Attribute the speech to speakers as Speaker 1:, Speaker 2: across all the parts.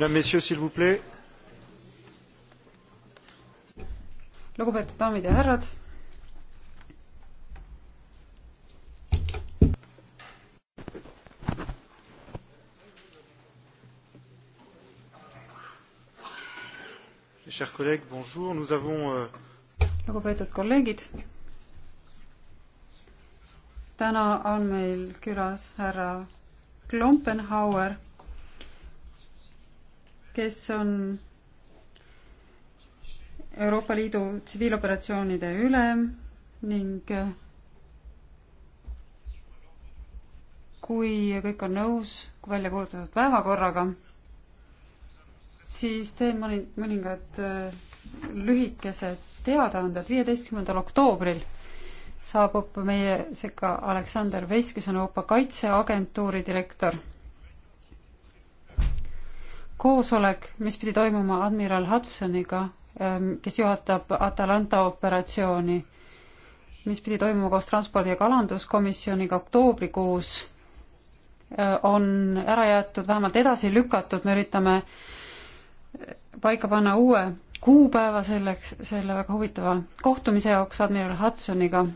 Speaker 1: Mesdames, Messieurs, s'il vous plaît.
Speaker 2: lugupeetud daamid ja härrad.
Speaker 1: Chers collègues, bonjour. Nous avons. Euh,
Speaker 2: lugupeetud kolleegid. täna on meil külas härra Klompenhauer kes on Euroopa Liidu tsiviiloperatsioonide ülem ning kui kõik on nõus välja kuulutatud päevakorraga, siis teen mõni, mõningad äh, lühikesed teadaanded. viieteistkümnendal oktoobril saabub meie sekka Aleksander Vesk, kes on Euroopa Kaitseagentuuri direktor koosolek, mis pidi toimuma admiral Hudsoniga, ähm, kes juhatab Atalanta operatsiooni, mis pidi toimuma koos Transpordi- ja Kalanduskomisjoniga oktoobrikuus, äh, on ära jäetud, vähemalt edasi lükatud, me üritame äh, paika panna uue kuupäeva selleks, selle väga huvitava kohtumise jaoks admiral Hudsoniga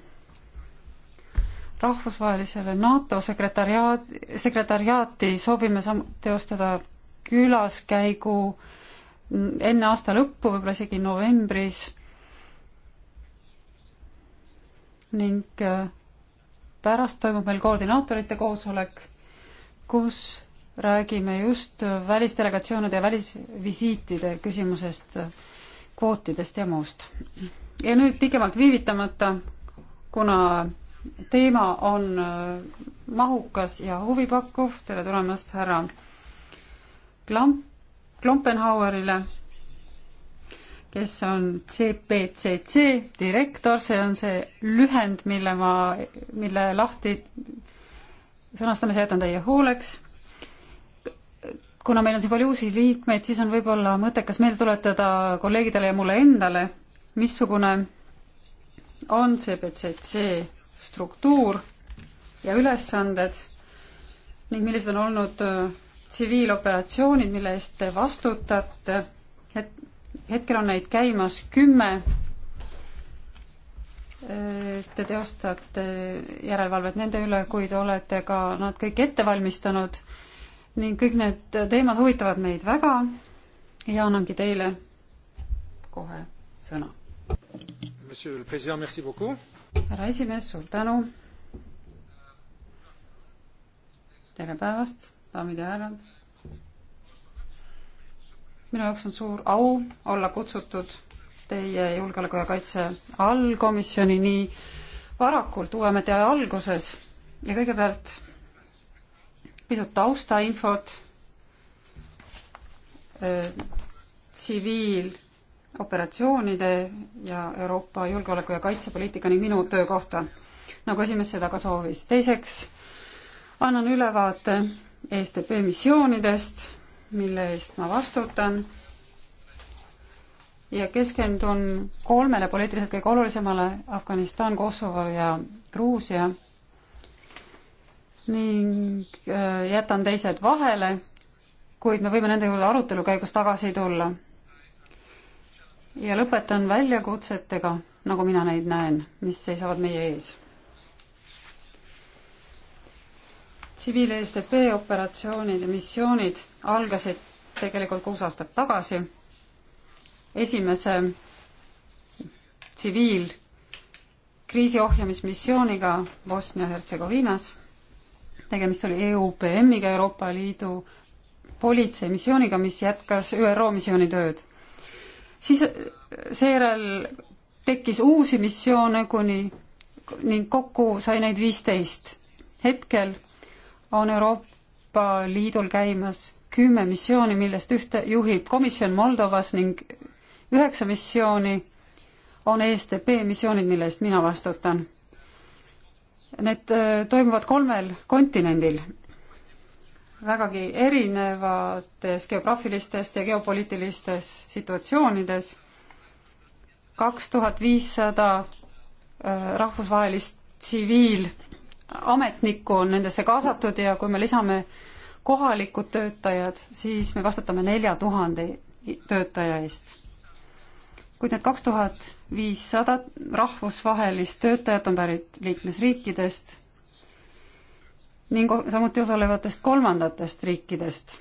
Speaker 2: rahvusvahelisele NATO sekretariaat, sekretariaati soovime sam-, teostada külaskäigu enne aasta lõppu, võib-olla isegi novembris ning äh, pärast toimub meil koordinaatorite koosolek, kus räägime just välisdelegatsioonide ja välisvisiitide küsimusest, kvootidest ja muust. ja nüüd pikemalt viivitamata, kuna teema on äh, mahukas ja huvipakkuv, tere tulemast, härra Klamp, Klompenhauerile, kes on CPCC direktor, see on see lühend, mille ma, mille lahti sõnastamise jätan teie hooleks. kuna meil on siin palju uusi liikmeid, siis on võib-olla mõttekas meelde tuletada kolleegidele ja mulle endale, missugune on CPCC struktuur ja ülesanded ning millised on olnud tsiviiloperatsioonid, mille eest te vastutate. et hetkel on neid käimas kümme. Te teostate järelevalvet nende üle, kuid olete ka nad kõik ette valmistanud ning kõik need teemad huvitavad meid väga ja annangi teile kohe sõna. härra esimees, suur tänu. tere päevast daamid ja härrad. minu jaoks on suur au olla kutsutud teie julgeoleku ja kaitse allkomisjoni nii varakult uue ametiaja alguses ja kõigepealt pisut taustainfot äh, tsiviiloperatsioonide ja Euroopa julgeoleku ja kaitsepoliitika ning minu töö kohta, nagu esimees seda ka soovis. teiseks annan ülevaate ESTP missioonidest, mille eest ma vastutan ja keskendun kolmele poliitiliselt kõige olulisemale, Afganistan, Kosovo ja Gruusia ning äh, jätan teised vahele, kuid me võime nende juurde arutelu käigus tagasi tulla. ja lõpetan väljakutsetega, nagu mina neid näen, mis seisavad meie ees tsiviil-ESTP operatsioonid ja missioonid algasid tegelikult kuus aastat tagasi. esimese tsiviilkriisi ohjamismissiooniga Bosnia-Hertsegoviinas, tegemist oli EUPM-iga, Euroopa Liidu politseimissiooniga, mis jätkas ÜRO missiooni tööd. siis seejärel tekkis uusi missioone kuni ning kokku sai neid viisteist. hetkel on Euroopa Liidul käimas kümme missiooni, millest ühte juhib komisjon Moldovas ning üheksa missiooni on ESTP missioonid, mille eest mina vastutan. Need äh, toimuvad kolmel kontinendil, vägagi erinevates geograafilistes ja geopoliitilistes situatsioonides. kaks tuhat viissada äh, rahvusvahelist tsiviil- ametnikku on nendesse kaasatud ja kui me lisame kohalikud töötajad, siis me vastutame nelja tuhande töötaja eest. kuid need kaks tuhat viissada rahvusvahelist töötajat on pärit liikmesriikidest ning samuti osalevatest kolmandatest riikidest.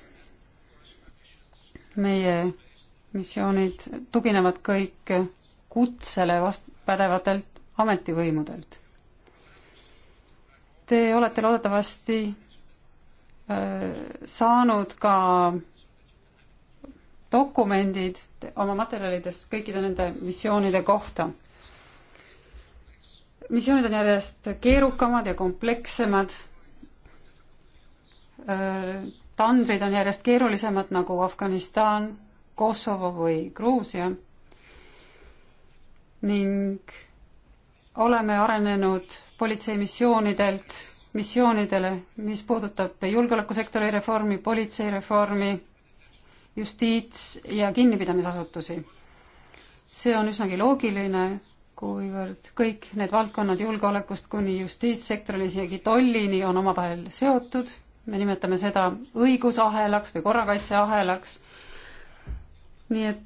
Speaker 2: meie missioonid tuginevad kõik kutsele vast-, pädevatelt ametivõimudelt. Te olete loodetavasti äh, saanud ka dokumendid oma materjalidest kõikide nende missioonide kohta. missioonid on järjest keerukamad ja komplekssemad. Äh, tandrid on järjest keerulisemad nagu Afganistan, Kosovo või Gruusia. ning oleme arenenud politseimissioonidelt, missioonidele, mis puudutab julgeolekusektori reformi, politseireformi, justiits- ja kinnipidamisasutusi. see on üsnagi loogiline, kuivõrd kõik need valdkonnad julgeolekust kuni justiitssektorini, isegi tollini on omavahel seotud, me nimetame seda õigusahelaks või korrakaitseahelaks, nii et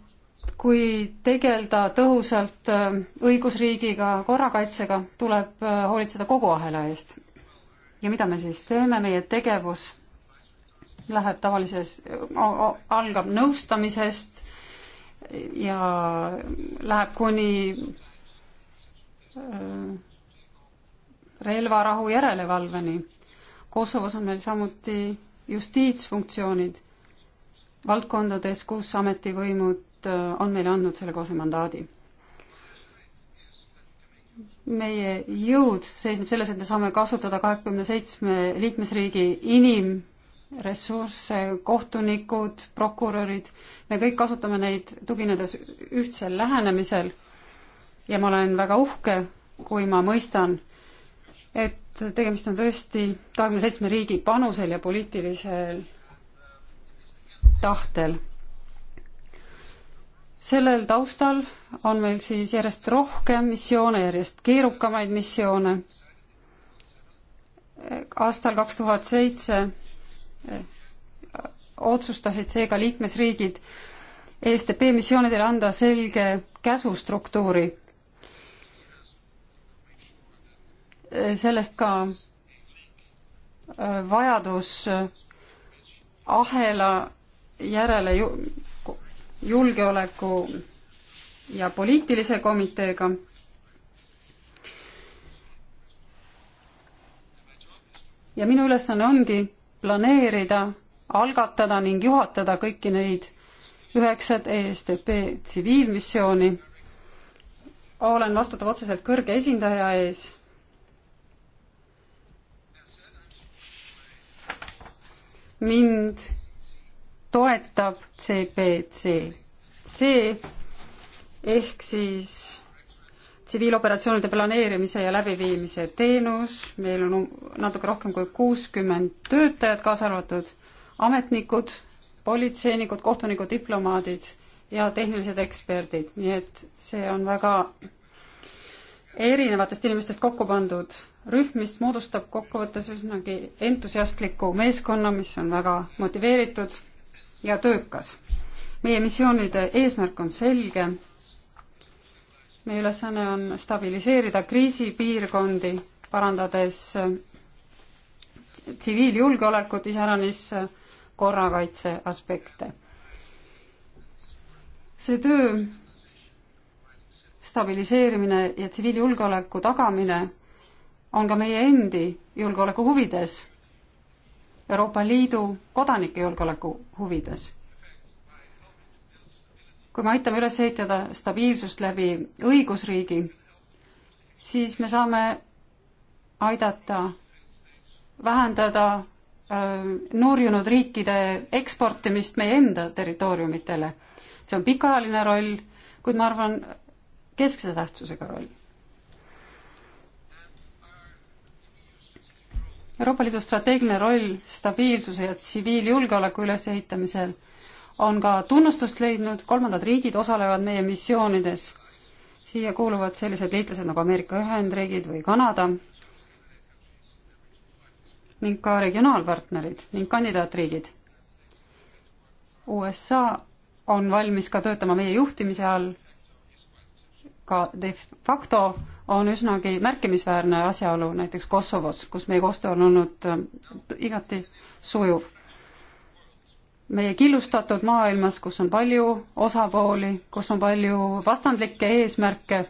Speaker 2: kui tegeleda tõhusalt äh, õigusriigiga, korrakaitsega, tuleb äh, hoolitseda kogu ahela eest. ja mida me siis teeme, meie tegevus läheb tavalises, algab nõustamisest ja läheb kuni äh, relvarahu järelevalveni. Kosovos on meil samuti justiitsfunktsioonid valdkondades, kus ametivõimud parlament äh, on meile andnud sellekohase mandaadi. meie jõud seisneb selles, et me saame kasutada kahekümne seitsme liikmesriigi inimressursse, kohtunikud, prokurörid, me kõik kasutame neid tuginedes ühtsel lähenemisel ja ma olen väga uhke, kui ma mõistan, et tegemist on tõesti kahekümne seitsme riigi panusel ja poliitilisel tahtel sellel taustal on meil siis järjest rohkem missioone, järjest keerukamaid missioone. aastal kaks tuhat seitse eh, otsustasid seega liikmesriigid ESTP missioonidele anda selge käsustruktuuri. Eh, sellest ka eh, vajadus ahela järele ju julgeoleku ja poliitilise komiteega. ja minu ülesanne ongi planeerida, algatada ning juhatada kõiki neid üheksat ESTP tsiviilmissiooni. olen vastutav otseselt kõrge esindaja ees. mind toetab CBC. see ehk siis tsiviiloperatsioonide planeerimise ja läbiviimise teenus, meil on um-, natuke rohkem kui kuuskümmend töötajat, kaasa arvatud ametnikud, politseinikud, kohtunikud, diplomaadid ja tehnilised eksperdid, nii et see on väga erinevatest inimestest kokku pandud rühm, mis moodustab kokkuvõttes üsnagi entusiastliku meeskonna, mis on väga motiveeritud ja töökas. meie missioonide eesmärk on selge. meie ülesanne on stabiliseerida kriisipiirkondi, parandades tsiviiljulgeolekut, iseäranis korrakaitse aspekte. see töö stabiliseerimine ja tsiviiljulgeoleku tagamine on ka meie endi julgeoleku huvides Euroopa Liidu kodanike julgeoleku huvides. kui me aitame üles ehitada stabiilsust läbi õigusriigi, siis me saame aidata vähendada äh, nurjunud riikide eksportimist meie enda territooriumitele. see on pikaajaline roll, kuid ma arvan, keskse tähtsusega roll Euroopa Liidu strateegiline roll stabiilsuse ja tsiviiljulgeoleku ülesehitamisel on ka tunnustust leidnud, kolmandad riigid osalevad meie missioonides. siia kuuluvad sellised liitlased nagu Ameerika Ühendriigid või Kanada ning ka regionaalpartnerid ning kandidaatriigid. USA on valmis ka töötama meie juhtimise all ka de facto on üsnagi märkimisväärne asjaolu näiteks Kosovos, kus meie koostöö on olnud äh, igati sujuv. meie killustatud maailmas, kus on palju osapooli, kus on palju vastandlikke eesmärke,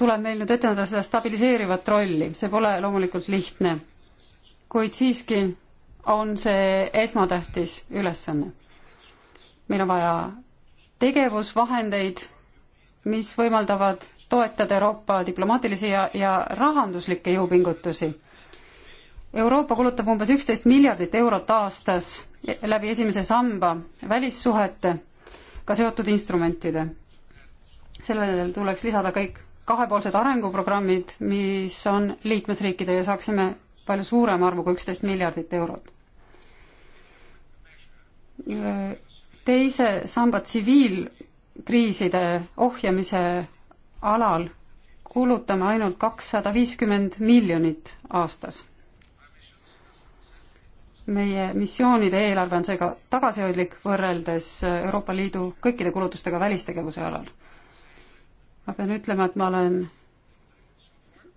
Speaker 2: tuleb meil nüüd etendada seda stabiliseerivat rolli, see pole loomulikult lihtne, kuid siiski on see esmatähtis ülesanne. meil on vaja tegevusvahendeid, mis võimaldavad toetada Euroopa diplomaatilisi ja, ja rahanduslikke jõupingutusi. Euroopa kulutab umbes üksteist miljardit eurot aastas läbi esimese samba välissuhetega seotud instrumentide. sellele tuleks lisada kõik kahepoolsed arenguprogrammid, mis on liikmesriikidel ja saaksime palju suurema arvu kui üksteist miljardit eurot. teise samba tsiviilkriiside ohjamise alal kulutame ainult kakssada viiskümmend miljonit aastas. meie missioonide eelarve on seega tagasihoidlik võrreldes Euroopa Liidu kõikide kulutustega välistegevuse alal. ma pean ütlema, et ma olen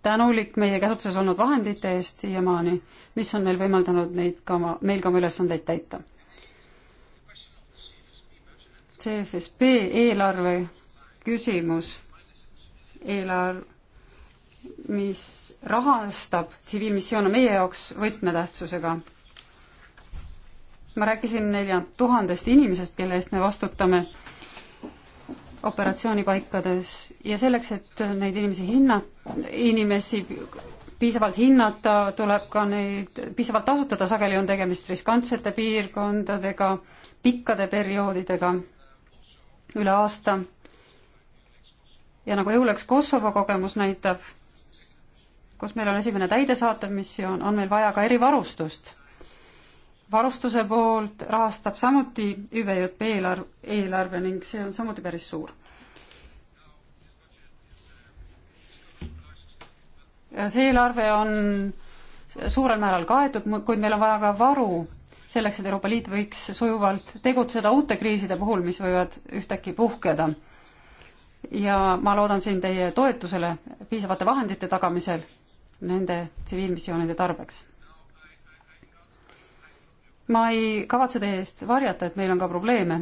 Speaker 2: tänulik meie käsutuses olnud vahendite eest siiamaani, mis on meil võimaldanud neid ka oma, meil ka oma ülesandeid täita. CFSB eelarve küsimus eelarv, mis rahastab tsiviilmissioone meie jaoks võtmetähtsusega. ma rääkisin nelja tuhandest inimesest, kelle eest me vastutame operatsioonipaikades ja selleks, et neid inimesi hinna, inimesi piisavalt hinnata, tuleb ka neid piisavalt tasutada, sageli on tegemist riskantsete piirkondadega, pikkade perioodidega üle aasta ja nagu jõuleks Kosovo kogemus näitab, kus meil on esimene täidesaatev missioon, on meil vaja ka erivarustust. varustuse poolt rahastab samuti ÜVJP eelarv, eelarve ning see on samuti päris suur. see eelarve on suurel määral kaetud, kuid meil on vaja ka varu selleks, et Euroopa Liit võiks sujuvalt tegutseda uute kriiside puhul, mis võivad ühtäkki puhkeda ja ma loodan siin teie toetusele piisavate vahendite tagamisel nende tsiviilmissioonide tarbeks. ma ei kavatse teie eest varjata, et meil on ka probleeme.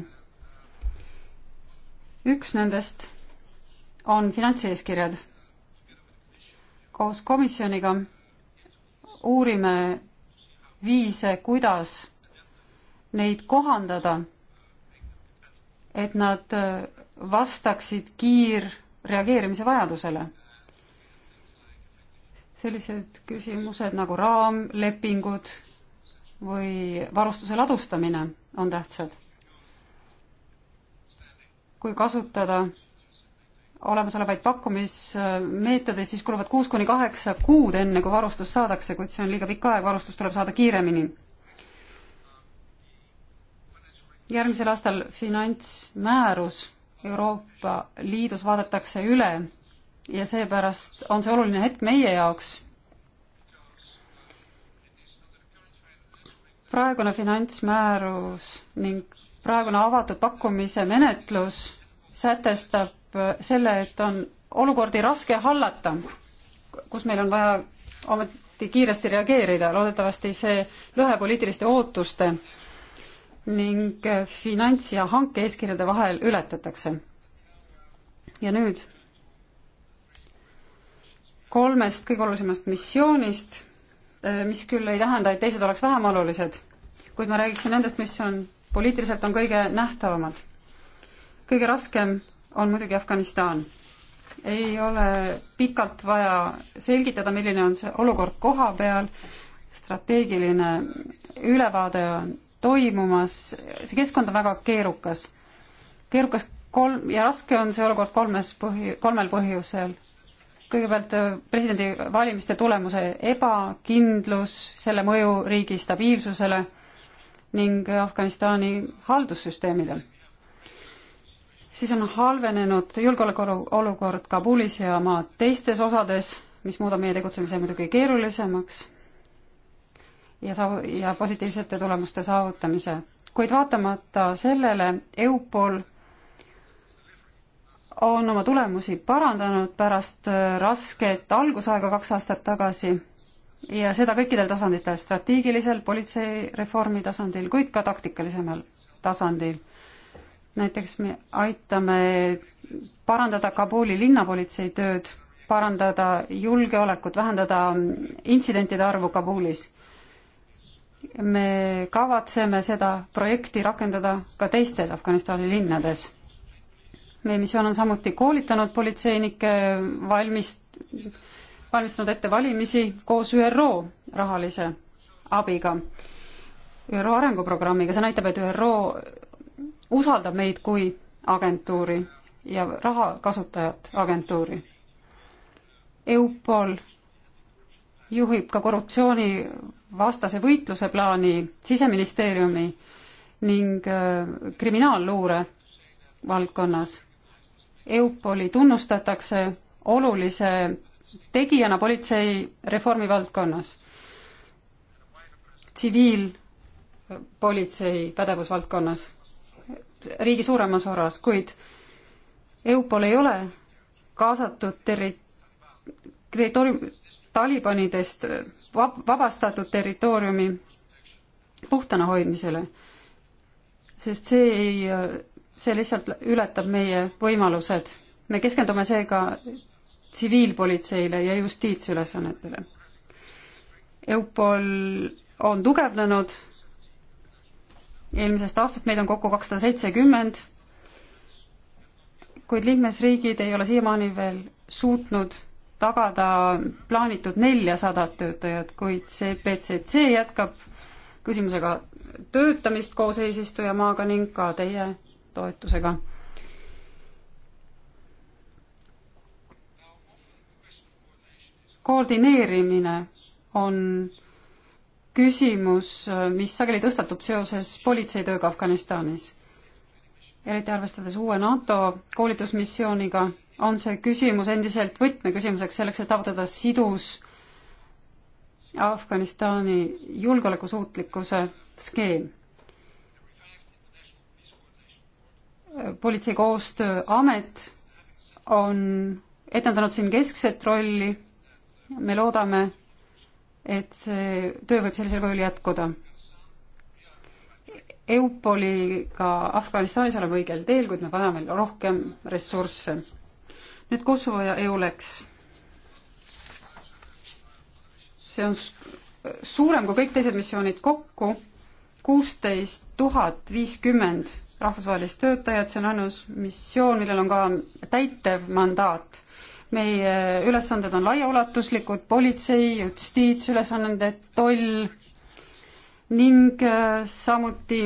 Speaker 2: üks nendest on finantseeskirjad. koos komisjoniga uurime viise, kuidas neid kohandada, et nad vastaksid kiirreageerimise vajadusele. sellised küsimused nagu raamlepingud või varustuse ladustamine on tähtsad. kui kasutada olemasolevaid pakkumismeetodeid, siis kuluvad kuus kuni kaheksa kuud, enne kui varustus saadakse, kuid see on liiga pikk aeg, varustus tuleb saada kiiremini. järgmisel aastal finantsmäärus Euroopa Liidus vaadatakse üle ja seepärast on see oluline hetk meie jaoks. praegune finantsmäärus ning praegune avatud pakkumise menetlus sätestab selle, et on olukordi raske hallata, kus meil on vaja ometi kiiresti reageerida, loodetavasti see lõhe poliitiliste ootuste ning eh, finants- ja hanke-eeskirjade vahel ületatakse. ja nüüd kolmest kõige olulisemast missioonist, eh, mis küll ei tähenda, et teised oleks vähem olulised, kuid ma räägiksin nendest, mis on poliitiliselt on kõige nähtavamad. kõige raskem on muidugi Afganistan. ei ole pikalt vaja selgitada, milline on see olukord koha peal, strateegiline ülevaade on toimumas, see keskkond on väga keerukas, keerukas kolm ja raske on see olukord kolmes põhi, kolmel põhjusel. kõigepealt äh, presidendivalimiste tulemuse ebakindlus, selle mõju riigi stabiilsusele ning äh, Afganistani haldussüsteemile. siis on halvenenud julgeolekuolukord Kabulis ja maa teistes osades, mis muudab meie tegutsemise muidugi keerulisemaks ja saav-, ja positiivsete tulemuste saavutamise. kuid vaatamata sellele EUPOL on oma tulemusi parandanud pärast äh, rasket algusaega kaks aastat tagasi ja seda kõikidel tasanditel, strateegilisel, politseireformi tasandil, kuid ka taktikalisemal tasandil. näiteks me aitame parandada Kabuli linnapolitsei tööd, parandada julgeolekut, vähendada intsidentide arvu Kabulis me kavatseme seda projekti rakendada ka teistes Afganistani linnades. meie missioon on samuti koolitanud politseinikke, valmist-, valmistanud ette valimisi koos ÜRO rahalise abiga, ÜRO arenguprogrammiga, see näitab, et ÜRO usaldab meid kui agentuuri ja raha kasutajat agentuuri. EUPOL juhib ka korruptsioonivastase võitluse plaani Siseministeeriumi ning äh, kriminaalluure valdkonnas. EUPOL-i tunnustatakse olulise tegijana politseireformi valdkonnas, tsiviilpolitsei pädevusvaldkonnas, riigi suuremas osas, kuid EUPOL ei ole kaasatud terri-, territoorium, Talibanidest vab-, vabastatud territooriumi puhtana hoidmisele. sest see ei, see lihtsalt ületab meie võimalused. me keskendume seega tsiviilpolitseile ja justiitsülesannetele. EUPOL on tugevnenud, eelmisest aastast meid on kokku kakssada seitsekümmend, kuid liikmesriigid ei ole siiamaani veel suutnud tagada plaanitud neljasadat töötajat, kuid see BCC jätkab küsimusega töötamist koos eesistujamaaga ning ka teie toetusega. koordineerimine on küsimus, mis sageli tõstatub seoses politseitööga Afganistanis, eriti arvestades uue NATO koolitusmissiooniga on see küsimus endiselt võtmeküsimuseks selleks, et saavutada sidus Afganistani julgeolekusuutlikkuse skeem. politsei koostööamet on etendanud siin keskset rolli. me loodame, et see töö võib sellisel kujul jätkuda. EUPOL-iga Afganistanis oleme õigel teel, kuid me vajame rohkem ressursse nüüd Kosovo ja EULEX. see on suurem kui kõik teised missioonid kokku, kuusteist tuhat viiskümmend rahvusvahelist töötajat, see on ainus missioon, millel on ka täitev mandaat. meie ülesanded on laiaulatuslikud, politsei, justiitsülesanded, toll ning äh, samuti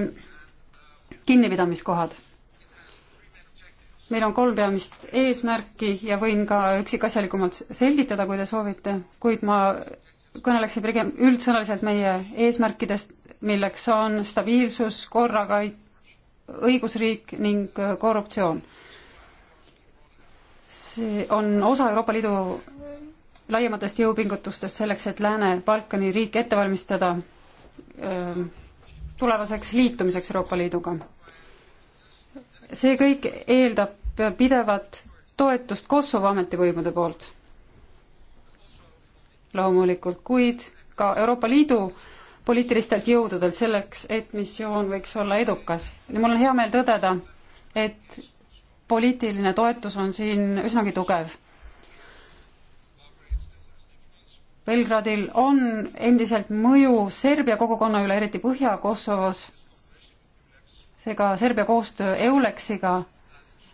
Speaker 2: kinnipidamiskohad meil on kolm peamist eesmärki ja võin ka üksikasjalikumalt selgitada, kui te soovite, kuid ma kõneleksin pigem üldsõnaliselt meie eesmärkidest, milleks on stabiilsus, korrakaitse, õigusriik ning äh, korruptsioon. see on osa Euroopa Liidu laiematest jõupingutustest selleks, et Lääne-Balkani riik ette valmistada äh, tulevaseks liitumiseks Euroopa Liiduga see kõik eeldab pidevat toetust Kosovo ametivõimude poolt. loomulikult, kuid ka Euroopa Liidu poliitilistelt jõududelt selleks, et missioon võiks olla edukas. ja mul on hea meel tõdeda, et poliitiline toetus on siin üsnagi tugev. Belgradil on endiselt mõju Serbia kogukonna üle, eriti Põhja-Kosovos seega Serbia koostöö EULEX-iga,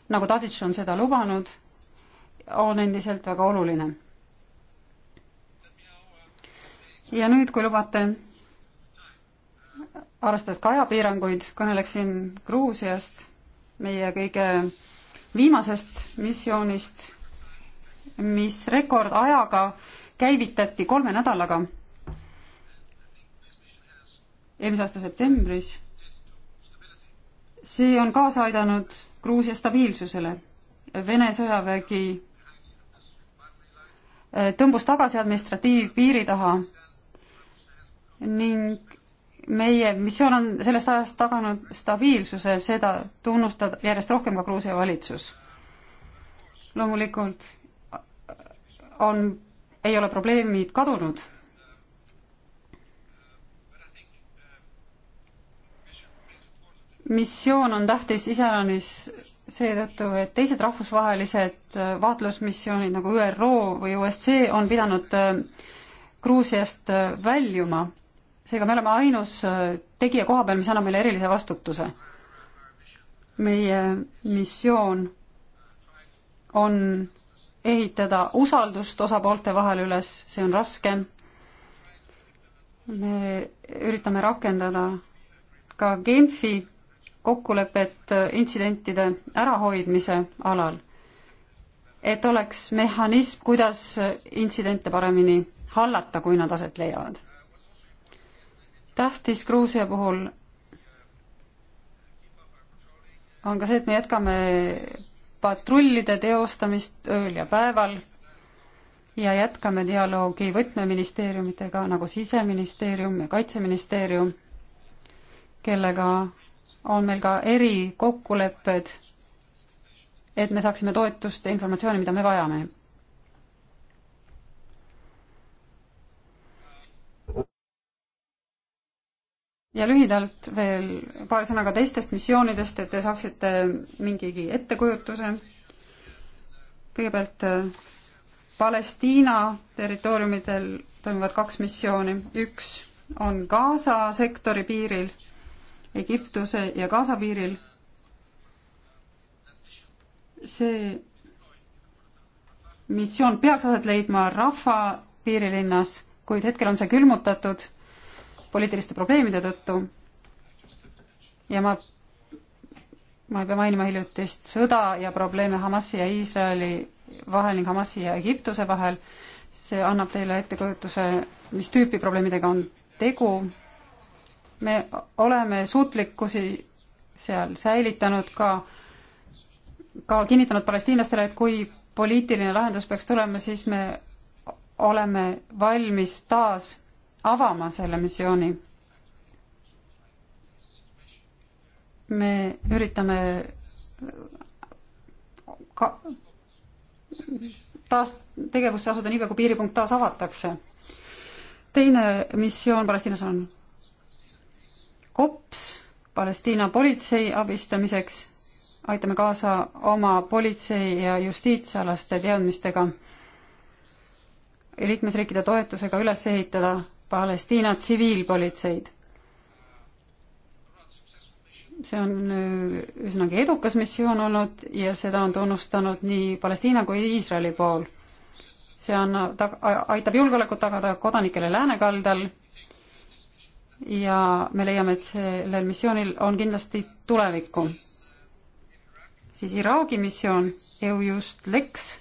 Speaker 2: nagu Tadic on seda lubanud, on endiselt väga oluline. ja nüüd, kui lubate, arvestades ka ajapiiranguid, kõneleksin Gruusiast, meie kõige viimasest missioonist, mis rekordajaga käivitati kolme nädalaga, eelmise aasta septembris see on kaasa aidanud Gruusia stabiilsusele. Vene sõjavägi äh, tõmbus tagasi administratiivpiiri taha ning meie missioon on sellest ajast taganud stabiilsuse, seda tunnustab järjest rohkem ka Gruusia valitsus. loomulikult äh, on, ei ole probleemid kadunud missioon on tähtis iseäranis seetõttu, et teised rahvusvahelised äh, vaatlusmissioonid nagu ÜRO või OSCE on pidanud äh, Gruusiast äh, väljuma. seega me oleme ainus tegija koha peal, mis annab meile erilise vastutuse. meie missioon on ehitada usaldust osapoolte vahel üles, see on raske. me üritame rakendada ka Genfi kokkulepet intsidentide ärahoidmise alal, et oleks mehhanism, kuidas intsidente paremini hallata, kui nad aset leiavad. tähtis Gruusia puhul on ka see, et me jätkame patrullide teostamist ööl ja päeval ja jätkame dialoogi võtmeministeeriumitega nagu Siseministeerium ja Kaitseministeerium, kellega on meil ka erikokkulepped, et me saaksime toetust ja informatsiooni, mida me vajame. ja lühidalt veel paar sõna ka teistest missioonidest, et te saaksite mingigi ettekujutuse. kõigepealt äh, Palestiina territooriumidel toimuvad kaks missiooni, üks on Gaza sektori piiril Egiptuse ja Gaza piiril. see missioon peaks aset leidma Rafa piirilinnas, kuid hetkel on see külmutatud poliitiliste probleemide tõttu. ja ma, ma ei pea mainima hiljutist sõda ja probleeme Hamasi ja Iisraeli vahel ning Hamasi ja Egiptuse vahel. see annab teile ettekujutuse, mis tüüpi probleemidega on tegu me oleme suutlikkusi seal säilitanud ka, ka kinnitanud palestiinlastele, et kui poliitiline lahendus peaks tulema, siis me oleme valmis taas avama selle missiooni. me üritame ka taas tegevusse asuda niipea, kui piiripunkt taas avatakse. teine missioon Palestiinas on kops Palestiina politsei abistamiseks, aitame kaasa oma politsei- ja justiitsalaste teadmistega liikmesriikide toetusega üles ehitada Palestiina tsiviilpolitseid. see on äh, üsnagi edukas missioon olnud ja seda on tunnustanud nii Palestiina kui Iisraeli pool. see annab, aitab julgeolekut tagada kodanikele läänekaldal ja me leiame, et sellel missioonil on kindlasti tulevikku. siis Iraagi missioon, EUJust Lex,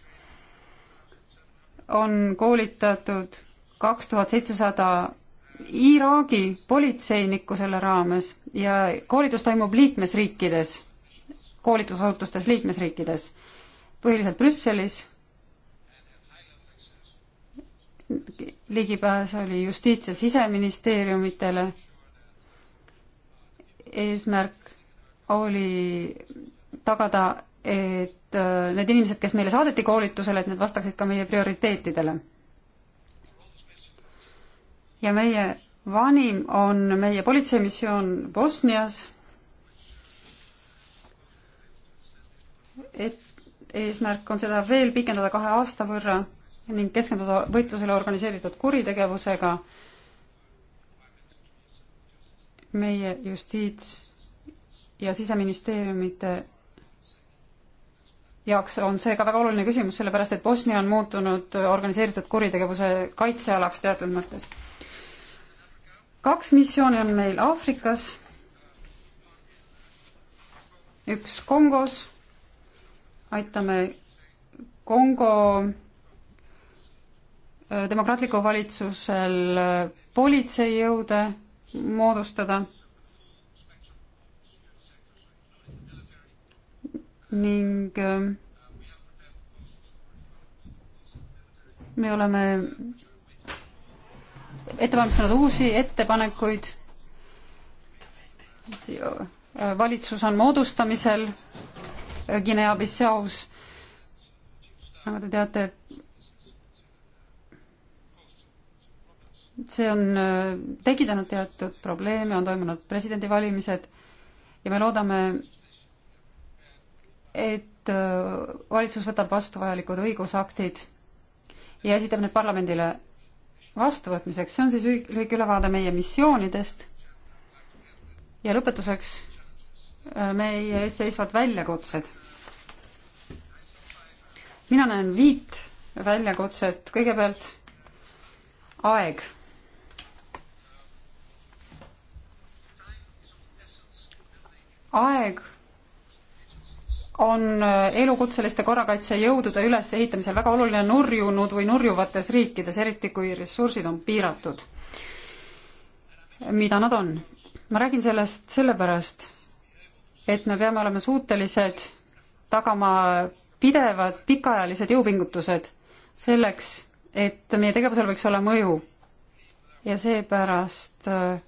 Speaker 2: on koolitatud kaks tuhat seitsesada Iraagi politseinikku selle raames ja koolitus toimub liikmesriikides, koolitusasutustes liikmesriikides, põhiliselt Brüsselis ligipääs oli justiits- ja siseministeeriumitele. eesmärk oli tagada, et äh, need inimesed, kes meile saadeti koolitusele, et need vastaksid ka meie prioriteetidele. ja meie vanim on meie politseimissioon Bosnias. et eesmärk on seda veel pikendada kahe aasta võrra ning keskenduda võitlusele organiseeritud kuritegevusega. meie justiits- ja siseministeeriumite jaoks on see ka väga oluline küsimus, sellepärast et Bosnia on muutunud organiseeritud kuritegevuse kaitsealaks teatud mõttes. kaks missiooni on meil Aafrikas, üks Kongos, aitame Kongo demokraatlikul valitsusel politseijõude moodustada ning äh, me oleme ette valmistanud uusi ettepanekuid. valitsus on moodustamisel Guinea-Bissaus. nagu te teate, see on äh, tekitanud teatud probleeme, on toimunud presidendivalimised ja me loodame, et äh, valitsus võtab vastu vajalikud õigusaktid ja esitab need parlamendile vastuvõtmiseks, see on siis lühike ülevaade meie missioonidest. ja lõpetuseks äh, meie ees seisvad väljakutsed. mina näen viit väljakutset, kõigepealt aeg aeg on äh, elukutseliste korrakaitsejõudude ülesehitamisel väga oluline nurjunud või nurjuvates riikides, eriti kui ressursid on piiratud. mida nad on? ma räägin sellest sellepärast, et me peame olema suutelised tagama pidevad pikaajalised jõupingutused selleks, et meie tegevusel võiks olla mõju. ja seepärast äh,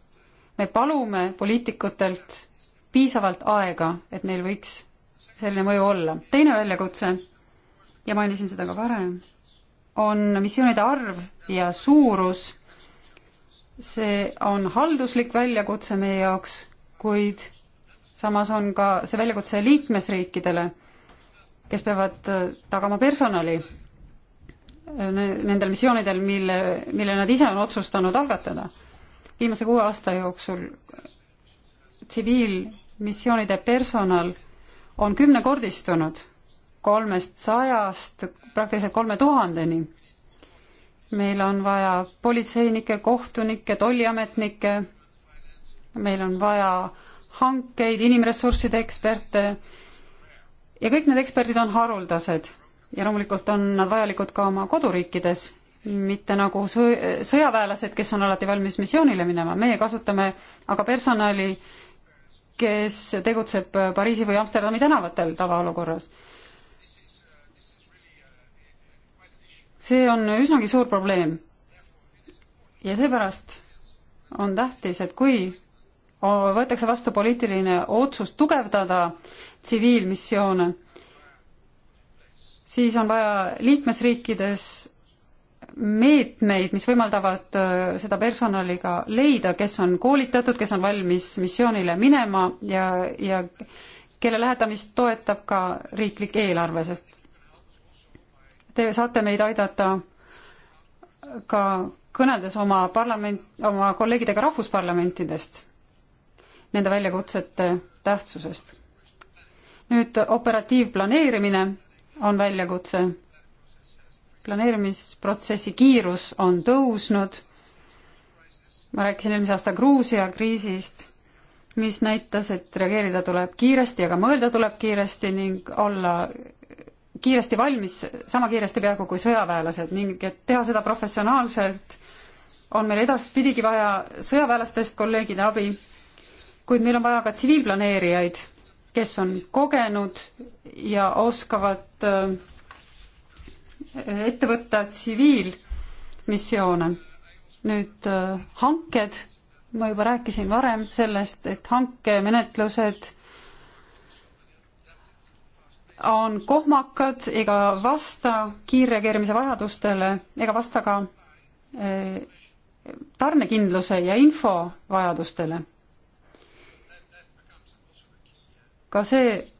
Speaker 2: me palume poliitikutelt piisavalt aega, et neil võiks selline mõju olla. teine väljakutse, ja mainisin seda ka varem, on missioonide arv ja suurus. see on halduslik väljakutse meie jaoks, kuid samas on ka see väljakutse liikmesriikidele, kes peavad äh, tagama personali äh, nendel missioonidel, mille, mille nad ise on otsustanud algatada. viimase kuue aasta jooksul äh, tsiviil- missioonide personal on kümnekordistunud kolmest sajast praktiliselt kolme tuhandeni. meil on vaja politseinikke, kohtunikke, tolliametnikke, meil on vaja hankeid, inimressursside eksperte ja kõik need eksperdid on haruldased ja loomulikult on nad vajalikud ka oma koduriikides, mitte nagu sõjaväelased, kes on alati valmis missioonile minema, meie kasutame aga personali kes tegutseb Pariisi või Amsterdami tänavatel tavaolukorras. see on üsnagi suur probleem. ja seepärast on tähtis, et kui võetakse vastu poliitiline otsus tugevdada tsiviilmissioone, siis on vaja liikmesriikides meetmeid, mis võimaldavad äh, seda personaliga leida, kes on koolitatud, kes on valmis missioonile minema ja, ja kelle lähetamist toetab ka riiklik eelarve, sest te saate meid aidata ka kõneldes oma parlament, oma kolleegidega rahvusparlamentidest, nende väljakutsete tähtsusest. nüüd operatiivplaneerimine on väljakutse planeerimisprotsessi kiirus on tõusnud. ma rääkisin eelmise aasta Gruusia kriisist, mis näitas, et reageerida tuleb kiiresti ja ka mõelda tuleb kiiresti ning olla kiiresti valmis, sama kiiresti peaaegu kui sõjaväelased ning et teha seda professionaalselt, on meil edaspidigi vaja sõjaväelastest kolleegide abi, kuid meil on vaja ka tsiviilplaneerijaid, kes on kogenud ja oskavad äh, ette võtta tsiviilmissioone. nüüd äh, hanked, ma juba rääkisin varem sellest, et hankemenetlused on kohmakad ega vasta kiirreageerimise vajadustele ega vasta ka äh, tarnekindluse ja info vajadustele. ka see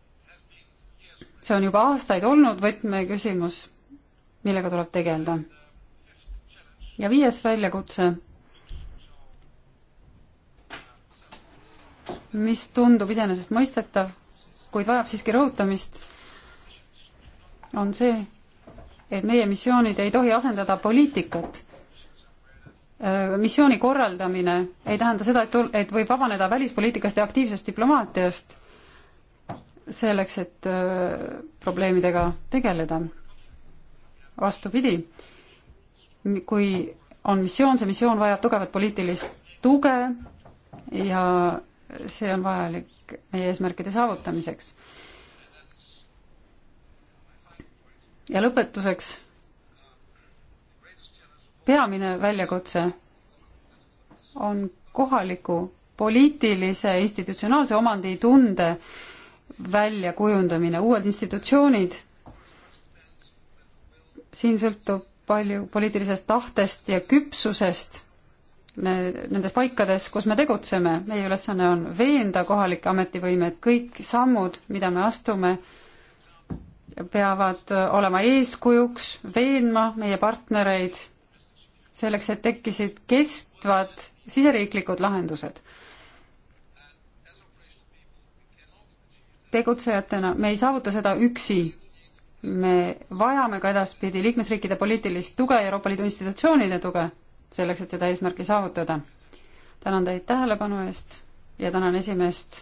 Speaker 2: see on juba aastaid olnud võtmeküsimus millega tuleb tegeleda. ja viies väljakutse, mis tundub iseenesestmõistetav, kuid vajab siiski rõhutamist, on see, et meie missioonid ei tohi asendada poliitikat. Äh, missiooni korraldamine ei tähenda seda, et, et võib vabaneda välispoliitikast ja aktiivsest diplomaatiast selleks, et äh, probleemidega tegeleda vastupidi, kui on missioon, see missioon vajab tugevat poliitilist tuge ja see on vajalik meie eesmärkide saavutamiseks. ja lõpetuseks peamine väljakutse on kohaliku poliitilise institutsionaalse omanditunde väljakujundamine, uued institutsioonid siin sõltub palju poliitilisest tahtest ja küpsusest nendes paikades, kus me tegutseme. meie ülesanne on veenda kohalikke ametivõime, et kõik sammud, mida me astume, peavad olema eeskujuks, veenma meie partnereid selleks, et tekkisid kestvad siseriiklikud lahendused. tegutsejatena me ei saavuta seda üksi me vajame ka edaspidi liikmesriikide poliitilist tuge ja Euroopa Liidu institutsioonide tuge selleks, et seda eesmärki saavutada. tänan teid tähelepanu eest ja tänan esimeest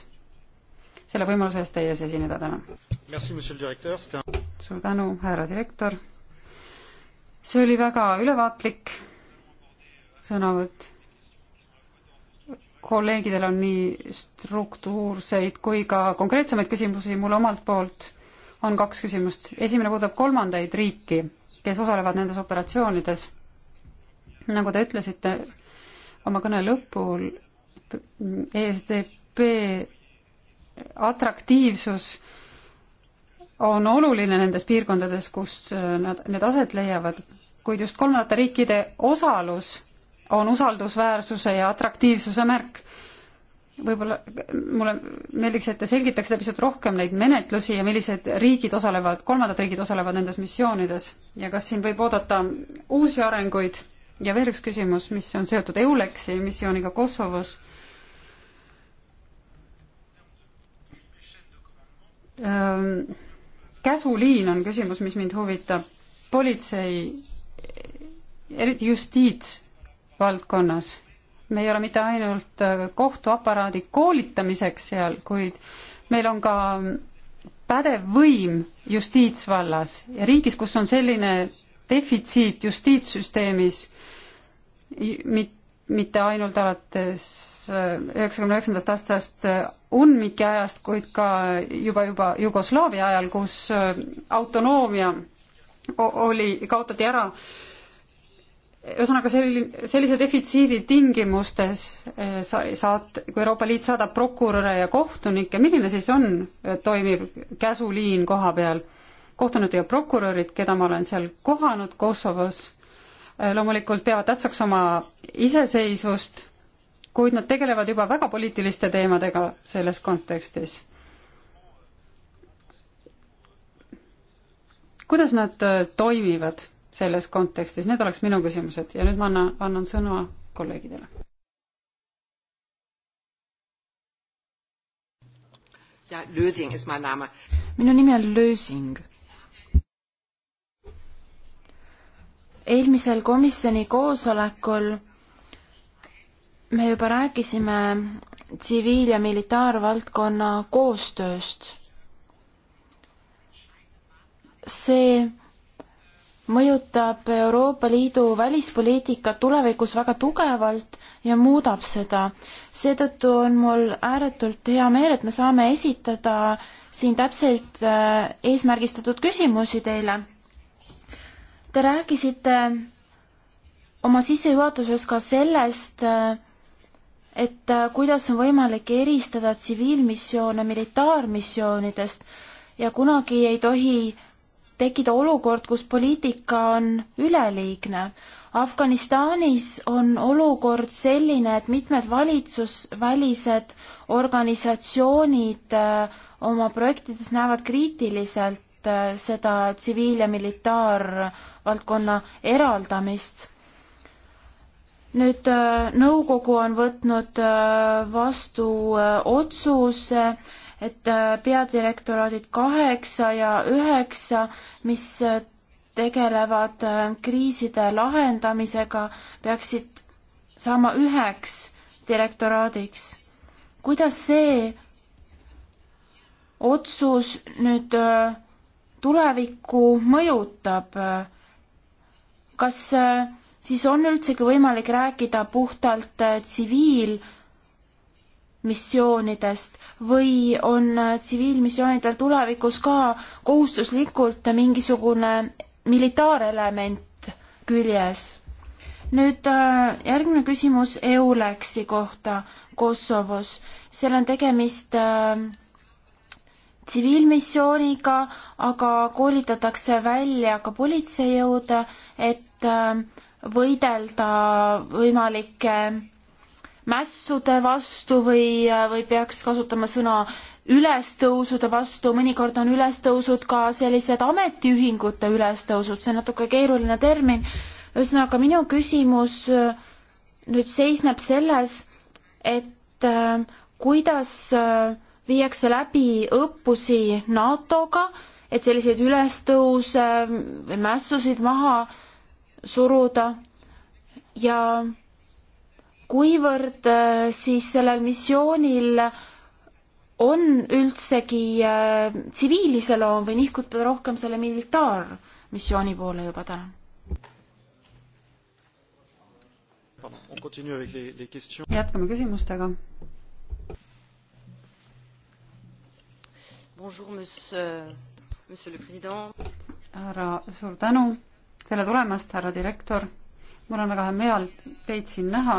Speaker 2: selle võimaluse eest teie ees esineda täna. suur tänu, härra direktor. see oli väga ülevaatlik sõnavõtt. kolleegidel on nii struktuurseid kui ka konkreetsemaid küsimusi mulle omalt poolt on kaks küsimust. esimene puudutab kolmandaid riiki, kes osalevad nendes operatsioonides. nagu te ütlesite oma kõne lõpul, ESDP atraktiivsus on oluline nendes piirkondades, kus äh, nad, need aset leiavad, kuid just kolmandate riikide osalus on usaldusväärsuse ja atraktiivsuse märk võib-olla mulle meeldiks, et te selgitaksite pisut rohkem neid menetlusi ja millised riigid osalevad, kolmandad riigid osalevad nendes missioonides ja kas siin võib oodata uusi arenguid ja veel üks küsimus, mis on seotud EULEX-i missiooniga Kosovos. käsuliin on küsimus, mis mind huvitab. politsei, eriti justiitsvaldkonnas me ei ole mitte ainult äh, kohtuaparaadi koolitamiseks seal, kuid meil on ka pädev võim justiitsvallas ja riigis, kus on selline defitsiit justiitssüsteemis, mitte ainult alates äh, üheksakümne üheksandast aastast UNMIK-i äh, ajast, kuid ka juba, juba Jugoslaavia ajal, kus autonoomia oli, kaotati ära äh, ühesõnaga selline, sellise defitsiidi tingimustes eh, sa saad, kui Euroopa Liit saadab prokuröre ja kohtunikke, milline siis on eh, toimiv käsuliin koha peal? kohtunikud ja prokurörid, keda ma olen seal kohanud Kosovos, eh, loomulikult peavad tähtsaks oma iseseisvust, kuid nad tegelevad juba väga poliitiliste teemadega selles kontekstis. kuidas nad toimivad? selles kontekstis, need oleks minu küsimused ja nüüd ma annan, annan sõna kolleegidele. ja Lösing ist mein Name.
Speaker 1: minu nimi on Lösing. eelmisel komisjoni koosolekul me juba rääkisime tsiviil- ja militaarvaldkonna koostööst. see mõjutab Euroopa Liidu välispoliitikat tulevikus väga tugevalt ja muudab seda. seetõttu on mul ääretult hea meel, et me saame esitada siin täpselt äh, eesmärgistatud küsimusi teile. Te rääkisite oma sissejuhatuses ka sellest, äh, et äh, kuidas on võimalik eristada tsiviilmissioone militaarmissioonidest ja kunagi ei tohi tekkida olukord, kus poliitika on üleliigne. Afganistanis on olukord selline, et mitmed valitsusvälised organisatsioonid äh, oma projektides näevad kriitiliselt äh, seda tsiviil- ja militaarvaldkonna eraldamist. nüüd äh, nõukogu on võtnud vastu otsuse et äh, peadirektoraadid kaheksa ja üheksa, mis äh, tegelevad äh, kriiside lahendamisega, peaksid saama üheks direktoraadiks. kuidas see otsus nüüd tulevikku mõjutab? kas siis on üldsegi võimalik rääkida puhtalt tsiviil äh, missioonidest või on tsiviilmissioonidel tulevikus ka kohustuslikult mingisugune militaarelement küljes? nüüd äh, järgmine küsimus EULEX-i kohta Kosovos. seal on tegemist äh, tsiviilmissiooniga, aga koolitatakse välja ka politseijõude, et äh, võidelda võimalike mässude vastu või, või peaks kasutama sõna ülestõusude vastu, mõnikord on ülestõusud ka sellised ametiühingute ülestõusud, see on natuke keeruline termin. ühesõnaga, minu küsimus äh, nüüd seisneb selles, et äh, kuidas äh, viiakse läbi õppusi NATO-ga, et selliseid ülestõuse või mässusid maha suruda ja kuivõrd äh, siis sellel missioonil on üldsegi äh, tsiviiliseloom või nihkub rohkem selle militaarmissiooni poole juba täna? jätkame
Speaker 2: küsimustega. härra, suur tänu, tere tulemast, härra direktor. mul on väga hea meel teid siin näha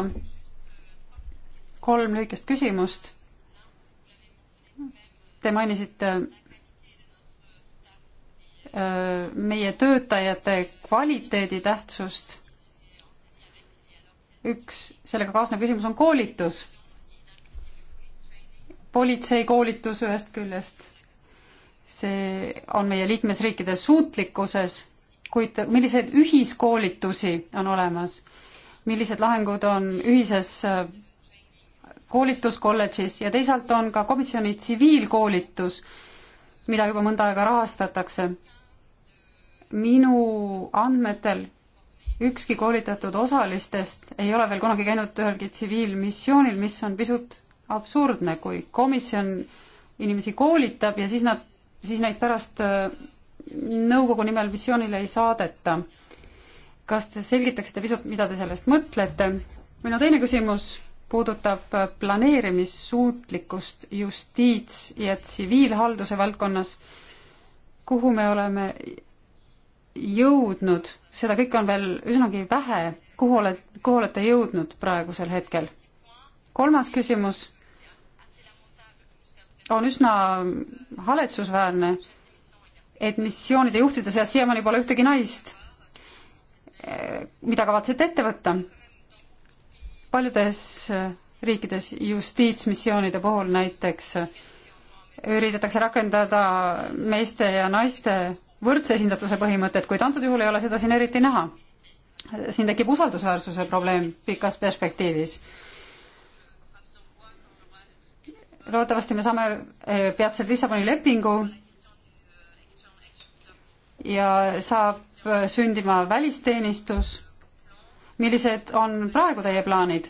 Speaker 2: kolm lühikest küsimust. Te mainisite äh, meie töötajate kvaliteedi tähtsust. üks sellega kaasnev küsimus on koolitus. politseikoolitus ühest küljest, see on meie liikmesriikide suutlikkuses, kuid milliseid ühiskoolitusi on olemas? millised lahengud on ühises äh, koolitus kolledžis ja teisalt on ka komisjoni tsiviilkoolitus, mida juba mõnda aega rahastatakse. minu andmetel ükski koolitatud osalistest ei ole veel kunagi käinud ühelgi tsiviilmissioonil, mis on pisut absurdne, kui komisjon inimesi koolitab ja siis nad, siis neid pärast äh, nõukogu nimel missioonile ei saadeta. kas te selgitaksite pisut, mida te sellest mõtlete? minu teine küsimus puudutab äh, planeerimissuutlikkust justiits- ja tsiviilhalduse valdkonnas, kuhu me oleme jõudnud, seda kõike on veel üsnagi vähe, kuhu oled, kuhu olete jõudnud praegusel hetkel? kolmas küsimus on üsna haletsusväärne, et missioonide juhtide seas siiamaani pole ühtegi naist. Äh, mida kavatsete ette võtta? paljudes äh, riikides justiitsmissioonide puhul näiteks äh, üritatakse rakendada meeste ja naiste võrdse esindatuse põhimõtet, kuid antud juhul ei ole seda siin eriti näha. siin tekib usaldusväärsuse probleem pikas perspektiivis. loodetavasti me saame äh, peatselt Lissaboni lepingu ja saab sündima välisteenistus millised on praegu teie plaanid?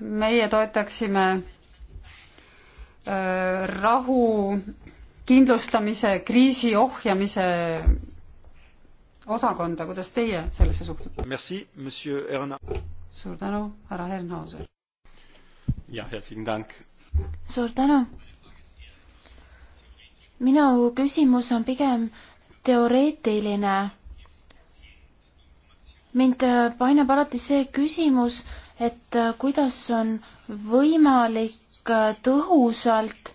Speaker 2: meie toetaksime rahu kindlustamise, kriisi ohjamise osakonda, kuidas teie sellesse
Speaker 3: suhtute?
Speaker 1: Merci, monsieur Erna. suur tänu, härra Hernhauser.
Speaker 3: jah, herzlichen Dank.
Speaker 1: suur tänu. minu küsimus on pigem teoreetiline mind äh, painab alati see küsimus, et äh, kuidas on võimalik äh, tõhusalt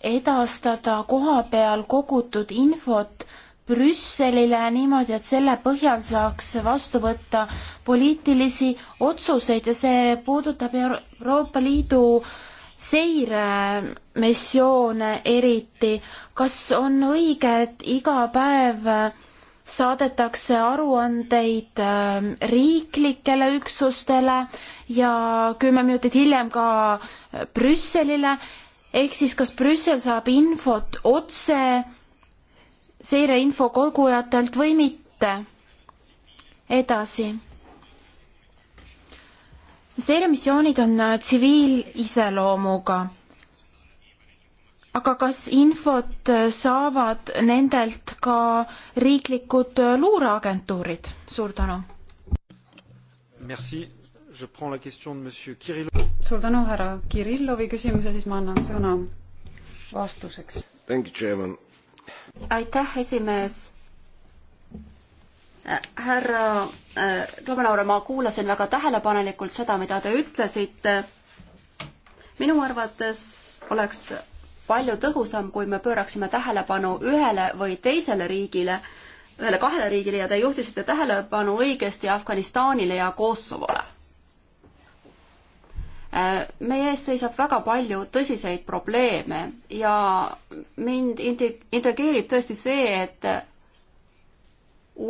Speaker 1: edastada kohapeal kogutud infot Brüsselile niimoodi, et selle põhjal saaks vastu võtta poliitilisi otsuseid ja see puudutab Euroopa Liidu seiremissioone eriti. kas on õige, et iga päev saadetakse aruandeid ähm, riiklikele üksustele ja kümme minutit hiljem ka äh, Brüsselile, ehk siis kas Brüssel saab infot otse seireinfo kogujatelt või mitte. edasi. seiremissioonid on äh, tsiviiliseloomuga aga kas infot saavad nendelt ka riiklikud luureagentuurid? suur tänu. suur tänu,
Speaker 2: härra Kirillovi küsimuse, siis ma annan sõna vastuseks.
Speaker 3: aitäh, esimees äh, härra Kõmelaur, äh, ma kuulasin väga tähelepanelikult seda, mida te ütlesite. minu arvates oleks palju tõhusam, kui me pööraksime tähelepanu ühele või teisele riigile, ühele-kahele riigile ja te juhtisite tähelepanu õigesti Afganistanile ja Kosovole. meie ees seisab väga palju tõsiseid probleeme ja mind intrigeerib tõesti see, et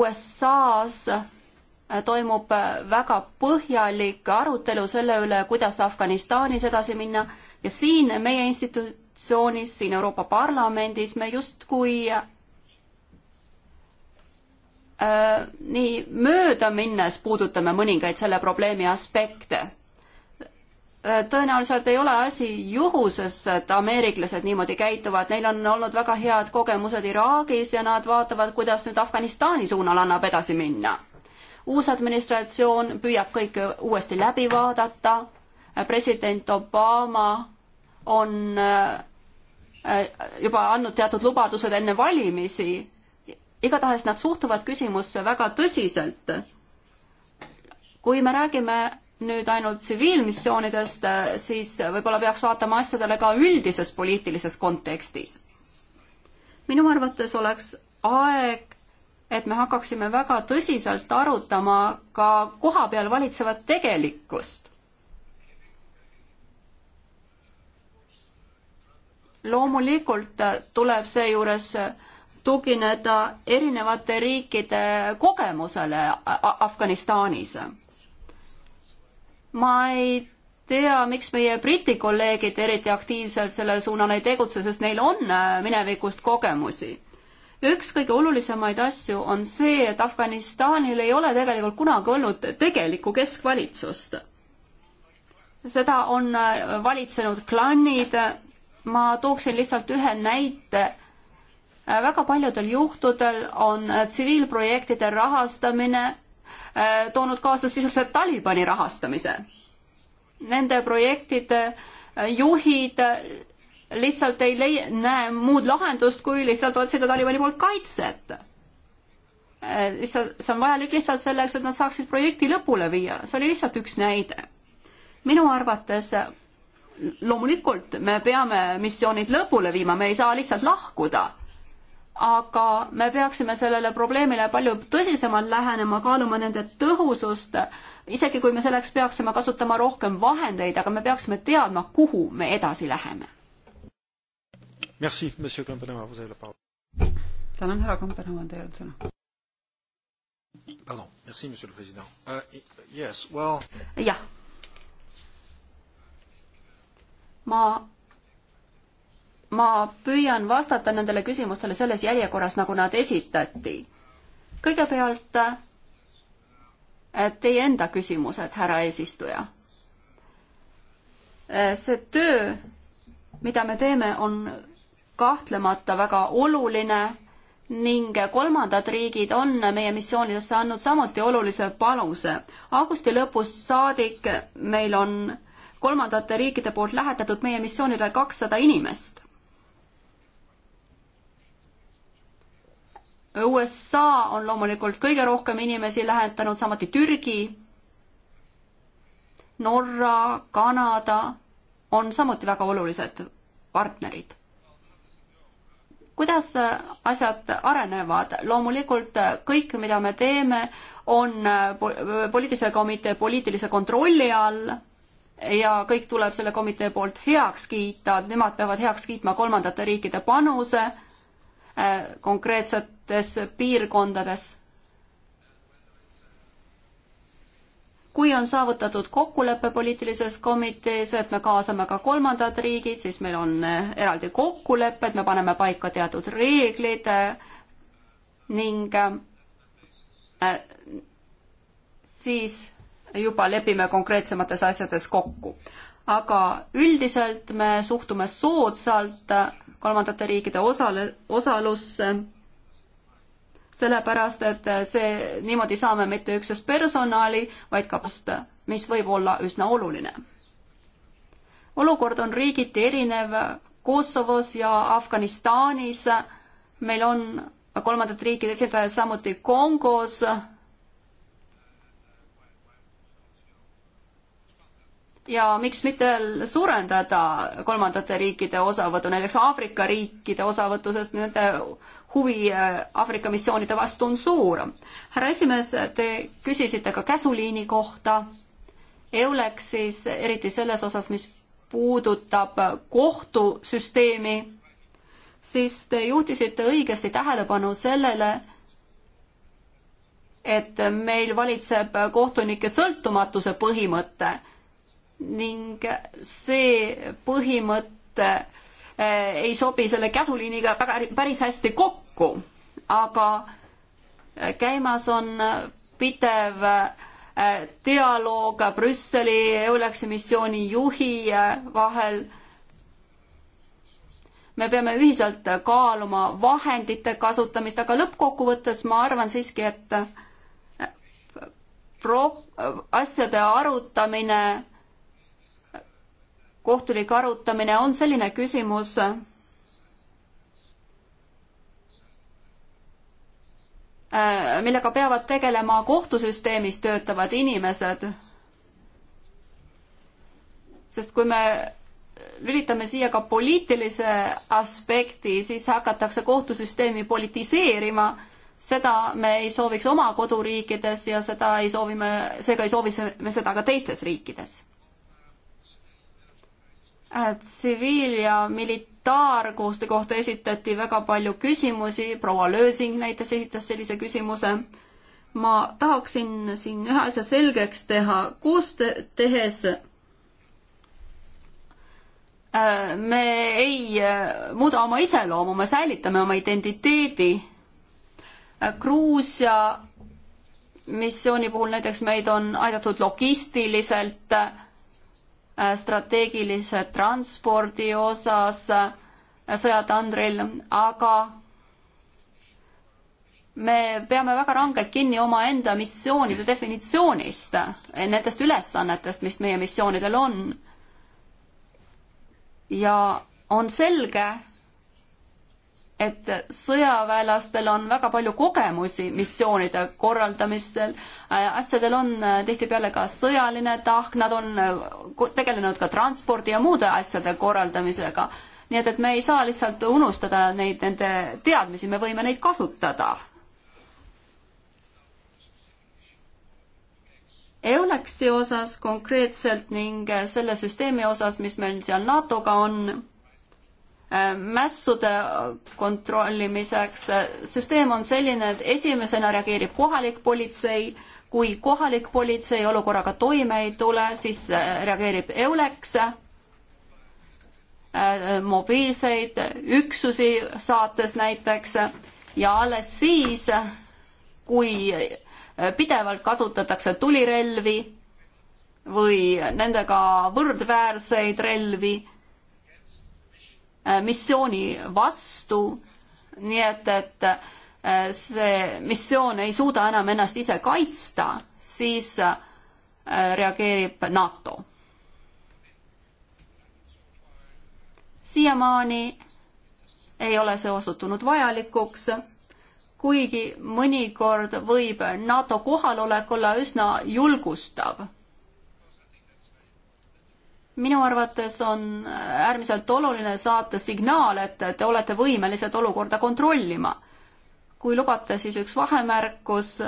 Speaker 3: USA-s toimub väga põhjalik arutelu selle üle, kuidas Afganistanis edasi minna ja siin meie instituut fraktsioonis, siin Euroopa Parlamendis me justkui äh, nii möödaminnes puudutame mõningaid selle probleemi aspekte. Äh, tõenäoliselt ei ole asi juhuses, et ameeriklased niimoodi käituvad, neil on olnud väga head kogemused Iraagis ja nad vaatavad, kuidas nüüd Afganistani suunal annab edasi minna. uus administratsioon püüab kõike uuesti läbi vaadata, president Obama on äh, Äh, juba andnud teatud lubadused enne valimisi. igatahes nad suhtuvad küsimusse väga tõsiselt. kui me räägime nüüd ainult tsiviilmissioonidest, äh, siis võib-olla peaks vaatama asjadele ka üldises poliitilises kontekstis. minu arvates oleks aeg, et me hakkaksime väga tõsiselt arutama ka kohapeal valitsevat tegelikkust loomulikult tuleb seejuures tugineda erinevate riikide kogemusele Afganistanis. ma ei tea, miks meie Briti kolleegid eriti aktiivselt sellel suunal ei tegutse, sest neil on äh, minevikust kogemusi. üks kõige olulisemaid asju on see, et Afganistanil ei ole tegelikult kunagi olnud tegelikku keskvalitsust. seda on äh, valitsenud klannid ma tooksin lihtsalt ühe näite. väga paljudel juhtudel on tsiviilprojektide rahastamine äh, toonud kaasa sisuliselt Talibani rahastamise. Nende projektide äh, juhid äh, lihtsalt ei leia, näe muud lahendust, kui lihtsalt otsida Talibani poolt kaitset. lihtsalt, see on vajalik lihtsalt selleks, et nad saaksid projekti lõpule viia, see oli lihtsalt üks näide. minu arvates loomulikult me peame missioonid lõpule viima, me ei saa lihtsalt lahkuda. aga me peaksime sellele probleemile palju tõsisemalt lähenema, kaaluma nende tõhusust, isegi kui me selleks peaksime kasutama rohkem vahendeid, aga me peaksime teadma, kuhu me edasi läheme. tänan, härra Kompenova, teil on sõna.
Speaker 1: Pardon, merci, monsieur
Speaker 2: le président uh,. Yes, well.
Speaker 3: jah ma, ma püüan vastata nendele küsimustele selles järjekorras, nagu nad esitati. kõigepealt eh, teie enda küsimused, härra eesistuja. Eh, see töö, mida me teeme, on kahtlemata väga oluline ning kolmandad riigid on meie missioonidesse andnud samuti olulise panuse. augusti lõpus saadik meil on kolmandate riikide poolt lähetatud meie missioonile kakssada inimest. USA on loomulikult kõige rohkem inimesi lähetanud, samuti Türgi, Norra, Kanada on samuti väga olulised partnerid. kuidas asjad arenevad? loomulikult kõik, mida me teeme, on poliitilise komitee poliitilise kontrolli all ja kõik tuleb selle komitee poolt heaks kiita, nemad peavad heaks kiitma kolmandate riikide panuse äh, konkreetsetes piirkondades. kui on saavutatud kokkulepe poliitilises komitees, et me kaasame ka kolmandad riigid, siis meil on äh, eraldi kokkulepped, me paneme paika teatud reeglid äh, ning siis juba lepime konkreetsemates asjades kokku. aga üldiselt me suhtume soodsalt kolmandate riikide osale, osalusse, sellepärast et see, niimoodi saame mitte üksnes personali, vaid ka post, mis võib olla üsna oluline. olukord on riigiti erinev Kosovos ja Afganistanis, meil on kolmandate riikide esindajad samuti Kongos, ja miks mitte suurendada kolmandate riikide osavõtu, näiteks Aafrika riikide osavõtu, sest nende huvi äh, Aafrika missioonide vastu on suur. härra esimees, te küsisite ka käsuliini kohta. EULEX siis eriti selles osas, mis puudutab kohtusüsteemi, siis te juhtisite õigesti tähelepanu sellele, et meil valitseb kohtunike sõltumatuse põhimõte ning see põhimõte eh, ei sobi selle käsuliiniga päris hästi kokku, aga eh, käimas on pidev eh, dialoog Brüsseli EULEX-i missiooni juhi vahel. me peame ühiselt kaaluma vahendite kasutamist, aga lõppkokkuvõttes ma arvan siiski, et pro-, asjade arutamine kohtulik arutamine on selline küsimus, äh, millega peavad tegelema kohtusüsteemis töötavad inimesed. sest kui me lülitame siia ka poliitilise aspekti, siis hakatakse kohtusüsteemi politiseerima, seda me ei sooviks oma koduriikides ja seda ei soovi me, seega ei soovi me seda ka teistes riikides Äh, tsiviil- ja militaarkoostöö kohta esitati väga palju küsimusi, proua Lösing näiteks esitas sellise küsimuse. ma tahaksin siin ühe asja selgeks teha, koostööd tehes äh, me ei äh, muuda oma iseloomu, me säilitame oma identiteedi. Gruusia missiooni puhul näiteks meid on aidatud logistiliselt Äh, strateegilise transpordi osas äh, sõjatandril, aga me peame väga rangelt kinni omaenda missioonide definitsioonist, nendest ülesannetest, mis meie missioonidel on. ja on selge, et sõjaväelastel on väga palju kogemusi missioonide korraldamistel, äh, asjadel on äh, tihtipeale ka sõjaline tahk, nad on äh, tegelenud ka transpordi ja muude asjade korraldamisega. nii et, et me ei saa lihtsalt unustada neid, nende teadmisi, me võime neid kasutada. EULEX-i osas konkreetselt ning selle süsteemi osas, mis meil seal NATO-ga on mässude kontrollimiseks. süsteem on selline, et esimesena reageerib kohalik politsei, kui kohalik politsei olukorraga toime ei tule, siis äh, reageerib EULEX, äh, mobiilseid üksusi saates näiteks ja alles siis, kui äh, pidevalt kasutatakse tulirelvi või nendega võrdväärseid relvi Äh, missiooni vastu, nii et, et äh, see missioon ei suuda enam ennast ise kaitsta, siis äh, reageerib NATO. siiamaani ei ole see osutunud vajalikuks, kuigi mõnikord võib NATO kohalolek olla üsna julgustav minu arvates on äärmiselt oluline saata signaal, et te olete võimelised olukorda kontrollima. kui lubate, siis üks vahemärkus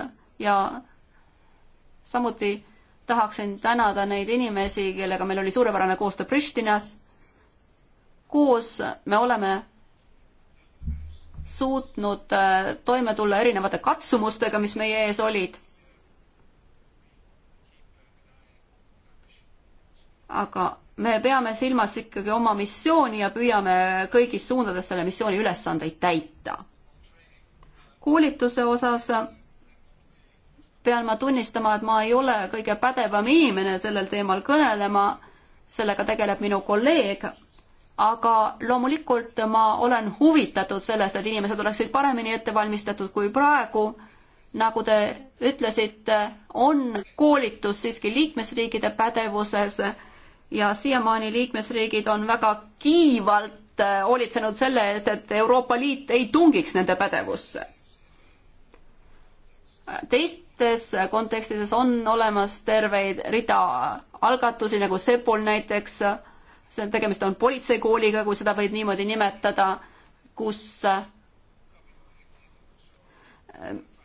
Speaker 3: ja samuti tahaksin tänada neid inimesi, kellega meil oli suurepärane koostöö Pristinas. koos me oleme suutnud äh, toime tulla erinevate katsumustega, mis meie ees olid aga me peame silmas ikkagi oma missiooni ja püüame kõigis suundades selle missiooni ülesandeid täita. koolituse osas pean ma tunnistama, et ma ei ole kõige pädevam inimene sellel teemal kõnelema, sellega tegeleb minu kolleeg, aga loomulikult ma olen huvitatud sellest, et inimesed oleksid paremini ette valmistatud kui praegu nagu te ütlesite, on koolitus siiski liikmesriikide pädevuses ja siiamaani liikmesriigid on väga kiivalt äh, hoolitsenud selle eest, et Euroopa Liit ei tungiks nende pädevusse. teistes kontekstides on olemas terveid rida algatusi, nagu Sepol näiteks, see on, tegemist on politseikooliga, kui seda võib niimoodi nimetada, kus äh,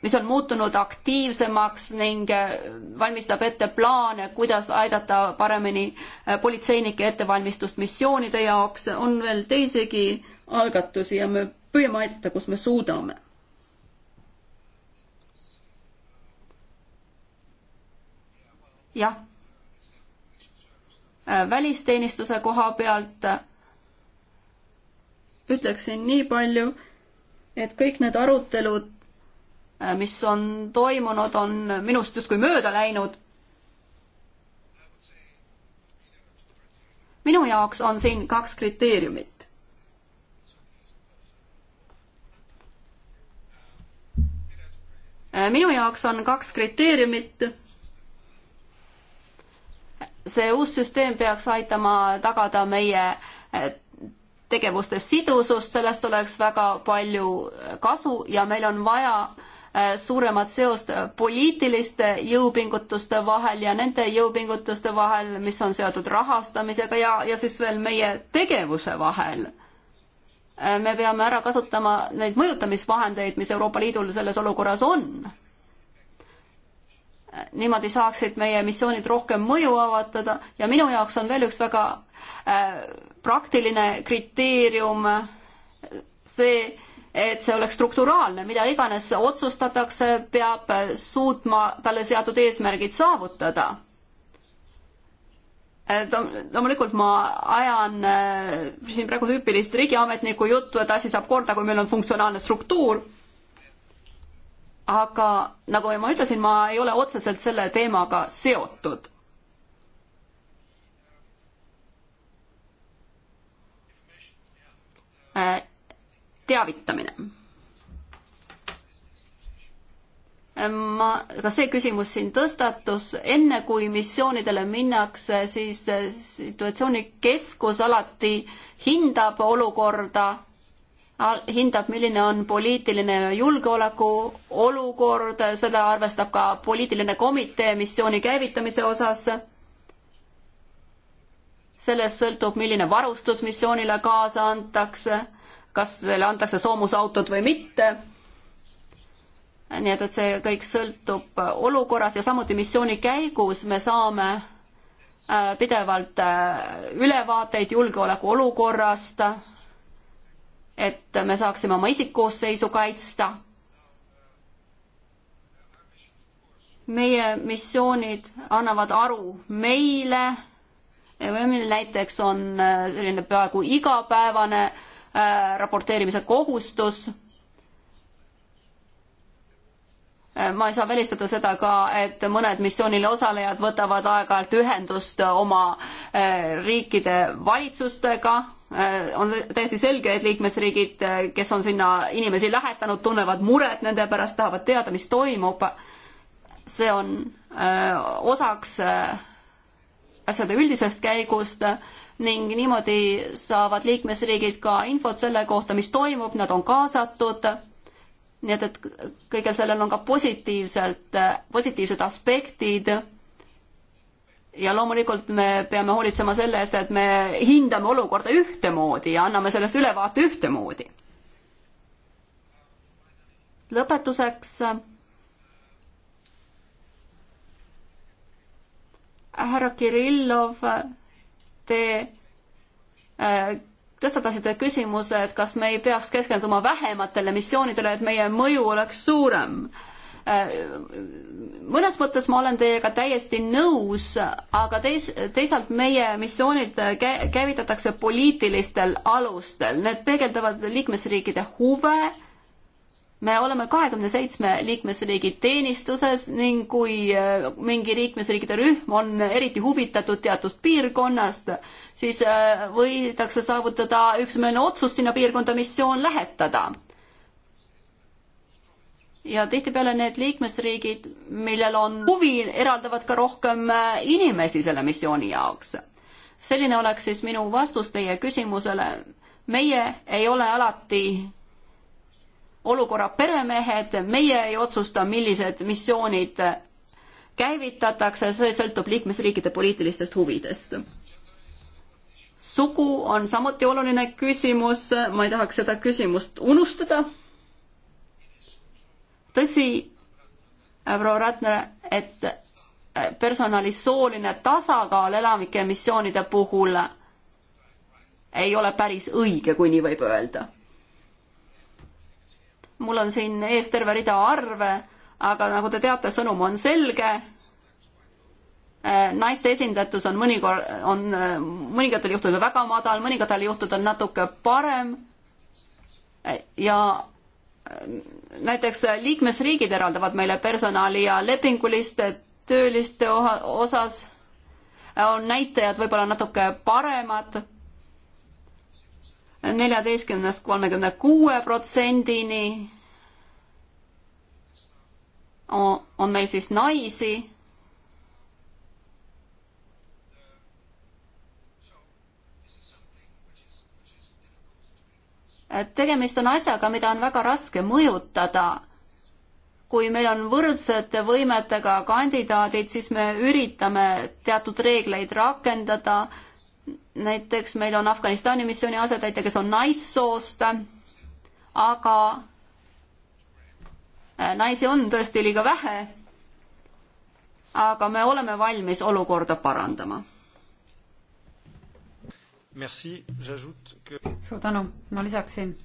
Speaker 3: mis on muutunud aktiivsemaks ning äh, valmistab ette plaane, kuidas aidata paremini äh, politseinike ettevalmistust missioonide jaoks, on veel teisigi algatusi ja me püüame aidata, kus me suudame. jah. Äh, välisteenistuse koha pealt ütleksin nii palju, et kõik need arutelud Äh, mis on toimunud, on minust justkui mööda läinud. minu jaoks on siin kaks kriteeriumit. Äh, minu jaoks on kaks kriteeriumit. see uus süsteem peaks aitama tagada meie äh, tegevuste sidusust, sellest oleks väga palju kasu ja meil on vaja äh, Äh, suuremat seost poliitiliste jõupingutuste vahel ja nende jõupingutuste vahel, mis on seotud rahastamisega ja, ja siis veel meie tegevuse vahel. Äh, me peame ära kasutama neid mõjutamisvahendeid, mis Euroopa Liidul selles olukorras on. Äh, niimoodi saaksid meie missioonid rohkem mõju avaldada ja minu jaoks on veel üks väga äh, praktiline kriteerium see, et see oleks strukturaalne, mida iganes otsustatakse, peab suutma talle seatud eesmärgid saavutada. loomulikult ma ajan äh, siin praegu tüüpilist riigiametniku juttu, et asi saab korda, kui meil on funktsionaalne struktuur. aga nagu ma ütlesin, ma ei ole otseselt selle teemaga seotud äh, teavitamine. ma, ka see küsimus siin tõstatus, enne kui missioonidele minnakse, siis situatsioonikeskus alati hindab olukorda, hindab, milline on poliitiline julgeoleku olukord, seda arvestab ka poliitiline komitee missiooni käivitamise osas sellest sõltub, milline varustus missioonile kaasa antakse kas teile antakse soomusautot või mitte. nii et, et see kõik sõltub olukorrast ja samuti missiooni käigus me saame äh, pidevalt äh, ülevaateid julgeoleku olukorrast, et me saaksime oma isikkoosseisu kaitsta. meie missioonid annavad aru meile, meil näiteks on äh, selline peaaegu igapäevane äh, Äh, raporteerimise kohustus. Äh, ma ei saa välistada seda ka, et mõned missioonil osalejad võtavad aeg-ajalt ühendust oma äh, riikide valitsustega, on täiesti selge, et liikmesriigid, kes on sinna inimesi lähetanud, tunnevad muret nende pärast, tahavad teada, mis toimub. see on osaks asjade üldisest käigust ning niimoodi saavad liikmesriigid ka infot selle kohta, mis toimub, nad on kaasatud. nii et, et kõigel sellel on ka positiivselt, positiivsed aspektid. ja loomulikult me peame hoolitsema selle eest, et me hindame olukorda ühtemoodi ja anname sellest ülevaate ühtemoodi. lõpetuseks härra Kirillov, te äh, tõstatasite küsimuse, et kas me ei peaks keskenduma vähematele missioonidele, et meie mõju oleks suurem. Äh, mõnes mõttes ma olen teiega täiesti nõus, aga teis-, teisalt meie missioonid käivitatakse poliitilistel alustel, need peegeldavad liikmesriikide huve me oleme kahekümne seitsme liikmesriigi teenistuses ning kui äh, mingi liikmesriikide rühm on eriti huvitatud teatud piirkonnast, siis äh, võidakse saavutada üksmeelne otsus sinna piirkonda missioon lähetada. ja tihtipeale need liikmesriigid, millel on huvi, eraldavad ka rohkem äh, inimesi selle missiooni jaoks. selline oleks siis minu vastus teie küsimusele. meie ei ole alati olukorra peremehed, meie ei otsusta, millised missioonid käivitatakse, see sõltub liikmesriikide poliitilistest huvidest. sugu on samuti oluline küsimus, ma ei tahaks seda küsimust unustada. tõsi, proua Ratner, et personali sooline tasakaal elanike missioonide puhul ei ole päris õige, kui nii võib öelda mul on siin ees terve rida arve, aga nagu te teate, sõnum on selge. Äh, naiste esindatus on mõnikord, on äh, mõningatel juhtudel väga madal, mõningatel juhtudel natuke parem. Äh, ja näiteks liikmesriigid eraldavad meile personali ja lepinguliste tööliste osas on näitajad võib-olla natuke paremad neljateistkümnest kolmekümne kuue protsendini on meil siis naisi. tegemist on asjaga, mida on väga raske mõjutada. kui meil on võrdsete võimetega kandidaadid, siis me üritame teatud reegleid rakendada näiteks meil on Afganistani missiooni asetäitja, kes on naissoost, aga äh, naisi on tõesti liiga vähe. aga me oleme valmis olukorda parandama. Que... suur tänu, ma lisaksin,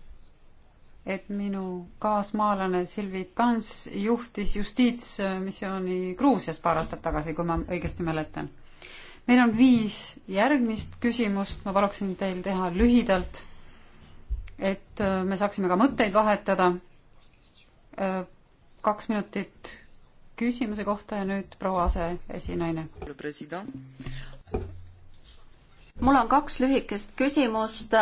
Speaker 3: et minu
Speaker 2: kaasmaalane Silvi Pants juhtis justiitsmissiooni Gruusias paar aastat tagasi, kui ma õigesti mäletan meil on viis järgmist küsimust, ma paluksin teil teha lühidalt, et äh, me saaksime ka mõtteid vahetada. Äh, kaks minutit küsimuse kohta ja nüüd proua
Speaker 3: aseesinaine. mul on kaks lühikest küsimust.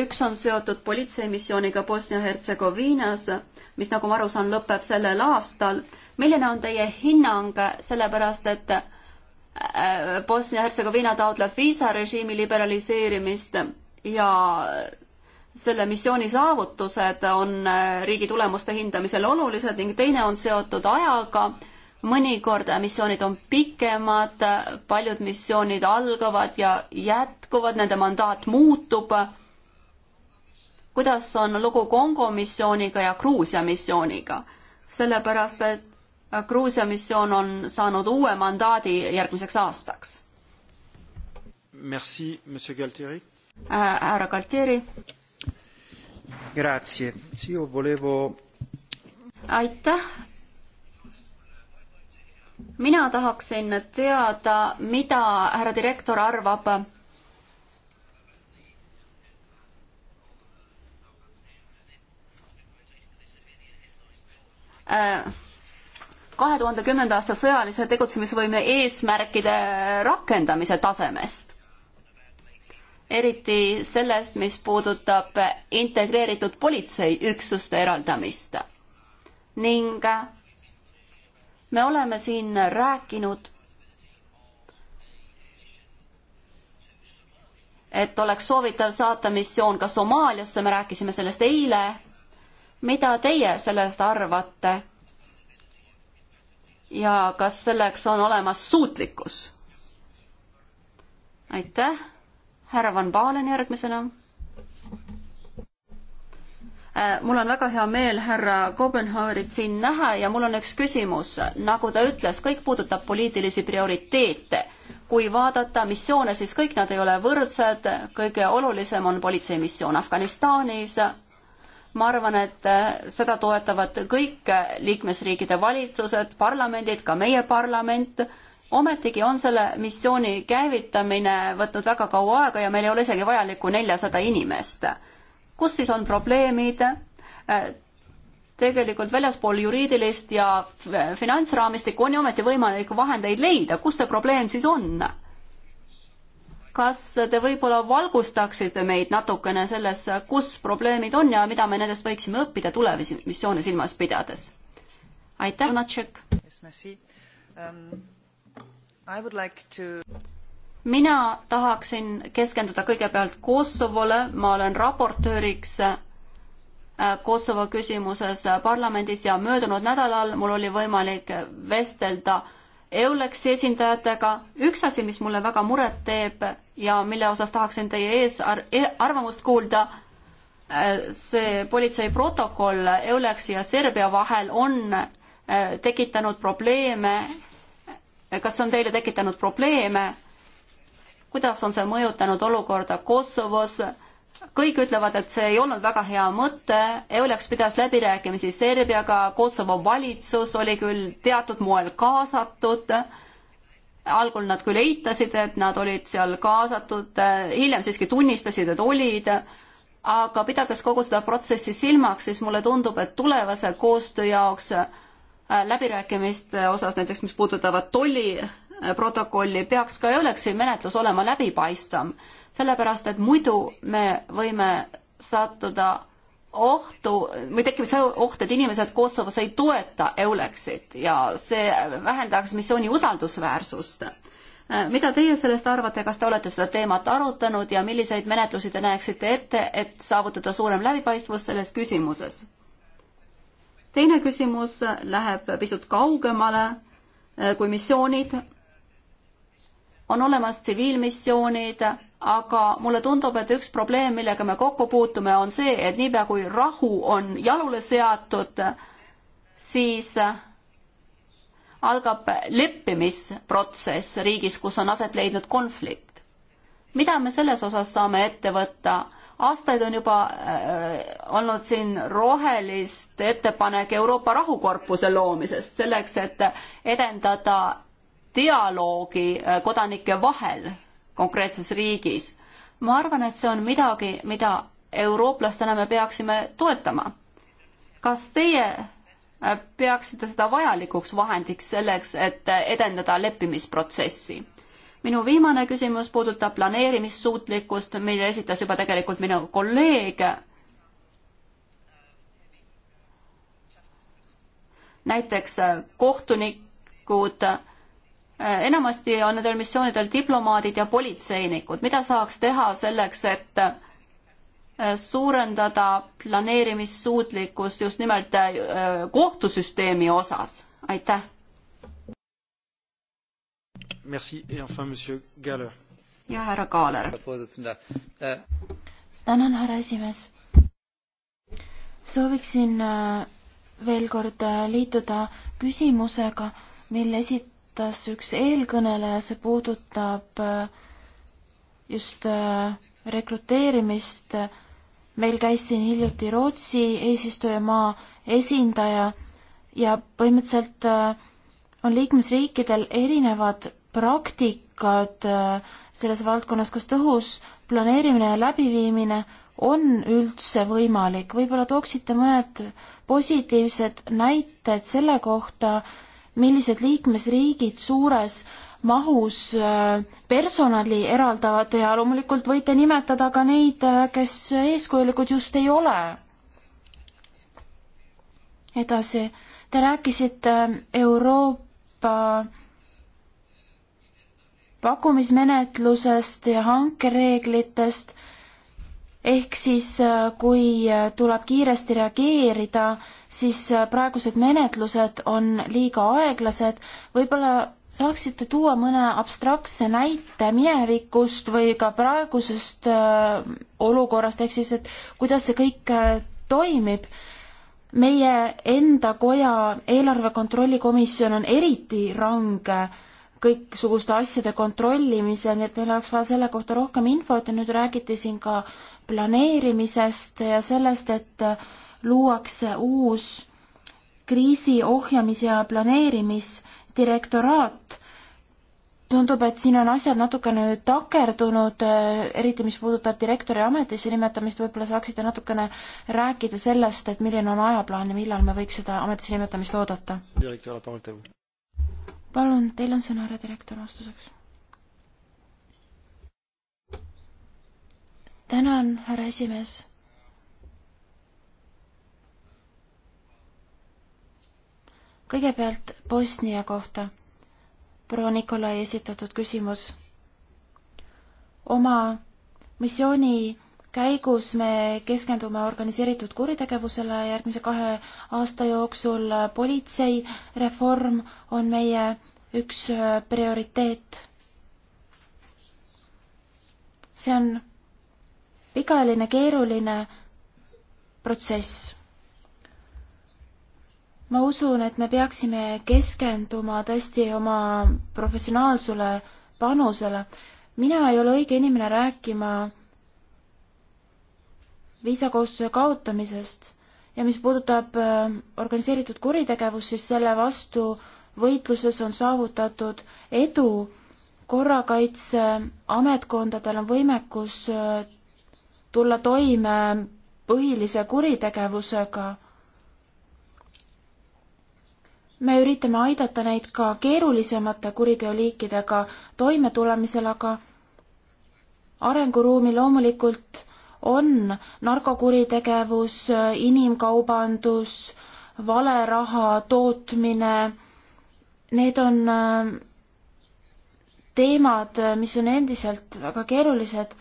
Speaker 3: üks on seotud politseimissiooniga Bosnia-Hertsegoviinas, mis, nagu ma aru saan, lõpeb sellel aastal. milline on teie hinnang, sellepärast et Äh, Bosnia-Hertsegoviina taotleb viisarežiimi liberaliseerimist ja selle missiooni saavutused on äh, riigi tulemuste hindamisel olulised ning teine on seotud ajaga. mõnikord missioonid on pikemad, paljud missioonid algavad ja jätkuvad, nende mandaat muutub. kuidas on lugu Kongo missiooniga ja Gruusia missiooniga? sellepärast, et Gruusia missioon on saanud uue mandaadi järgmiseks aastaks.
Speaker 1: Merci, monsieur Galtieri
Speaker 3: äh,. härra Galtieri.
Speaker 2: Grazie, io volevo.
Speaker 3: aitäh. mina tahaksin teada, mida härra direktor arvab äh, kahe tuhande kümnenda aasta sõjalise tegutsemisvõime eesmärkide rakendamise tasemest. eriti sellest, mis puudutab integreeritud politseiüksuste eraldamist. ning me oleme siin rääkinud et oleks soovitav saata missioon ka Somaaliasse, me rääkisime sellest eile. mida teie sellest arvate? ja kas selleks on olemas suutlikkus? aitäh, härra Van Balen järgmisena. Äh, mul on väga hea meel härra Kopenhauerit siin näha ja mul on üks küsimus. nagu ta ütles, kõik puudutab poliitilisi prioriteete. kui vaadata missioone, siis kõik nad ei ole võrdsed, kõige olulisem on politseimissioon Afganistanis ma arvan, et äh, seda toetavad kõik liikmesriikide valitsused, parlamendid, ka meie parlament. ometigi on selle missiooni käivitamine võtnud väga kaua aega ja meil ei ole isegi vajalikku neljasada inimest. kus siis on probleemid? Äh, tegelikult väljaspool juriidilist ja finantsraamistikku on ju ometi võimalik vahendeid leida, kus see probleem siis on? kas te võib-olla valgustaksite meid natukene selles, kus probleemid on ja mida me nendest võiksime õppida tulevisi missioone silmas pidades? aitäh, Lunatšek
Speaker 2: yes,! Um,
Speaker 3: mina tahaksin keskenduda kõigepealt Kosovole, ma olen raportööriks äh, Kosovo küsimuses parlamendis ja möödunud nädalal mul oli võimalik vestelda äh, EULEX-i esindajatega. üks asi, mis mulle väga muret teeb ja mille osas tahaksin teie ees ar e-, arvamust kuulda, äh, see politsei protokoll EULEX-i ja Serbia vahel on äh, tekitanud probleeme. kas see on teile tekitanud probleeme? kuidas on see mõjutanud olukorda Kosovos? kõik ütlevad, et see ei olnud väga hea mõte, Eulex pidas läbirääkimisi Serbiaga, Kosovo valitsus oli küll teatud moel kaasatud, algul nad küll eitasid, et nad olid seal kaasatud, hiljem siiski tunnistasid, et olid, aga pidades kogu seda protsessi silmaks, siis mulle tundub, et tulevase koostöö jaoks äh, läbirääkimiste osas näiteks, mis puudutavad tolli protokolli, peaks ka Euleksi menetlus olema läbipaistvam, sellepärast et muidu me võime sattuda ohtu või tekib see oht, et inimesed Kosovos ei toeta Euleksit ja see vähendaks missiooni usaldusväärsust. mida teie sellest arvate, kas te olete seda teemat arutanud ja milliseid menetlusi te näeksite ette, et saavutada suurem läbipaistvus selles küsimuses? teine küsimus läheb pisut kaugemale eh, kui missioonid, on olemas tsiviilmissioonid, aga mulle tundub, et üks probleem, millega me kokku puutume, on see, et niipea kui rahu on jalule seatud, siis algab leppimisprotsess riigis, kus on aset leidnud konflikt. mida me selles osas saame ette võtta? aastaid on juba äh, olnud siin rohelist ettepanek Euroopa rahukorpuse loomisest selleks, et edendada dialoogi äh, kodanike vahel konkreetses riigis. ma arvan, et see on midagi, mida eurooplastena me peaksime toetama. kas teie äh, peaksite seda vajalikuks vahendiks selleks, et äh, edendada leppimisprotsessi? minu viimane küsimus puudutab planeerimissuutlikkust, mille esitas juba tegelikult minu kolleeg. näiteks kohtunikud Äh, enamasti on nendel missioonidel diplomaadid ja politseinikud, mida saaks teha selleks, et äh, suurendada planeerimissuutlikkust just nimelt äh, kohtusüsteemi osas, aitäh.
Speaker 2: Merci et enfin monsieur Galler. ja härra Kaaler.
Speaker 1: tänan, härra esimees. sooviksin veel kord liituda küsimusega, mille esit-, viitas üks eelkõneleja, see puudutab äh, just äh, rekruteerimist. meil käis siin hiljuti Rootsi eesistujamaa esindaja ja põhimõtteliselt äh, on liikmesriikidel erinevad praktikad selles valdkonnas, kas tõhus planeerimine ja läbiviimine on üldse võimalik, võib-olla tooksite mõned positiivsed näited selle kohta, millised liikmesriigid suures mahus äh, personali eraldavad ja loomulikult võite nimetada ka neid, äh, kes eeskujulikud just ei ole. edasi, te rääkisite äh, Euroopa pakkumismenetlusest ja hankereeglitest, ehk siis kui tuleb kiiresti reageerida, siis äh, praegused menetlused on liiga aeglased. võib-olla saaksite tuua mõne abstraktse näite minevikust või ka praegusest äh, olukorrast, ehk siis, et kuidas see kõik äh, toimib? meie enda koja eelarve kontrolli komisjon on eriti range kõiksuguste asjade kontrollimisel, nii et meil oleks vaja selle kohta rohkem infot ja nüüd räägiti siin ka planeerimisest ja sellest, et luuakse uus kriisi ohjamis- ja planeerimisdirektoraat. tundub, et siin on asjad natukene nüüd takerdunud, eh, eriti mis puudutab direktori ametisse nimetamist, võib-olla saaksite natukene rääkida sellest, et milline on ajaplaan ja millal me võiks seda ametisse nimetamist oodata? palun, teil on sõna, härra direktor, vastuseks. tänan, härra esimees kõigepealt Bosnia kohta. proua Nikolai esitatud küsimus. oma missiooni käigus me keskendume organiseeritud kuritegevusele järgmise kahe aasta jooksul. politseireform on meie üks prioriteet. see on pikaajaline keeruline protsess ma usun, et me peaksime keskenduma tõesti oma professionaalsele panusele. mina ei ole õige inimene rääkima viisakohustuse kaotamisest ja mis puudutab äh, organiseeritud kuritegevust, siis selle vastu võitluses on saavutatud edu. korrakaitseametkondadel on võimekus äh, tulla toime põhilise kuritegevusega me üritame aidata neid ka keerulisemate kuriteoliikidega toimetulemisel, aga arenguruumi loomulikult on narkokuritegevus, inimkaubandus, valeraha tootmine, need on äh, teemad, mis on endiselt väga keerulised.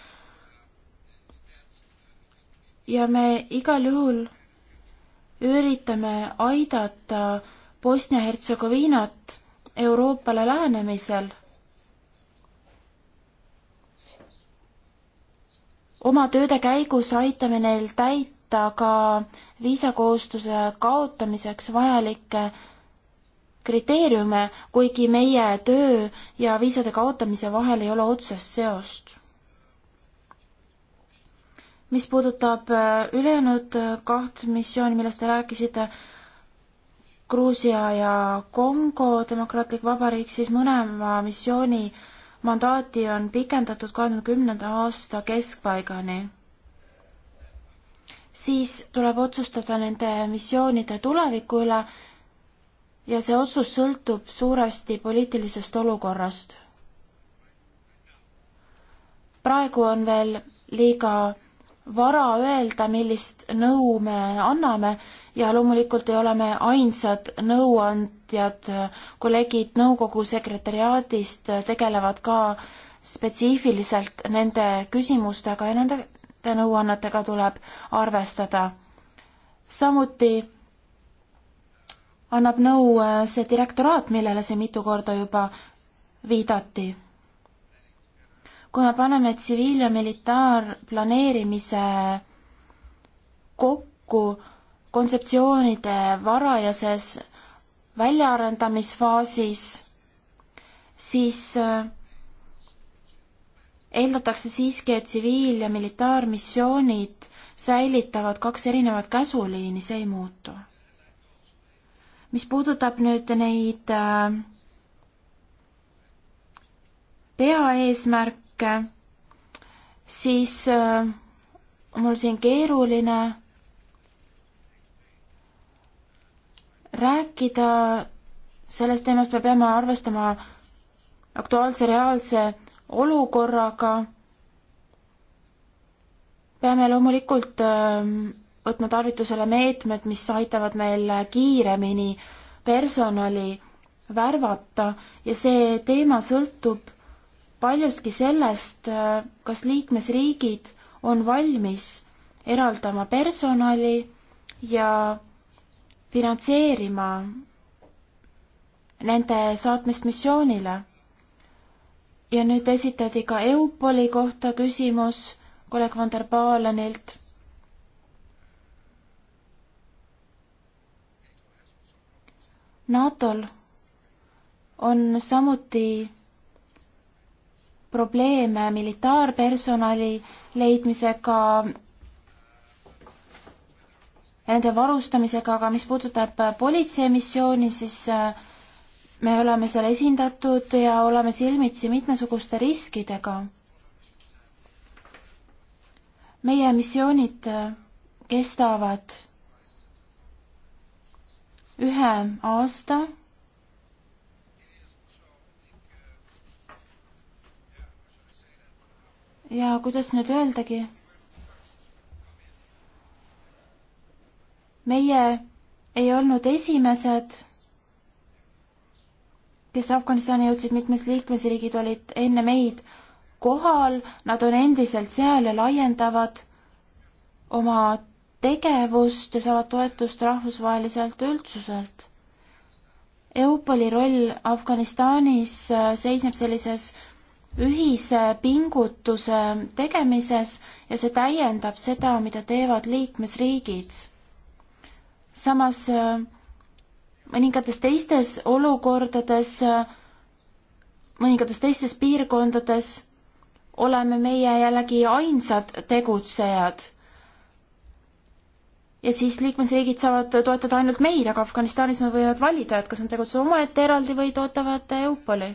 Speaker 1: ja me igal juhul üritame aidata Bosnia-Hertsegoviinat Euroopale lähenemisel oma tööde käigus aitame neil täita ka viisakohustuse kaotamiseks vajalikke kriteeriume, kuigi meie töö ja viisade kaotamise vahel ei ole otsest seost. mis puudutab äh, ülejäänud äh, kaht missiooni, millest te rääkisite, Gruusia ja Kongo Demokraatlik Vabariik, siis mõlema missiooni mandaati on pikendatud kahekümne kümnenda aasta keskpaigani. siis tuleb otsustada nende missioonide tuleviku üle ja see otsus sõltub suuresti poliitilisest olukorrast. praegu on veel liiga vara öelda, millist nõu me anname ja loomulikult ei ole me ainsad nõuandjad, kolleegid nõukogu sekretäriaadist tegelevad ka spetsiifiliselt nende küsimustega ja nende nõuannetega tuleb arvestada. samuti annab nõu äh, see direktoraat, millele siin mitu korda juba viidati kui me paneme tsiviil- ja militaarplaneerimise kokku kontseptsioonide varajases väljaarendamisfaasis, siis äh, eeldatakse siiski, et tsiviil- ja militaarmissioonid säilitavad kaks erinevat käsuliini, see ei muutu. mis puudutab nüüd neid äh, peaeesmärk riike, siis on äh, mul siin keeruline rääkida sellest teemast, me peame arvestama aktuaalse reaalse olukorraga. peame loomulikult äh, võtma tarvitusele meetmed, mis aitavad meil kiiremini personali värvata ja see teema sõltub paljuski sellest, kas liikmesriigid on valmis eraldama personali ja finantseerima nende saatmist missioonile. ja nüüd esitati ka EUPOL-i kohta küsimus kolleeg Van der Baalenilt NATO-l on samuti probleeme militaarpersonali leidmisega, nende varustamisega, aga mis puudutab politseimissiooni, siis äh, me oleme seal esindatud ja oleme silmitsi mitmesuguste riskidega. meie missioonid äh, kestavad ühe aasta ja kuidas nüüd öeldagi, meie ei olnud esimesed, kes Afganistani jõudsid, mitmes liikmesriigid olid enne meid kohal, nad on endiselt seal ja laiendavad oma tegevust ja saavad toetust rahvusvaheliselt üldsuselt. EUPOL-i roll Afganistanis äh, seisneb sellises ühise pingutuse tegemises ja see täiendab seda, mida teevad liikmesriigid. samas äh, mõningates teistes olukordades, äh, mõningates teistes piirkondades oleme meie jällegi ainsad tegutsejad. ja siis liikmesriigid saavad toetada ainult meid, aga Afganistanis nad võivad valida, et kas nad tegutsevad omaette eraldi või toetavad EUPOL-i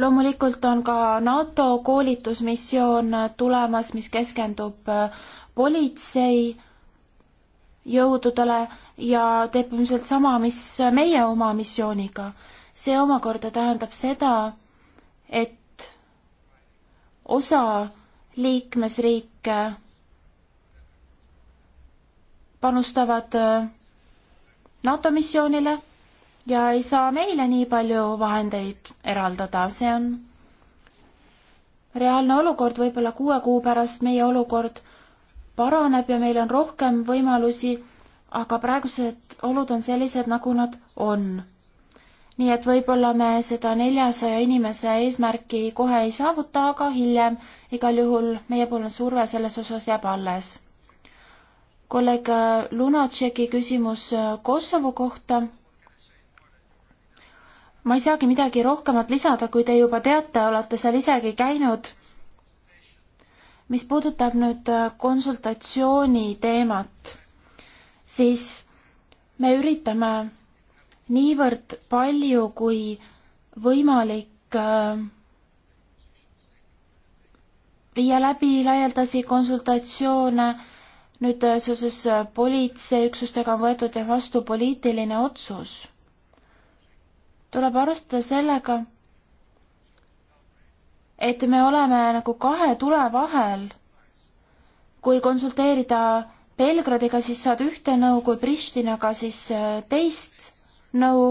Speaker 1: loomulikult on ka NATO koolitusmissioon tulemas, mis keskendub äh, politsei jõududele ja teeb ilmselt sama, mis meie oma missiooniga. see omakorda tähendab seda, et osa liikmesriike panustavad äh, NATO missioonile ja ei saa meile nii palju vahendeid eraldada, see on reaalne olukord, võib-olla kuue kuu pärast meie olukord paraneb ja meil on rohkem võimalusi, aga praegused olud on sellised, nagu nad on. nii et võib-olla me seda neljasaja inimese eesmärki kohe ei saavuta, aga hiljem igal juhul meiepoolne surve selles osas jääb alles. kolleeg Lunatšeki küsimus Kosovo kohta ma ei saagi midagi rohkemat lisada, kui te juba teate, olete seal isegi käinud. mis puudutab nüüd äh, konsultatsiooni teemat, siis me üritame niivõrd palju kui võimalik äh, viia läbi laialdasi konsultatsioone, nüüd äh, seoses politseiüksustega on võetud vastu poliitiline otsus tuleb arvestada sellega, et me oleme nagu kahe tule vahel. kui konsulteerida Belgradiga, siis saad ühte nõu, kui Pristinaga, siis äh, teist nõu.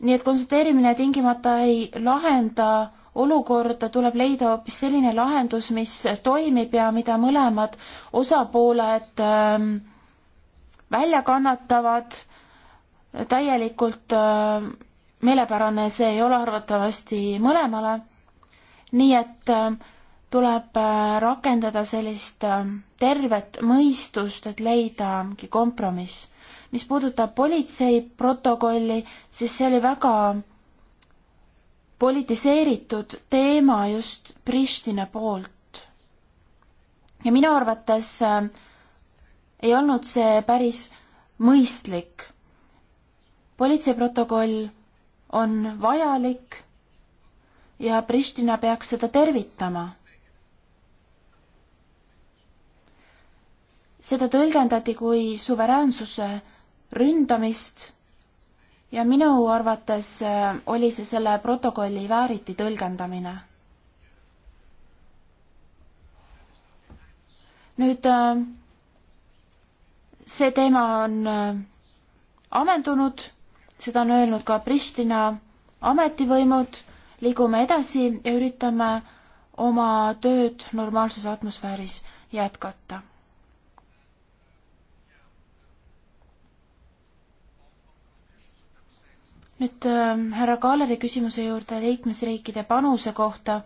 Speaker 1: nii et konsulteerimine tingimata ei lahenda olukorda, tuleb leida hoopis selline lahendus, mis toimib ja mida mõlemad osapooled ähm, välja kannatavad täielikult äh, meelepärane see ei ole arvatavasti mõlemale, nii et äh, tuleb äh, rakendada sellist tervet mõistust, et leida mingi kompromiss. mis puudutab politsei protokolli, siis see oli väga politiseeritud teema just Pristina poolt. ja minu arvates ei olnud see päris mõistlik politseiprotokoll on vajalik ja Pristina peaks seda tervitama. seda tõlgendati kui suveräänsuse ründamist ja minu arvates äh, oli see selle protokolli vääriti tõlgendamine. nüüd äh, see teema on äh, ammendunud seda on öelnud ka Pristina ametivõimud, liigume edasi ja üritame oma tööd normaalses atmosfääris jätkata. nüüd ähm, härra Kaaleri küsimuse juurde liikmesriikide panuse kohta.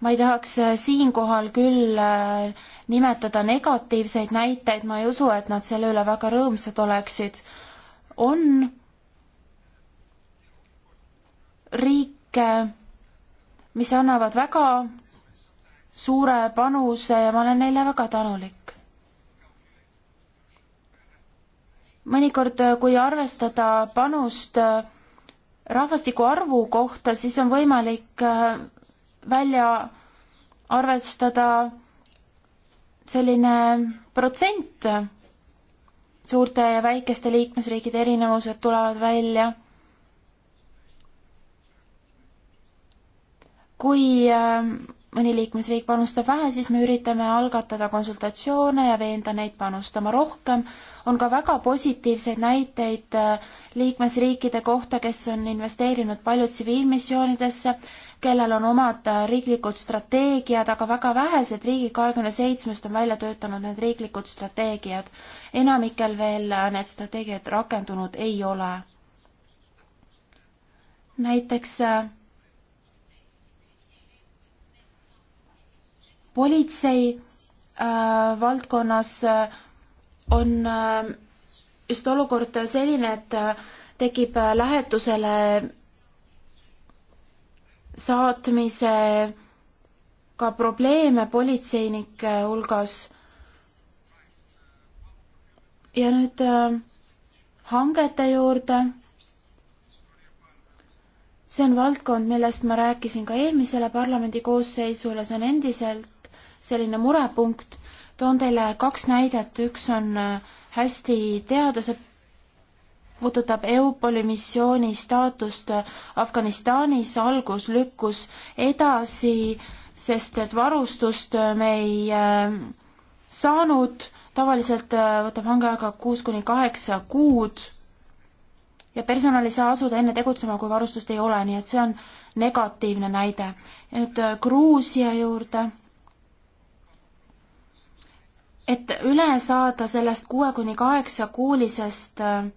Speaker 1: ma ei tahaks äh, siinkohal küll äh, nimetada negatiivseid näiteid, ma ei usu, et nad selle üle väga rõõmsad oleksid. on riike, mis annavad väga suure panuse ja ma olen neile väga tänulik. mõnikord, kui arvestada panust äh, rahvastiku arvu kohta, siis on võimalik äh, välja arvestada selline protsent suurte ja väikeste liikmesriikide erinevused tulevad välja kui äh, mõni liikmesriik panustab vähe, siis me üritame algatada konsultatsioone ja veenda neid panustama rohkem. on ka väga positiivseid näiteid äh, liikmesriikide kohta, kes on investeerinud palju tsiviilmissioonidesse, kellel on omad äh, riiklikud strateegiad, aga väga vähesed riigid kahekümne seitsmest on välja töötanud need riiklikud strateegiad. enamikel veel need strateegiad rakendunud ei ole. näiteks politsei äh, valdkonnas äh, on äh, just olukord selline, et äh, tekib äh, lähetusele saatmisega probleeme politseinike äh, hulgas. ja nüüd äh, hangete juurde see on valdkond, millest ma rääkisin ka eelmisele parlamendi koosseisule, see on endiselt selline murepunkt. toon teile kaks näidet, üks on äh, hästi teada, see puudutab EUPOL-i missiooni staatust äh, Afganistanis, algus lükkus edasi, sest et varustust äh, me ei saanud, tavaliselt võtab hange aega kuus kuni kaheksa kuud ja personal ei saa asuda enne tegutsema, kui varustust ei ole, nii et see on negatiivne näide. ja nüüd Gruusia juurde et üle saada sellest kuue kuni kaheksa kuulisest äh,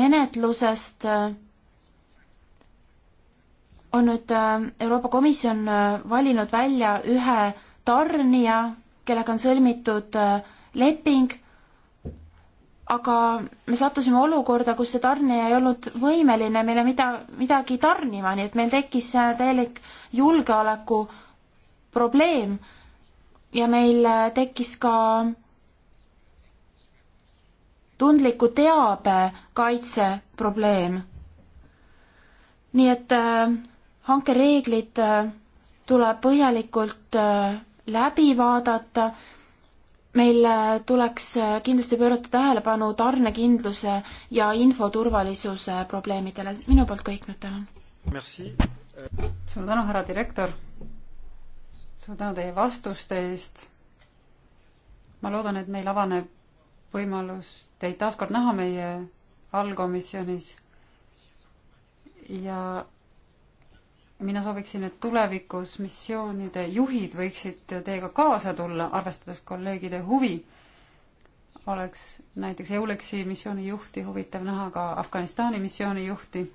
Speaker 1: menetlusest äh, on nüüd äh, Euroopa Komisjon valinud välja ühe tarnija, kellega on sõlmitud leping, aga me sattusime olukorda, kus see tarnija ei olnud võimeline meile mida, midagi tarnima, nii et meil tekkis täielik julgeoleku probleem ja meil tekkis ka tundliku teabe kaitse probleem. nii et äh, hankereeglid äh, tuleb põhjalikult äh, läbi vaadata. meil äh, tuleks äh, kindlasti pöörata tähelepanu tarnekindluse ja infoturvalisuse probleemidele. minu poolt kõik nüüd, tänan.
Speaker 2: suur tänu, härra direktor suur tänu teie vastuste eest. ma loodan, et meil avaneb võimalus teid taas kord näha meie allkomisjonis. ja mina sooviksin, et tulevikus missioonide juhid võiksid teiega kaasa tulla, arvestades kolleegide huvi. oleks näiteks EULEX-i missiooni juhti huvitav näha ka Afganistani missiooni juhti,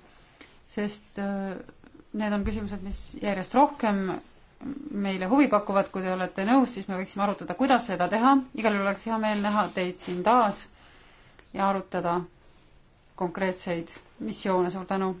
Speaker 2: sest äh, need on küsimused, mis järjest rohkem meile huvi pakuvad, kui te olete nõus, siis me võiksime arutada, kuidas seda teha. igal juhul oleks hea meel näha teid siin taas ja arutada konkreetseid missioone. suur tänu!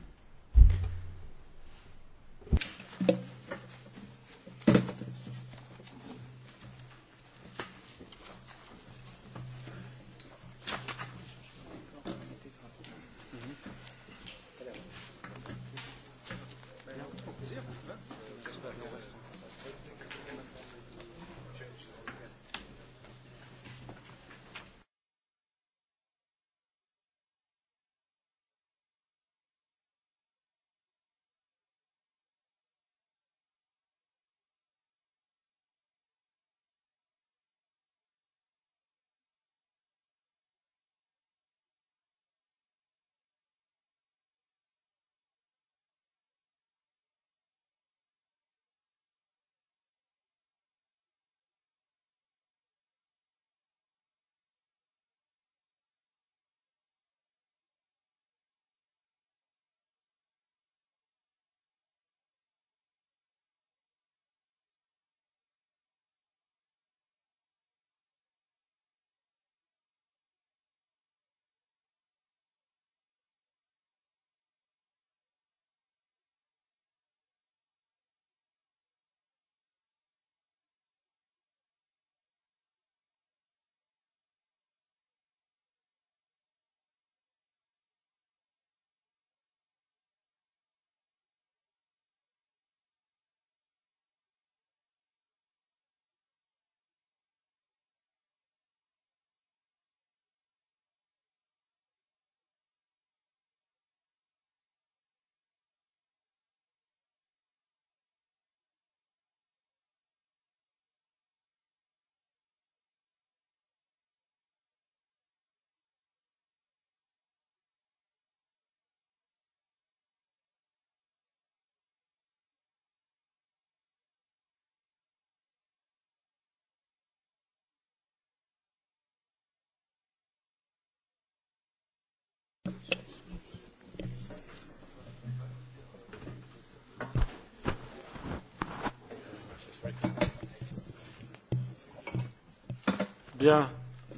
Speaker 1: Bien,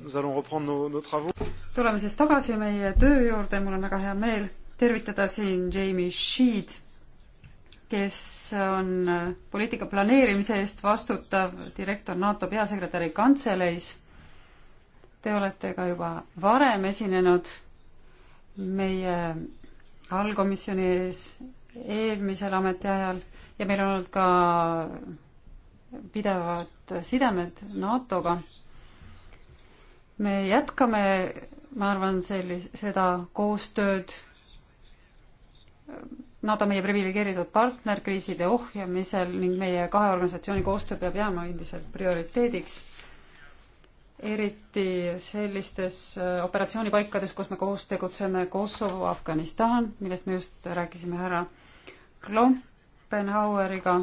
Speaker 1: nous allons reprendre nos, nos travaux.
Speaker 2: tuleme siis tagasi meie töö juurde, mul on väga hea meel tervitada siin Jamie Sheed, kes on äh, poliitika planeerimise eest vastutav direktor NATO peasekretäri kantseleis. Te olete ka juba varem esinenud meie allkomisjoni ees eelmisel ametiajal ja meil on olnud ka pidevad sidemed NATO-ga me jätkame, ma arvan, sellis-, seda koostööd. NATO on meie priviligeeritud partner kriiside ohjamisel ning meie kahe organisatsiooni koostöö peab jääma endiselt prioriteediks, eriti sellistes äh, operatsioonipaikades, kus me koos tegutseme, Kosovo, Afganistan, millest me just rääkisime härra Klompenhaueriga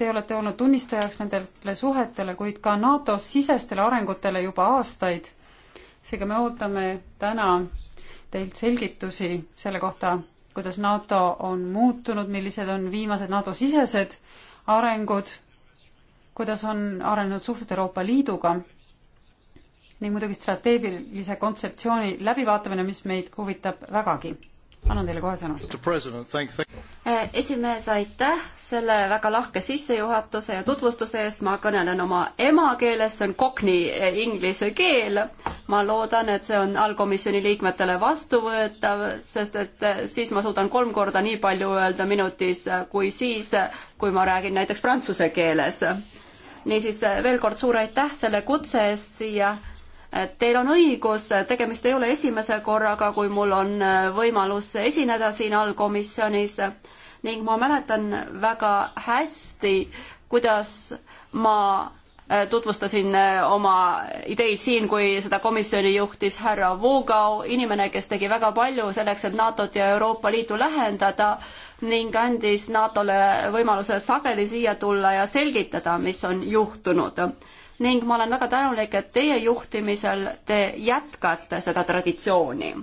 Speaker 2: Te olete olnud tunnistajaks nendele suhetele, kuid ka NATO sisestele arengutele juba aastaid. seega me ootame täna teilt selgitusi selle kohta, kuidas NATO on muutunud, millised on viimased NATO sisesed arengud, kuidas on arenenud suhted Euroopa Liiduga ning muidugi strateegilise kontseptsiooni läbivaatamine, mis meid huvitab vägagi annan teile kohe sõna.
Speaker 3: Äh, esimees, aitäh selle väga lahke sissejuhatuse ja tutvustuse eest, ma kõnelen oma emakeeles, see on kokni äh, inglise keel. ma loodan, et see on allkomisjoni liikmetele vastuvõetav, sest et äh, siis ma suudan kolm korda nii palju öelda minutis kui siis, kui ma räägin näiteks prantsuse keeles. niisiis veel kord suur aitäh selle kutse eest siia Teil on õigus, tegemist ei ole esimese korraga, kui mul on äh, võimalus esineda siin allkomisjonis ning ma mäletan väga hästi, kuidas ma äh, tutvustasin äh, oma ideid siin, kui seda komisjoni juhtis härra Voogau, inimene, kes tegi väga palju selleks, et NATO-t ja Euroopa Liitu lähendada ning andis NATO-le võimaluse sageli siia tulla ja selgitada, mis on juhtunud ning ma olen väga tänulik, et teie juhtimisel te jätkate seda traditsiooni.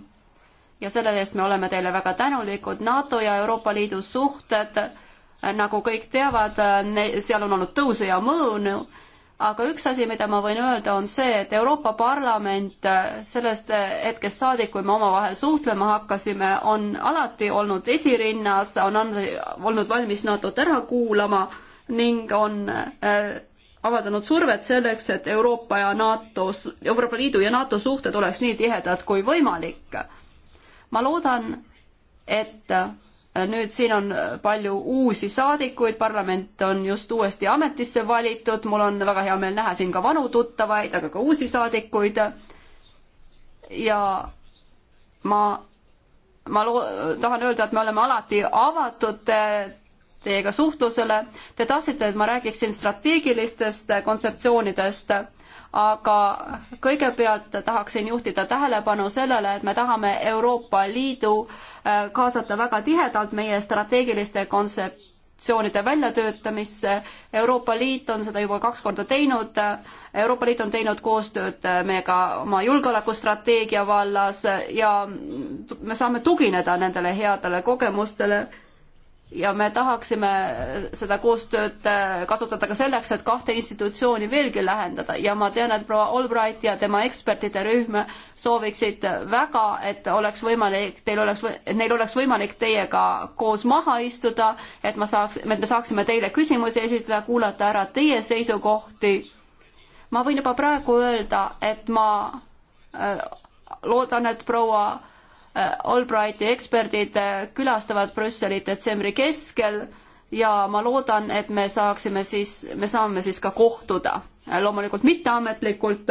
Speaker 3: ja selle eest me oleme teile väga tänulikud, NATO ja Euroopa Liidu suhted, nagu kõik teavad, seal on olnud tõuse ja mõõnu, aga üks asi, mida ma võin öelda, on see, et Euroopa Parlament äh, sellest äh, hetkest saadik, kui me omavahel suhtlema hakkasime, on alati olnud esirinnas, on olnud valmis NATO-t ära kuulama ning on äh, avaldanud survet selleks, et Euroopa ja NATO, Euroopa Liidu ja NATO suhted oleks nii tihedad kui võimalik. ma loodan, et äh, nüüd siin on äh, palju uusi saadikuid, parlament on just uuesti ametisse valitud, mul on väga hea meel näha siin ka vanu tuttavaid, aga ka uusi saadikuid. ja ma, ma loo-, tahan öelda, et me oleme alati avatud äh, teiega suhtlusele. Te tahtsite, et ma räägiksin strateegilistest kontseptsioonidest, aga kõigepealt tahaksin juhtida tähelepanu sellele, et me tahame Euroopa Liidu äh, kaasata väga tihedalt meie strateegiliste kontsept-, sanktsioonide väljatöötamisse. Euroopa Liit on seda juba kaks korda teinud. Euroopa Liit on teinud koostööd äh, meiega oma julgeolekustrateegia vallas ja me saame tugineda nendele headele kogemustele ja me tahaksime seda koostööd äh, kasutada ka selleks, et kahte institutsiooni veelgi lähendada ja ma tean, et proua Albright ja tema ekspertide rühm sooviksid väga, et oleks võimalik, teil oleks, et neil oleks võimalik teiega koos maha istuda, et ma saaks, et me saaksime teile küsimusi esitada, kuulata ära teie seisukohti. ma võin juba praegu öelda, et ma äh, loodan, et proua Albrighti eksperdid äh, külastavad Brüsseli detsembri keskel ja ma loodan, et me saaksime siis, me saame siis ka kohtuda, äh, loomulikult mitteametlikult,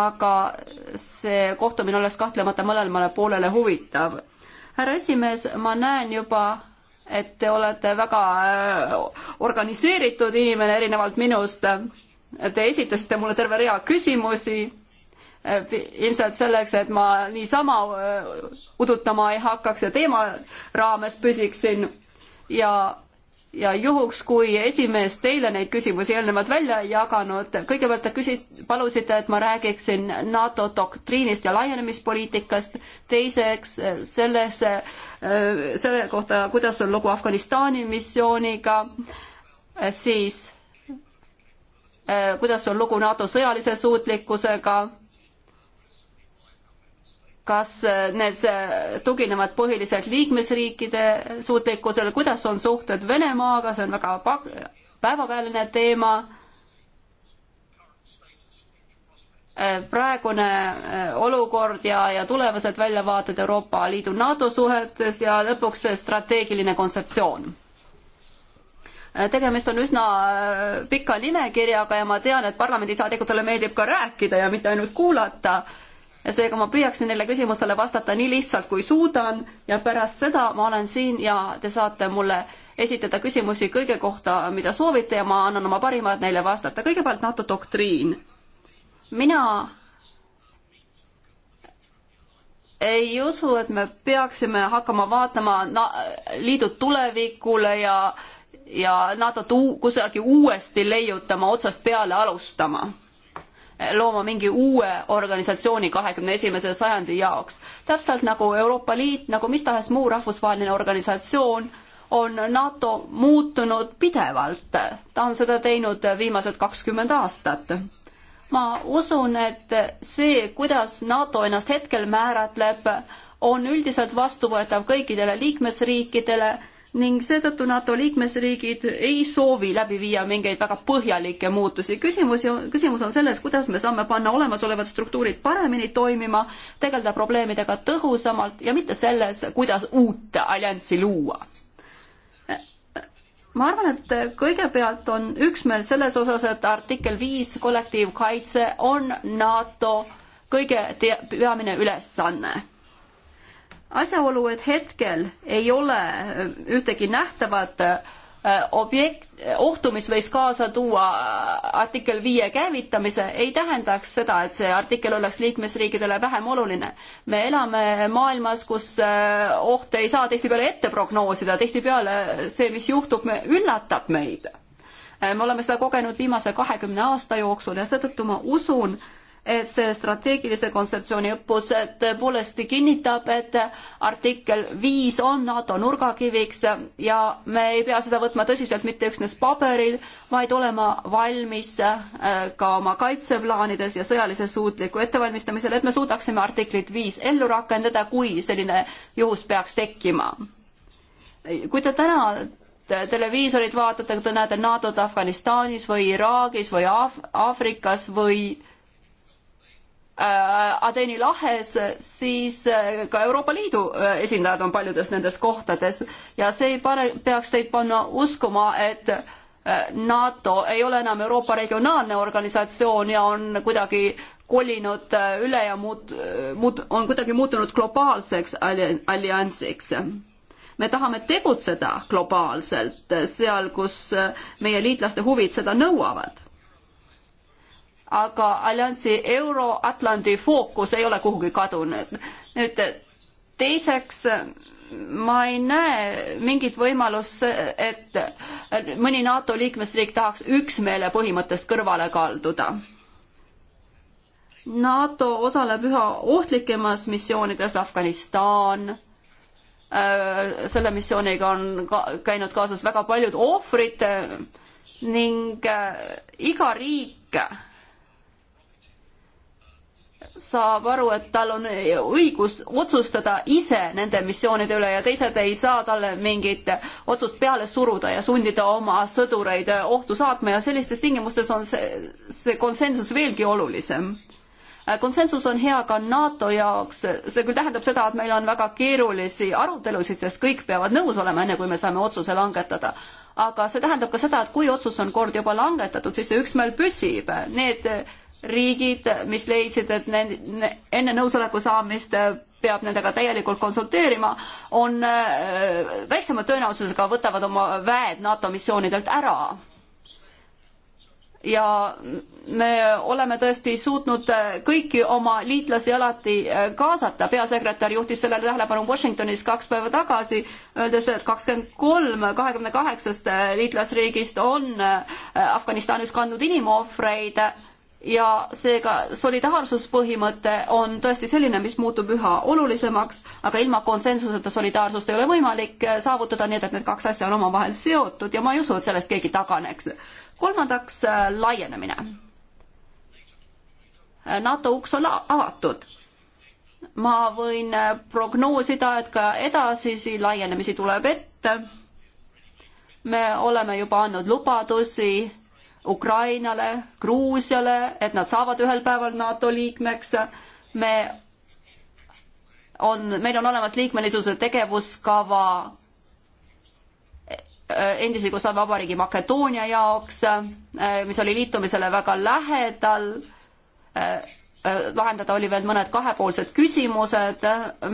Speaker 3: aga see kohtumine oleks kahtlemata mõlemale poolele huvitav. härra esimees, ma näen juba, et te olete väga äh, organiseeritud inimene, erinevalt minust. Te esitasite mulle terve rea küsimusi Äh, ilmselt selleks, et ma niisama äh, udutama ei hakkaks ja teema raames püsiksin ja ja juhuks, kui esimees teile neid küsimusi eelnevalt välja ei jaganud, kõigepealt te küsi-, palusite, et ma räägiksin NATO doktriinist ja laienemispoliitikast, teiseks äh, selles, selle kohta, kuidas on lugu Afganistani missiooniga, siis kuidas on lugu NATO sõjalise suutlikkusega kas äh, need äh, tuginevad põhiliselt liikmesriikide suutlikkusele, kuidas on suhted Venemaaga, see on väga päevakajaline teema äh, praegune olukord ja, ja tulevased väljavaated Euroopa Liidu NATO suhetes ja lõpuks strateegiline kontseptsioon. tegemist on üsna pika nimekirjaga ja ma tean, et parlamendisaadikutele meeldib ka rääkida ja mitte ainult kuulata ja seega ma püüaksin neile küsimustele vastata nii lihtsalt, kui suudan ja pärast seda ma olen siin ja te saate mulle esitada küsimusi kõige kohta, mida soovite ja ma annan oma parima, et neile vastata. kõigepealt NATO doktriin. mina ei usu, et me peaksime hakkama vaatama liidu tulevikule ja ja NATO-t kusagil uuesti leiutama, otsast peale alustama looma mingi uue organisatsiooni kahekümne esimese sajandi jaoks. täpselt nagu Euroopa Liit, nagu mis tahes muu rahvusvaheline organisatsioon, on NATO muutunud pidevalt, ta on seda teinud viimased kakskümmend aastat. ma usun, et see, kuidas NATO ennast hetkel määratleb, on üldiselt vastuvõetav kõikidele liikmesriikidele ning seetõttu NATO liikmesriigid ei soovi läbi viia mingeid väga põhjalikke muutusi. küsimus, küsimus on selles, kuidas me saame panna olemasolevad struktuurid paremini toimima, tegeleda probleemidega tõhusamalt ja mitte selles, kuidas uut allianssi luua ma arvan, et kõigepealt on üksmeel selles osas, et artikkel viis kollektiivkaitse on NATO kõige peamine ülesanne asjaolu, et hetkel ei ole äh, ühtegi nähtavat äh, objekt, ohtu, mis võis kaasa tuua äh, artikkel viie käivitamise, ei tähendaks seda, et see artikkel oleks liikmesriikidele vähem oluline. me elame maailmas, kus ohte ei saa tihtipeale ette prognoosida, tihtipeale see, mis juhtub me,, üllatab meid. me oleme seda kogenud viimase kahekümne aasta jooksul ja seetõttu ma usun, et see strateegilise kontseptsiooni õppus tõepoolest kinnitab, et artikkel viis on NATO nurgakiviks ja me ei pea seda võtma tõsiselt mitte üksnes paberil, vaid olema valmis äh, ka oma kaitseplaanides ja sõjalise suutliku ettevalmistamisel, et me suudaksime artiklit viis ellu rakendada, kui selline juhus peaks tekkima. kui te täna televiisorit vaatate, kui te näete NATO-t Afganistanis või Iraagis või Af-, Aafrikas või Äh, Adeeni lahes, siis äh, ka Euroopa Liidu äh, esindajad on paljudes nendes kohtades ja see ei pane, peaks teid panna uskuma, et NATO ei ole enam Euroopa regionaalne organisatsioon ja on kuidagi kolinud üle ja muut-, muut-, on kuidagi muutunud globaalseks alliansiks me tahame tegutseda globaalselt seal, kus meie liitlaste huvid seda nõuavad aga alliansi Euro-Atlandi fookus ei ole kuhugi kadunud. nüüd teiseks ma ei näe mingit võimalust, et mõni NATO liikmesriik tahaks üksmeele põhimõttest kõrvale kalduda. NATO osaleb üha ohtlikemas missioonides Afganistan, äh, selle missiooniga on ka, käinud kaasas väga paljud ohvrid ning äh, iga riik saab aru, et tal on õigus otsustada ise nende missioonide üle ja teised ei saa talle mingit otsust peale suruda ja sundida oma sõdureid ohtu saatma ja sellistes tingimustes on see, see konsensus veelgi olulisem konsensus on hea ka NATO jaoks, see küll tähendab seda, et meil on väga keerulisi arutelusid, sest kõik peavad nõus olema, enne kui me saame otsuse langetada. aga see tähendab ka seda, et kui otsus on kord juba langetatud, siis see üksmeel püsib, need riigid, mis leidsid, et ne, ne, enne nõusoleku saamist äh, peab nendega täielikult konsulteerima, on äh, väiksema tõenäosusega võtavad oma väed NATO missioonidelt ära. ja me oleme tõesti suutnud äh, kõiki oma liitlasi alati äh, kaasata, peasekretär juhtis sellele tähelepanu Washingtonis kaks päeva tagasi, öeldes, et kakskümmend kolm kahekümne kaheksast liitlasriigist on Afganistanis kandnud inimohvreid äh, ja seega solidaarsuspõhimõte on tõesti selline, mis muutub üha olulisemaks, aga ilma konsensuseta solidaarsust ei ole võimalik äh, saavutada, nii et, et need kaks asja on omavahel seotud ja ma ei usu, et sellest keegi taganeks. kolmandaks, äh, laienemine. Äh, NATO uks on avatud. ma võin prognoosida, et ka edasisi laienemisi tuleb ette. me oleme juba andnud lubadusi Ukrainale, Gruusiale, et nad saavad ühel päeval NATO liikmeks. me on, meil on olemas liikmelisuse tegevuskava eh, endise Jugoslaavia Vabariigi Makedoonia jaoks, eh, mis oli liitumisele väga lähedal. Eh, lahendada oli veel mõned kahepoolsed küsimused,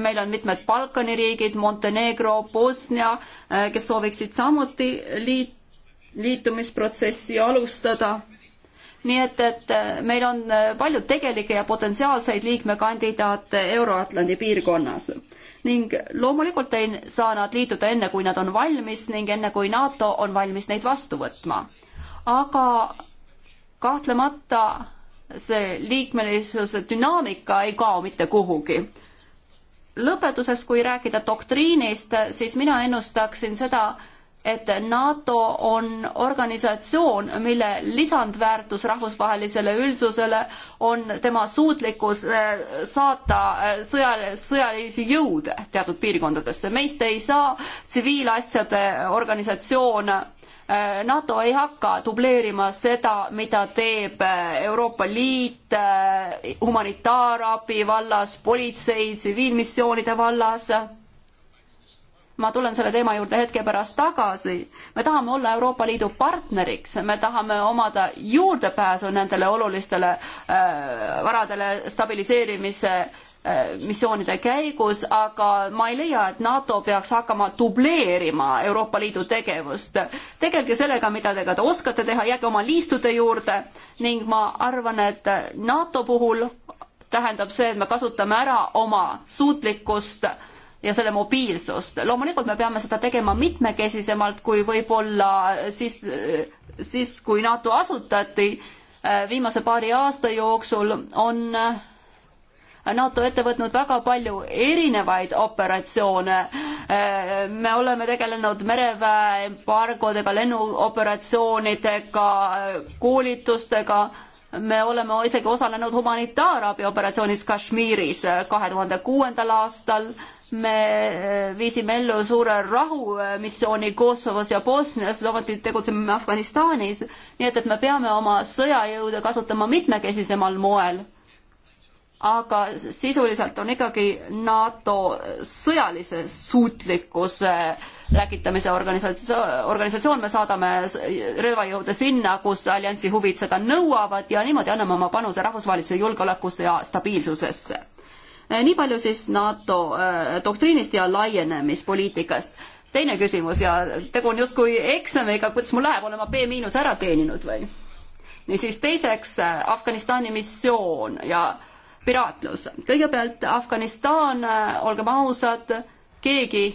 Speaker 3: meil on mitmed Balkani riigid, Montenegro, Bosnia, kes sooviksid samuti liituda liitumisprotsessi alustada. nii et, et äh, meil on äh, palju tegelikke ja potentsiaalseid liikmekandidaate Euro-Atlandi piirkonnas ning loomulikult ei saa nad liituda enne, kui nad on valmis ning enne, kui NATO on valmis neid vastu võtma. aga kahtlemata see liikmelisuse dünaamika ei kao mitte kuhugi lõpetuseks, kui rääkida doktriinist, siis mina ennustaksin seda, et NATO on organisatsioon, mille lisandväärtus rahvusvahelisele üldsusele on tema suutlikkus eh, saata eh, sõja, sõjalisi jõude teatud piirkondadesse. meist ei saa tsiviilasjade organisatsioon. Eh, NATO ei hakka dubleerima seda, mida teeb Euroopa Liit humanitaarabi vallas, politsei, tsiviilmissioonide vallas ma tulen selle teema juurde hetke pärast tagasi. me tahame olla Euroopa Liidu partneriks, me tahame omada juurdepääsu nendele olulistele äh, varadele stabiliseerimise äh, missioonide käigus, aga ma ei leia, et NATO peaks hakkama dubleerima Euroopa Liidu tegevust. tegelge sellega, mida te ka te oskate teha, jääge oma liistude juurde ning ma arvan, et NATO puhul tähendab see, et me kasutame ära oma suutlikkust äh, ja selle mobiilsust. loomulikult me peame seda tegema mitmekesisemalt kui võib-olla siis, siis kui NATO asutati äh, viimase paari aasta jooksul on äh, NATO ette võtnud väga palju erinevaid operatsioone. Äh, me oleme tegelenud mereväe embargodega, lennuoperatsioonidega, koolitustega, me oleme isegi osalenud humanitaarabiooperatsioonis Kashmiris kahe tuhande kuuendal aastal me äh, viisime ellu suure rahumissiooni äh, Kosovos ja Bosnias, samuti tegutseme Afganistanis, nii et, et me peame oma sõjajõude kasutama mitmekesisemal moel. aga sisuliselt on ikkagi NATO sõjalise suutlikkuse läkitamise organisatsioon, organisatsioon, me saadame relvajõude sinna, kus alliansi huvid seda nõuavad ja niimoodi anname oma panuse rahvusvahelisse julgeolekusse ja stabiilsusesse Eh, nii palju siis NATO eh, doktriinist ja laienemispoliitikast. teine küsimus ja tegu on justkui eksamiga, kuidas mul läheb, olen ma B miinus ära teeninud või? niisiis teiseks eh, Afganistani missioon ja piraatlus. kõigepealt Afganistan, olgem ausad, keegi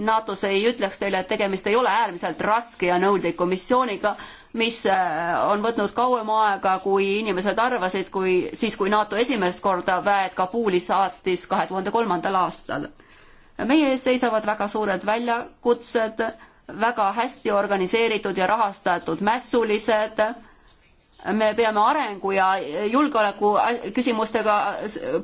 Speaker 3: NATO-s ei ütleks teile, et tegemist ei ole äärmiselt raske ja nõudliku missiooniga, mis äh, on võtnud kauem aega, kui inimesed arvasid, kui siis, kui NATO esimest korda väed Kabuli saatis kahe tuhande kolmandal aastal. meie ees seisavad väga suured väljakutsed, väga hästi organiseeritud ja rahastatud mässulised me peame arengu ja julgeoleku küsimustega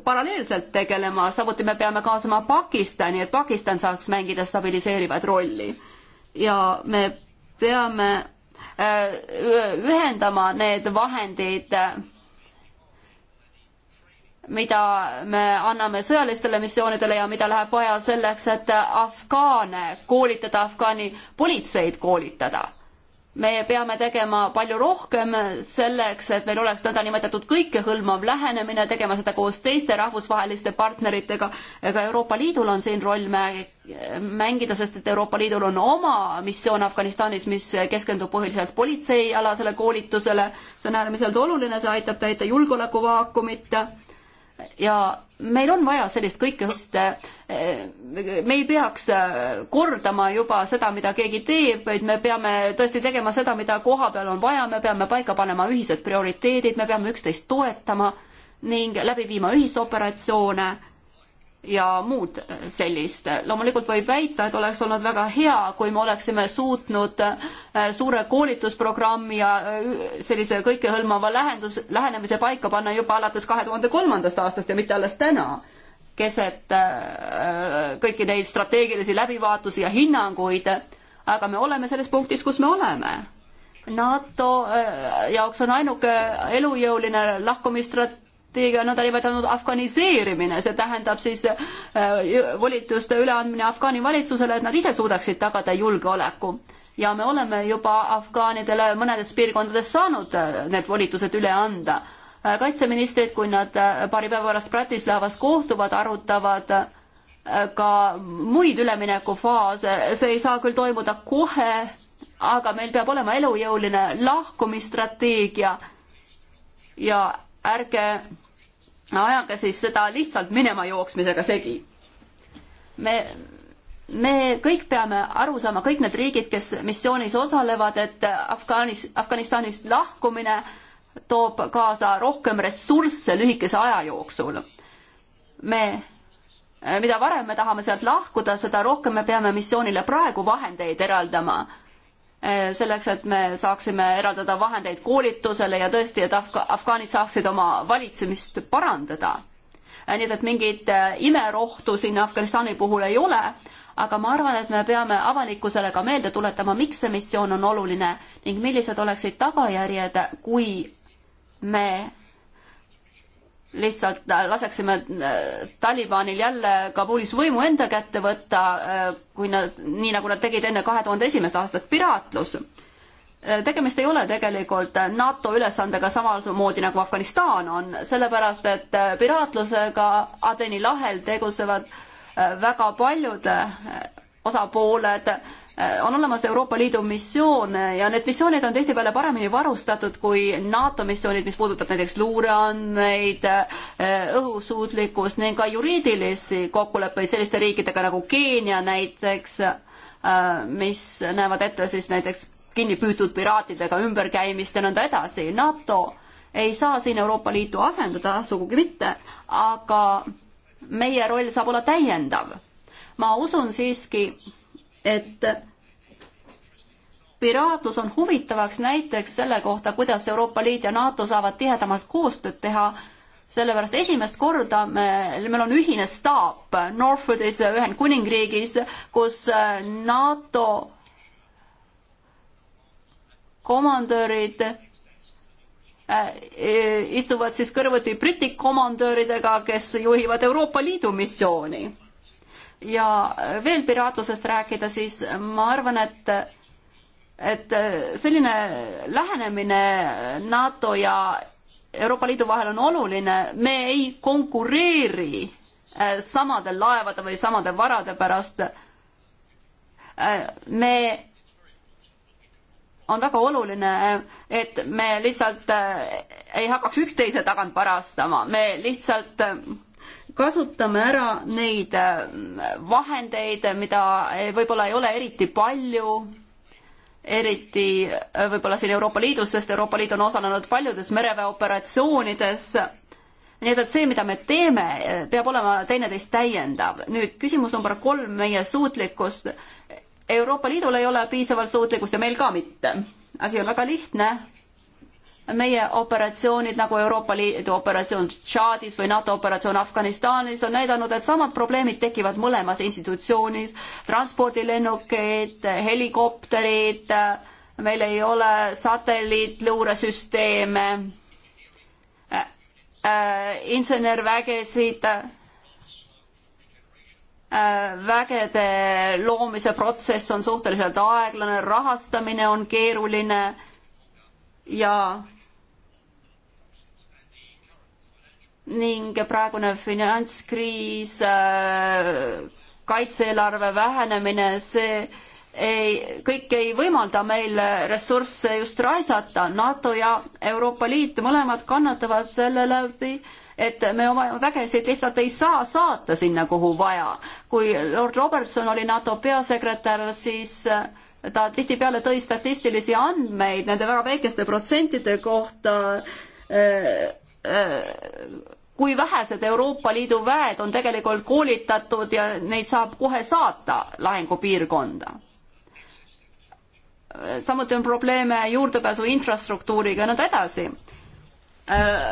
Speaker 3: paralleelselt tegelema, samuti me peame kaasama Pakistani, et Pakistan saaks mängida stabiliseerivat rolli. ja me peame äh, ühendama need vahendid, mida me anname sõjalistele missioonidele ja mida läheb vaja selleks, et afgaane koolitada, afgaani politseid koolitada me peame tegema palju rohkem selleks, et meil oleks nõndanimetatud kõikehõlmav lähenemine, tegema seda koos teiste rahvusvaheliste partneritega. ka Euroopa Liidul on siin roll mängida, sest et Euroopa Liidul on oma missioon Afganistanis, mis keskendub põhiliselt politseialasele koolitusele. see on äärmiselt oluline, see aitab täita julgeolekuvaakumit ja meil on vaja sellist kõike, sest eh, me ei peaks eh, kordama juba seda, mida keegi teeb, vaid me peame tõesti tegema seda, mida koha peal on vaja, me peame paika panema ühised prioriteedid, me peame üksteist toetama ning läbi viima ühisoperatsioone ja muud sellist. loomulikult võib väita, et oleks olnud väga hea, kui me oleksime suutnud äh, suure koolitusprogrammi ja äh, sellise kõikehõlmava lähendus, lähenemise paika panna juba alates kahe tuhande kolmandast aastast ja mitte alles täna, keset äh, kõiki neid strateegilisi läbivaatusi ja hinnanguid, aga me oleme selles punktis, kus me oleme NATO jaoks on ainuke elujõuline lahkumisstrateegia mandaadiga nõndanimetatud afganiseerimine, see tähendab siis äh, volituste üleandmine Afgaani valitsusele, et nad ise suudaksid tagada julgeoleku ja me oleme juba afgaanidele mõnedes piirkondades saanud äh, need volitused üle anda. Äh, kaitseministrid, kui nad paari päeva pärast Bratislavas kohtuvad, arutavad ka muid üleminekufaase, see ei saa küll toimuda kohe, aga meil peab olema elujõuline lahkumisstrateegia ja ärge ajage siis seda lihtsalt minema jooksmisega segi. me, me kõik peame aru saama, kõik need riigid, kes missioonis osalevad, et Afgaanis, Afganistanist lahkumine toob kaasa rohkem ressursse lühikese aja jooksul. me, mida varem me tahame sealt lahkuda, seda rohkem me peame missioonile praegu vahendeid eraldama Eh, selleks, et me saaksime eraldada vahendeid koolitusele ja tõesti, et Afga-, afgaanid saaksid oma valitsemist parandada. Eh, nii et, et mingit eh, imerohtu siin Afganistani puhul ei ole, aga ma arvan, et me peame avalikkusele ka meelde tuletama, miks see missioon on oluline ning millised oleksid tagajärjed, kui me lihtsalt äh, laseksime äh, Talibanil jälle Kabulis võimu enda kätte võtta, äh, kui nad, nii nagu nad tegid enne kahe tuhande esimest aastat, piraatlus. tegemist ei ole tegelikult NATO ülesandega samamoodi nagu Afganistan on, sellepärast et piraatlusega Adeni lahel tegutsevad väga paljud osapooled Äh, on olemas Euroopa Liidu missioone äh, ja need missioonid on tihtipeale paremini varustatud kui NATO missioonid, mis puudutab näiteks luureandmeid, äh, õhusuutlikkust ning ka juriidilisi kokkuleppeid selliste riikidega nagu Keenia näiteks, mis näevad ette siis näiteks kinni püütud piraatidega ümberkäimist ja nõnda edasi. NATO ei saa siin Euroopa Liitu asendada, sugugi mitte, aga meie roll saab olla täiendav. ma usun siiski, et piraatlus on huvitavaks näiteks selle kohta, kuidas Euroopa Liit ja NATO saavad tihedamalt koostööd teha, sellepärast esimest korda me, meil on ühine staap Northwoodis Ühendkuningriigis, kus NATO komandörid äh, istuvad siis kõrvuti Briti komandöridega, kes juhivad Euroopa Liidu missiooni ja veel piraatlusest rääkida, siis ma arvan, et et selline lähenemine NATO ja Euroopa Liidu vahel on oluline, me ei konkureeri äh, samade laevade või samade varade pärast. Äh, me, on väga oluline, et me lihtsalt äh, ei hakkaks üksteise tagant varastama, me lihtsalt kasutame ära neid äh, vahendeid, mida äh, võib-olla ei ole eriti palju, eriti äh, võib-olla siin Euroopa Liidus, sest Euroopa Liit on osalenud paljudes mereväeoperatsioonides. nii et, et see, mida me teeme, peab olema teineteist täiendav. nüüd küsimus number kolm, meie suutlikkust. Euroopa Liidul ei ole piisavalt suutlikkust ja meil ka mitte. asi on väga lihtne meie operatsioonid nagu Euroopa Liidu operatsioon Tšaadis või NATO operatsioon Afganistanis on näidanud, et samad probleemid tekivad mõlemas institutsioonis, transpordilennukid, helikopterid, meil ei ole satelliitluuresüsteeme, insenervägesid, vägede loomise protsess on suhteliselt aeglane, rahastamine on keeruline ja ning praegune finantskriis, äh, kaitse-eelarve vähenemine, see ei, kõik ei võimalda meil ressursse just raisata, NATO ja Euroopa Liit mõlemad kannatavad selle läbi, et me oma vägesid lihtsalt ei saa saata sinna, kuhu vaja. kui Lord Robertson oli NATO peasekretär, siis äh, ta tihtipeale tõi statistilisi andmeid nende väga väikeste protsentide kohta äh, äh, kui vähesed Euroopa Liidu väed on tegelikult koolitatud ja neid saab kohe saata lahingupiirkonda. samuti on probleeme juurdepääsu infrastruktuuriga ja nõnda edasi. Äh,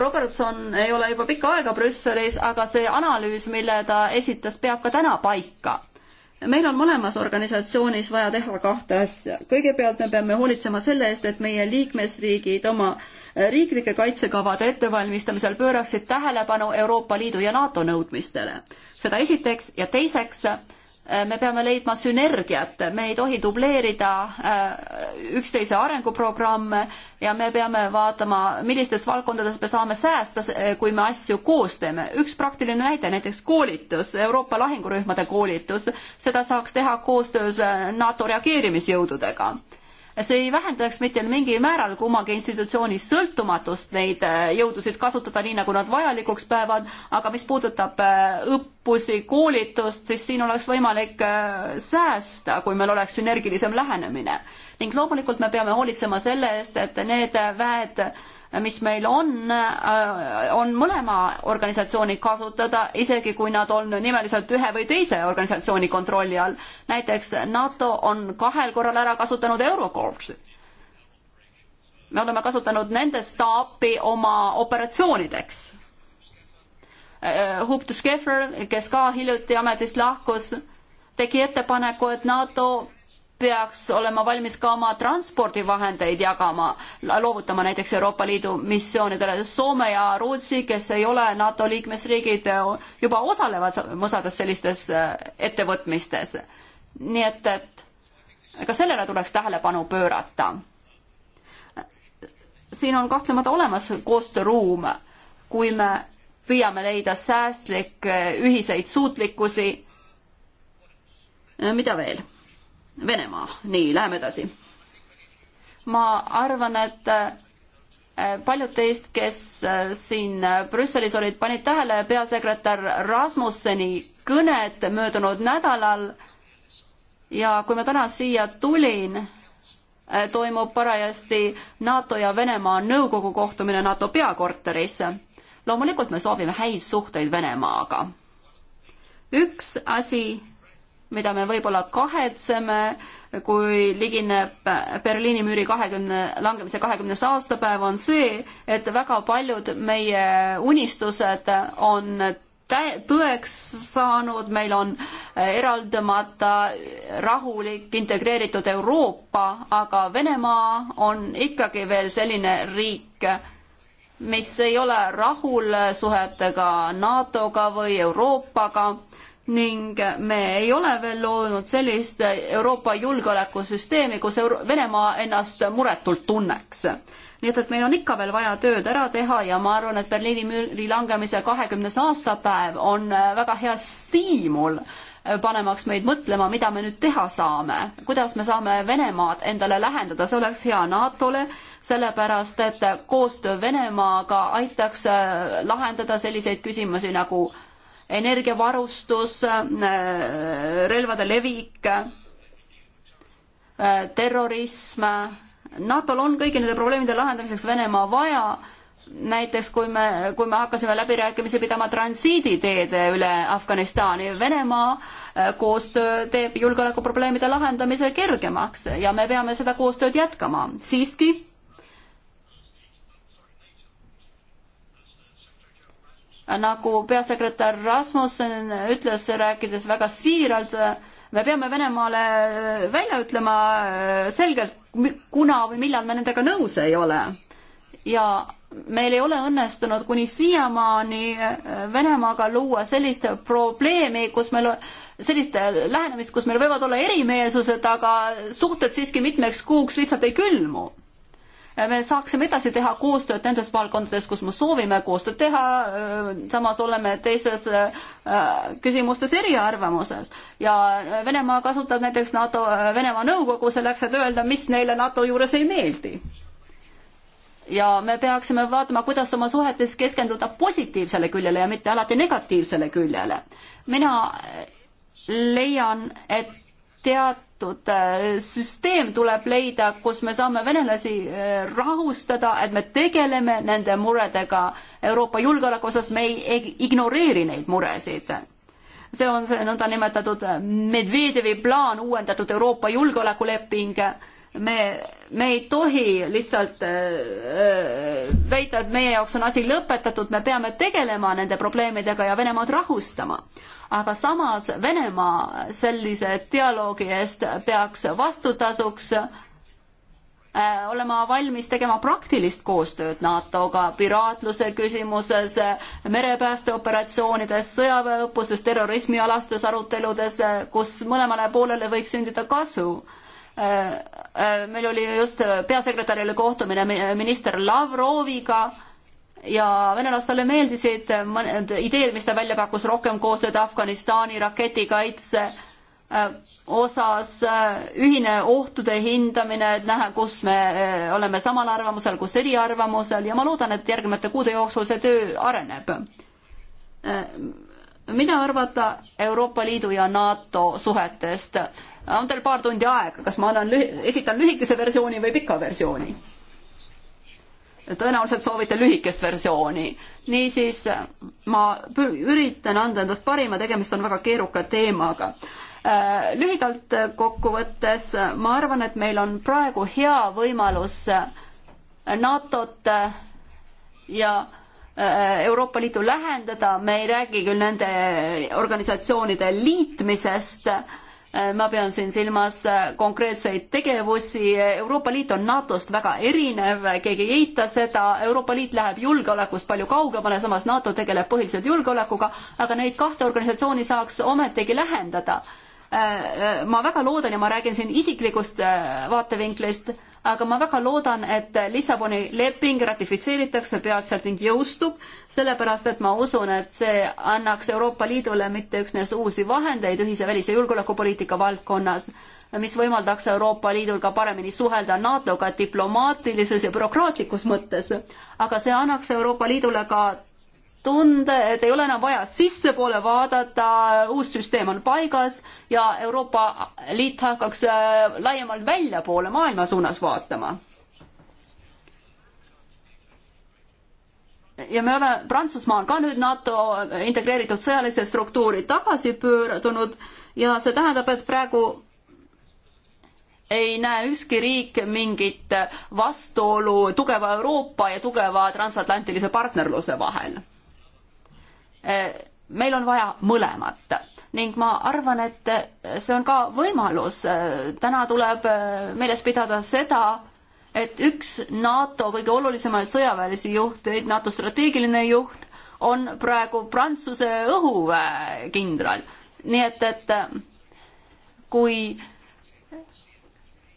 Speaker 3: Robertson ei ole juba pikka aega Brüsselis, aga see analüüs, mille ta esitas, peab ka täna paika meil on mõlemas organisatsioonis vaja teha kahte asja. kõigepealt me peame hoolitsema selle eest, et meie liikmesriigid oma riiklike kaitsekavade ettevalmistamisel pööraksid tähelepanu Euroopa Liidu ja NATO nõudmistele. seda esiteks ja teiseks Äh, me peame leidma sünergiat, me ei tohi dubleerida äh, üksteise arenguprogramme ja me peame vaatama, millistes valdkondades me saame säästa, äh, kui me asju koos teeme. üks praktiline näide, näiteks koolitus, Euroopa lahingurühmade koolitus, seda saaks teha koostöös NATO reageerimisjõududega see ei vähendaks mitte mingil määral kummagi institutsiooni sõltumatust neid äh, jõudusid kasutada nii, nagu nad vajalikuks peavad, aga mis puudutab äh, õppusi, koolitust, siis siin oleks võimalik äh, säästa, kui meil oleks sünergilisem lähenemine. ning loomulikult me peame hoolitsema selle eest, et need väed mis meil on, äh, on mõlema organisatsiooni kasutada, isegi kui nad on nimeliselt ühe või teise organisatsiooni kontrolli all. näiteks NATO on kahel korral ära kasutanud Eurocorpsi. me oleme kasutanud nende staapi oma operatsioonideks. Äh, Hub to Schäfer, kes ka hiljuti ametist lahkus, tegi ettepaneku, et NATO peaks olema valmis ka oma transpordivahendeid jagama, loovutama näiteks Euroopa Liidu missioonidele. Soome ja Rootsi, kes ei ole NATO liikmesriigid, juba osalevad osades sellistes äh, ettevõtmistes. nii et, et ka sellele tuleks tähelepanu pöörata. siin on kahtlemata olemas koostööruum, kui me püüame leida säästlikke ühiseid suutlikkusi. Äh, mida veel? Venemaa, nii, läheme edasi. ma arvan, et äh, paljud teist, kes äh, siin äh, Brüsselis olid, panid tähele peasekretär Rasmusseni kõnet möödunud nädalal ja kui ma täna siia tulin, toimub parajasti NATO ja Venemaa nõukogu kohtumine NATO peakorteris. loomulikult me soovime häid suhteid Venemaaga. üks asi, mida me võib-olla kahetseme, kui ligineb Berliini müüri kahekümne, langemise kahekümnes aastapäev, on see, et väga paljud meie unistused on tä-, tõeks saanud, meil on eraldamata rahulik integreeritud Euroopa, aga Venemaa on ikkagi veel selline riik, mis ei ole rahul suhetega NATO-ga või Euroopaga ning me ei ole veel loonud sellist Euroopa julgeolekusüsteemi, kus Euro Venemaa ennast muretult tunneks. nii et, et meil on ikka veel vaja tööd ära teha ja ma arvan, et Berliini müüri langemise kahekümnes aastapäev on väga hea stiimul eh, panemaks meid mõtlema, mida me nüüd teha saame, kuidas me saame Venemaad endale lähendada, see oleks hea NATO-le, sellepärast et koostöö Venemaaga aitaks eh, lahendada selliseid küsimusi nagu äh, energiavarustus, äh, relvade levik, äh, terrorism. NATO-l on kõigi nende probleemide lahendamiseks Venemaa vaja näiteks kui me, kui me hakkasime läbirääkimisi pidama transiiditeede üle Afganistani, Venemaa äh, koostöö teeb julgeolekuprobleemide lahendamise kergemaks ja me peame seda koostööd jätkama. siiski nagu peasekretär Rasmussen ütles, rääkides väga siiralt, me peame Venemaale äh, välja ütlema äh, selgelt, kuna või millal me nendega nõus ei ole. ja meil ei ole õnnestunud kuni siiamaani äh, Venemaaga luua sellist probleemi, kus meil, sellist lähenemist, kus meil võivad olla erimeelsused, aga suhted siiski mitmeks kuuks lihtsalt ei külmu me saaksime edasi teha koostööd nendes valdkondades, kus me soovime koostööd teha, samas oleme teises äh, küsimustes eriarvamuses. ja Venemaa kasutab näiteks NATO, äh, Venemaa Nõukogu selleks, et öelda, mis neile NATO juures ei meeldi ja me peaksime vaatama, kuidas oma suhetes keskenduda positiivsele küljele ja mitte alati negatiivsele küljele. mina leian, et tead-, avatud äh, süsteem tuleb leida, kus me saame venelasi äh, rahustada, et me tegeleme nende muredega Euroopa julgeoleku osas, me ei ignoreeri neid muresid. see on see nõndanimetatud Medvedevi plaan, uuendatud Euroopa julgeolekuleping me, me ei tohi lihtsalt äh, äh, väita, et meie jaoks on asi lõpetatud, me peame tegelema nende probleemidega ja Venemaad rahustama. aga samas Venemaa sellise dialoogi eest peaks vastutasuks äh, olema valmis tegema praktilist koostööd NATO-ga piraatluse küsimuses, merepäästeoperatsioonides, sõjaväeõppustes, terrorismialastes aruteludes, kus mõlemale poolele võiks sündida kasu Äh, äh, meil oli just peasekretärile kohtumine äh, minister Lavroviga ja venelastele meeldisid mõned ideed, mis ta välja pakkus, rohkem koostööd Afganistani raketikaitse osas, ühine ohtude hindamine, et näha, kus me oleme samal arvamusel, kus eriarvamusel ja ma loodan, et järgnevate kuude jooksul see töö areneb. mida arvata Euroopa Liidu ja NATO suhetest? on teil paar tundi aega, kas ma annan lühi-, esitan lühikese versiooni või pika versiooni? tõenäoliselt soovite lühikest versiooni. niisiis ma üritan anda endast parima, tegemist on väga keeruka teemaga äh, lühidalt kokkuvõttes ma arvan, et meil on praegu hea võimalus äh, NATO-t äh, ja Euroopa Liitu lähendada, me ei räägi küll nende organisatsioonide liitmisest, Äh, ma pean siin silmas äh, konkreetseid tegevusi, Euroopa Liit on NATO-st väga erinev, keegi ei eita seda, Euroopa Liit läheb julgeolekust palju kaugemale, samas NATO tegeleb põhiliselt julgeolekuga, aga neid kahte organisatsiooni saaks ometigi lähendada. Äh, ma väga loodan ja ma räägin siin isiklikust vaatevinklist aga ma väga loodan, et Lissaboni leping ratifitseeritakse peatselt ning jõustub, sellepärast et ma usun, et see annaks Euroopa Liidule mitte üksnes uusi vahendeid ühise välis- ja julgeolekupoliitika valdkonnas, mis võimaldaks Euroopa Liidul ka paremini suhelda NATO-ga diplomaatilises ja bürokraatlikus mõttes, aga see annaks Euroopa Liidule ka tunde, et ei ole enam vaja sissepoole vaadata, uus süsteem on paigas ja Euroopa Liit hakkaks äh, laiemalt väljapoole maailma suunas vaatama. ja me oleme, Prantsusmaa on ka nüüd NATO integreeritud sõjalise struktuuri tagasi pöördunud ja see tähendab, et praegu ei näe ükski riik mingit vastuolu tugeva Euroopa ja tugeva transatlantilise partnerluse vahel Eh, meil on vaja mõlemat ning ma arvan, et eh, see on ka võimalus. Eh, täna tuleb meeles pidada seda, et üks NATO kõige olulisemaid sõjaväelisi juhte, NATO strateegiline juht on praegu Prantsuse õhuväe kindral. nii et, et kui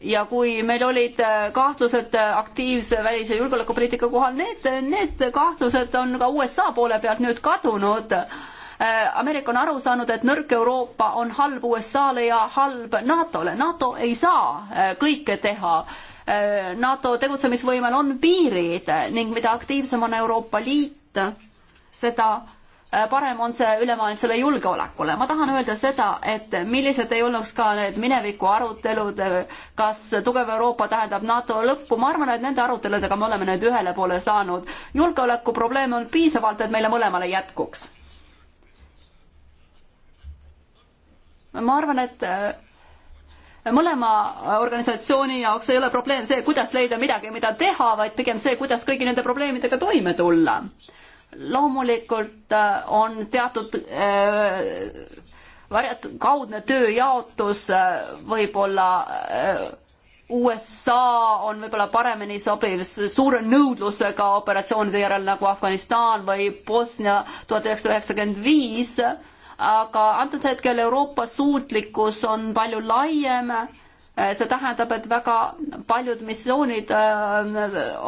Speaker 3: ja kui meil olid äh, kahtlused äh, aktiivse välis- ja julgeolekupoliitika kohal, need, need kahtlused on ka USA poole pealt nüüd kadunud. Äh, Ameerika on aru saanud, et nõrk Euroopa on halb USA-le ja halb NATO-le. NATO ei saa kõike teha. NATO tegutsemisvõimel on piirid ning mida aktiivsem on Euroopa Liit, seda Äh, parem on see ülemaailmsele julgeolekule. ma tahan öelda seda, et millised ei olnud ka need mineviku arutelud, äh, kas tugev Euroopa tähendab NATO lõppu, ma arvan, et nende aruteludega me oleme nüüd ühele poole saanud. julgeolekuprobleeme on piisavalt, et meile mõlemale jätkuks. ma arvan, et äh, mõlema organisatsiooni jaoks ei ole probleem see, kuidas leida midagi, mida teha, vaid pigem see, kuidas kõigi nende probleemidega toime tulla loomulikult äh, on teatud äh, varjatud kaudne tööjaotus äh, võib-olla äh, USA on võib-olla paremini sobiv suure nõudlusega operatsioonide järel nagu Afganistan või Bosnia tuhat üheksasada üheksakümmend viis, aga antud hetkel Euroopa suutlikkus on palju laiem äh, Äh, see tähendab, et väga paljud missioonid äh,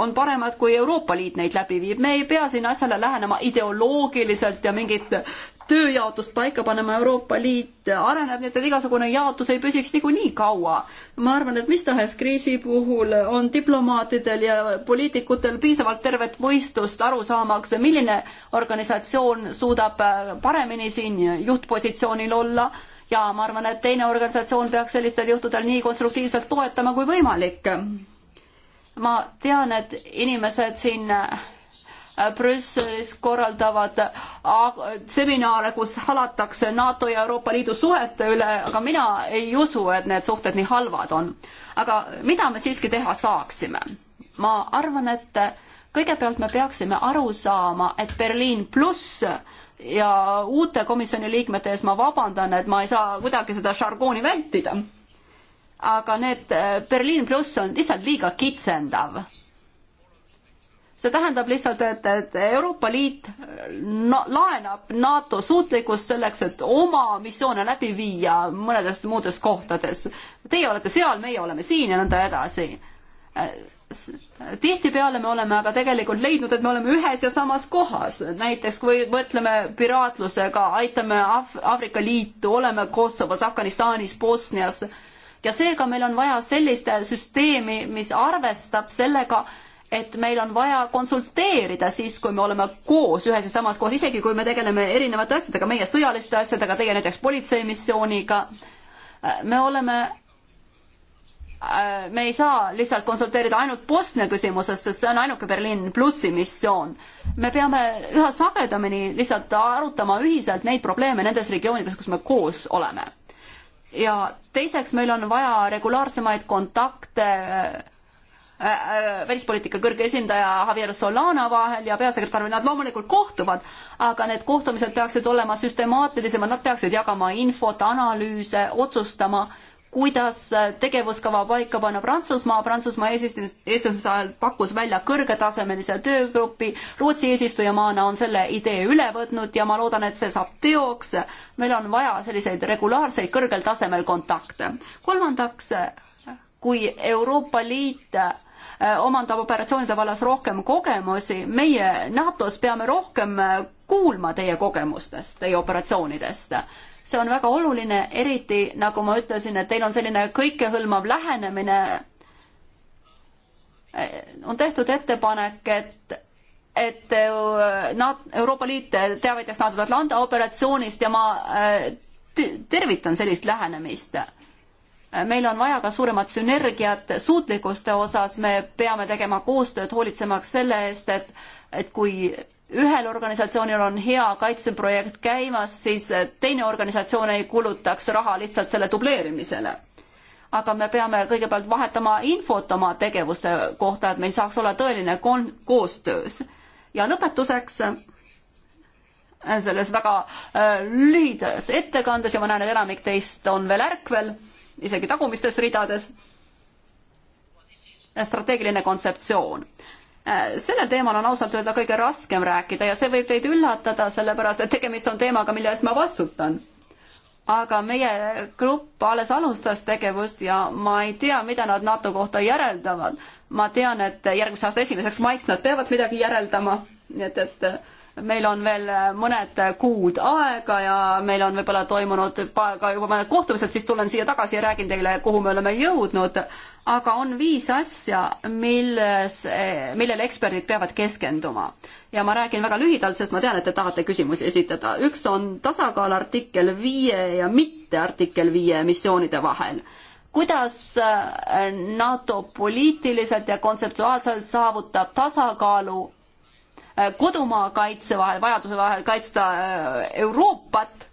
Speaker 3: on paremad, kui Euroopa Liit neid läbi viib. me ei pea siin asjale lähenema ideoloogiliselt ja mingit tööjaotust paika panema, Euroopa Liit areneb, nii et igasugune jaotus ei püsiks niikuinii kaua. ma arvan, et mis tahes kriisi puhul on diplomaatidel ja poliitikutel piisavalt tervet mõistust aru saamaks, milline organisatsioon suudab äh, paremini siin juhtpositsioonil olla ja ma arvan, et teine organisatsioon peaks sellistel juhtudel nii konstruktiivselt toetama kui võimalik. ma tean, et inimesed siin äh, Brüsselis korraldavad äh, seminare, kus halatakse NATO ja Euroopa Liidu suhete üle, aga mina ei usu, et need suhted nii halvad on. aga mida me siiski teha saaksime? ma arvan, et kõigepealt me peaksime aru saama, et Berliin pluss ja uute komisjoni liikmete ees ma vabandan, et ma ei saa kuidagi seda žargooni vältida. aga need äh, Berliin pluss on lihtsalt liiga kitsendav. see tähendab lihtsalt, et, et Euroopa Liit äh, na laenab NATO suutlikkust selleks, et oma missioone läbi viia mõnedes muudes kohtades. Teie olete seal, meie oleme siin ja nõnda edasi äh, tihtipeale me oleme aga tegelikult leidnud, et me oleme ühes ja samas kohas, näiteks kui mõtleme piraatlusega, aitame Af-, Aafrika Liitu, oleme Kosovos, Afganistanis, Bosnias ja seega meil on vaja sellist süsteemi, mis arvestab sellega, et meil on vaja konsulteerida siis, kui me oleme koos ühes ja samas kohas, isegi kui me tegeleme erinevate asjadega, meie sõjaliste asjadega, teie näiteks politseimissiooniga. me oleme Äh, me ei saa lihtsalt konsulteerida ainult Bosnia küsimuses, sest see on ainuke Berliin plussi missioon. me peame üha sagedamini lihtsalt arutama ühiselt neid probleeme nendes regioonides, kus me koos oleme. ja teiseks, meil on vaja regulaarsemaid kontakte äh, äh, välispoliitika kõrge esindaja Javier Solana vahel ja peasekretäriga, nad loomulikult kohtuvad, aga need kohtumised peaksid olema süstemaatilisemad, nad peaksid jagama infot, analüüse, otsustama äh, kuidas tegevuskava paika panna Prantsusmaa. Prantsusmaa eesistumise ajal pakkus välja kõrgetasemelise töögrupi. Rootsi eesistujamaana on selle idee üle võtnud ja ma loodan, et see saab teoks. meil on vaja selliseid regulaarseid kõrgel tasemel kontakte. kolmandaks, kui Euroopa Liit äh, omandab operatsioonide vallas rohkem kogemusi, meie NATO-s peame rohkem kuulma teie kogemustest, teie operatsioonidest see on väga oluline, eriti nagu ma ütlesin, et teil on selline kõikehõlmav lähenemine. on tehtud ettepanek, et et nad, Euroopa Liit teavitaks NATO Atlanta operatsioonist ja ma äh, tervitan sellist lähenemist. meil on vaja ka suuremat sünergiat suutlikkuste osas, me peame tegema koostööd, hoolitsemaks selle eest, et, et kui ühel organisatsioonil on hea kaitseprojekt käimas, siis teine organisatsioon ei kulutaks raha lihtsalt selle dubleerimisele. aga me peame kõigepealt vahetama infot oma tegevuste kohta, et meil saaks olla tõeline kon-, koostöös. ja lõpetuseks selles väga äh, lühidas ettekandes ja ma näen, et enamik teist on veel ärkvel, isegi tagumistes ridades, strateegiline kontseptsioon Äh, sellel teemal on ausalt öelda kõige raskem rääkida ja see võib teid üllatada, sellepärast et tegemist on teemaga, mille eest ma vastutan. aga meie grupp alles alustas tegevust ja ma ei tea, mida nad NATO kohta järeldavad. ma tean, et järgmise aasta esimeseks maiks nad peavad midagi järeldama, nii et, et meil on veel äh, mõned kuud aega ja meil on võib-olla toimunud ka juba mõned kohtumised, siis tulen siia tagasi ja räägin teile, kuhu me oleme jõudnud. aga on viis asja, milles, eh, millele eksperdid peavad keskenduma. ja ma räägin väga lühidalt, sest ma tean, et te tahate küsimusi esitada. üks on tasakaal artikkel viie ja mitte artikkel viie missioonide vahel kuidas eh, NATO poliitiliselt ja kontseptuaalselt saavutab tasakaalu Äh, kodumaa kaitse vahel, vajaduse vahel kaitsta äh, Euroopat,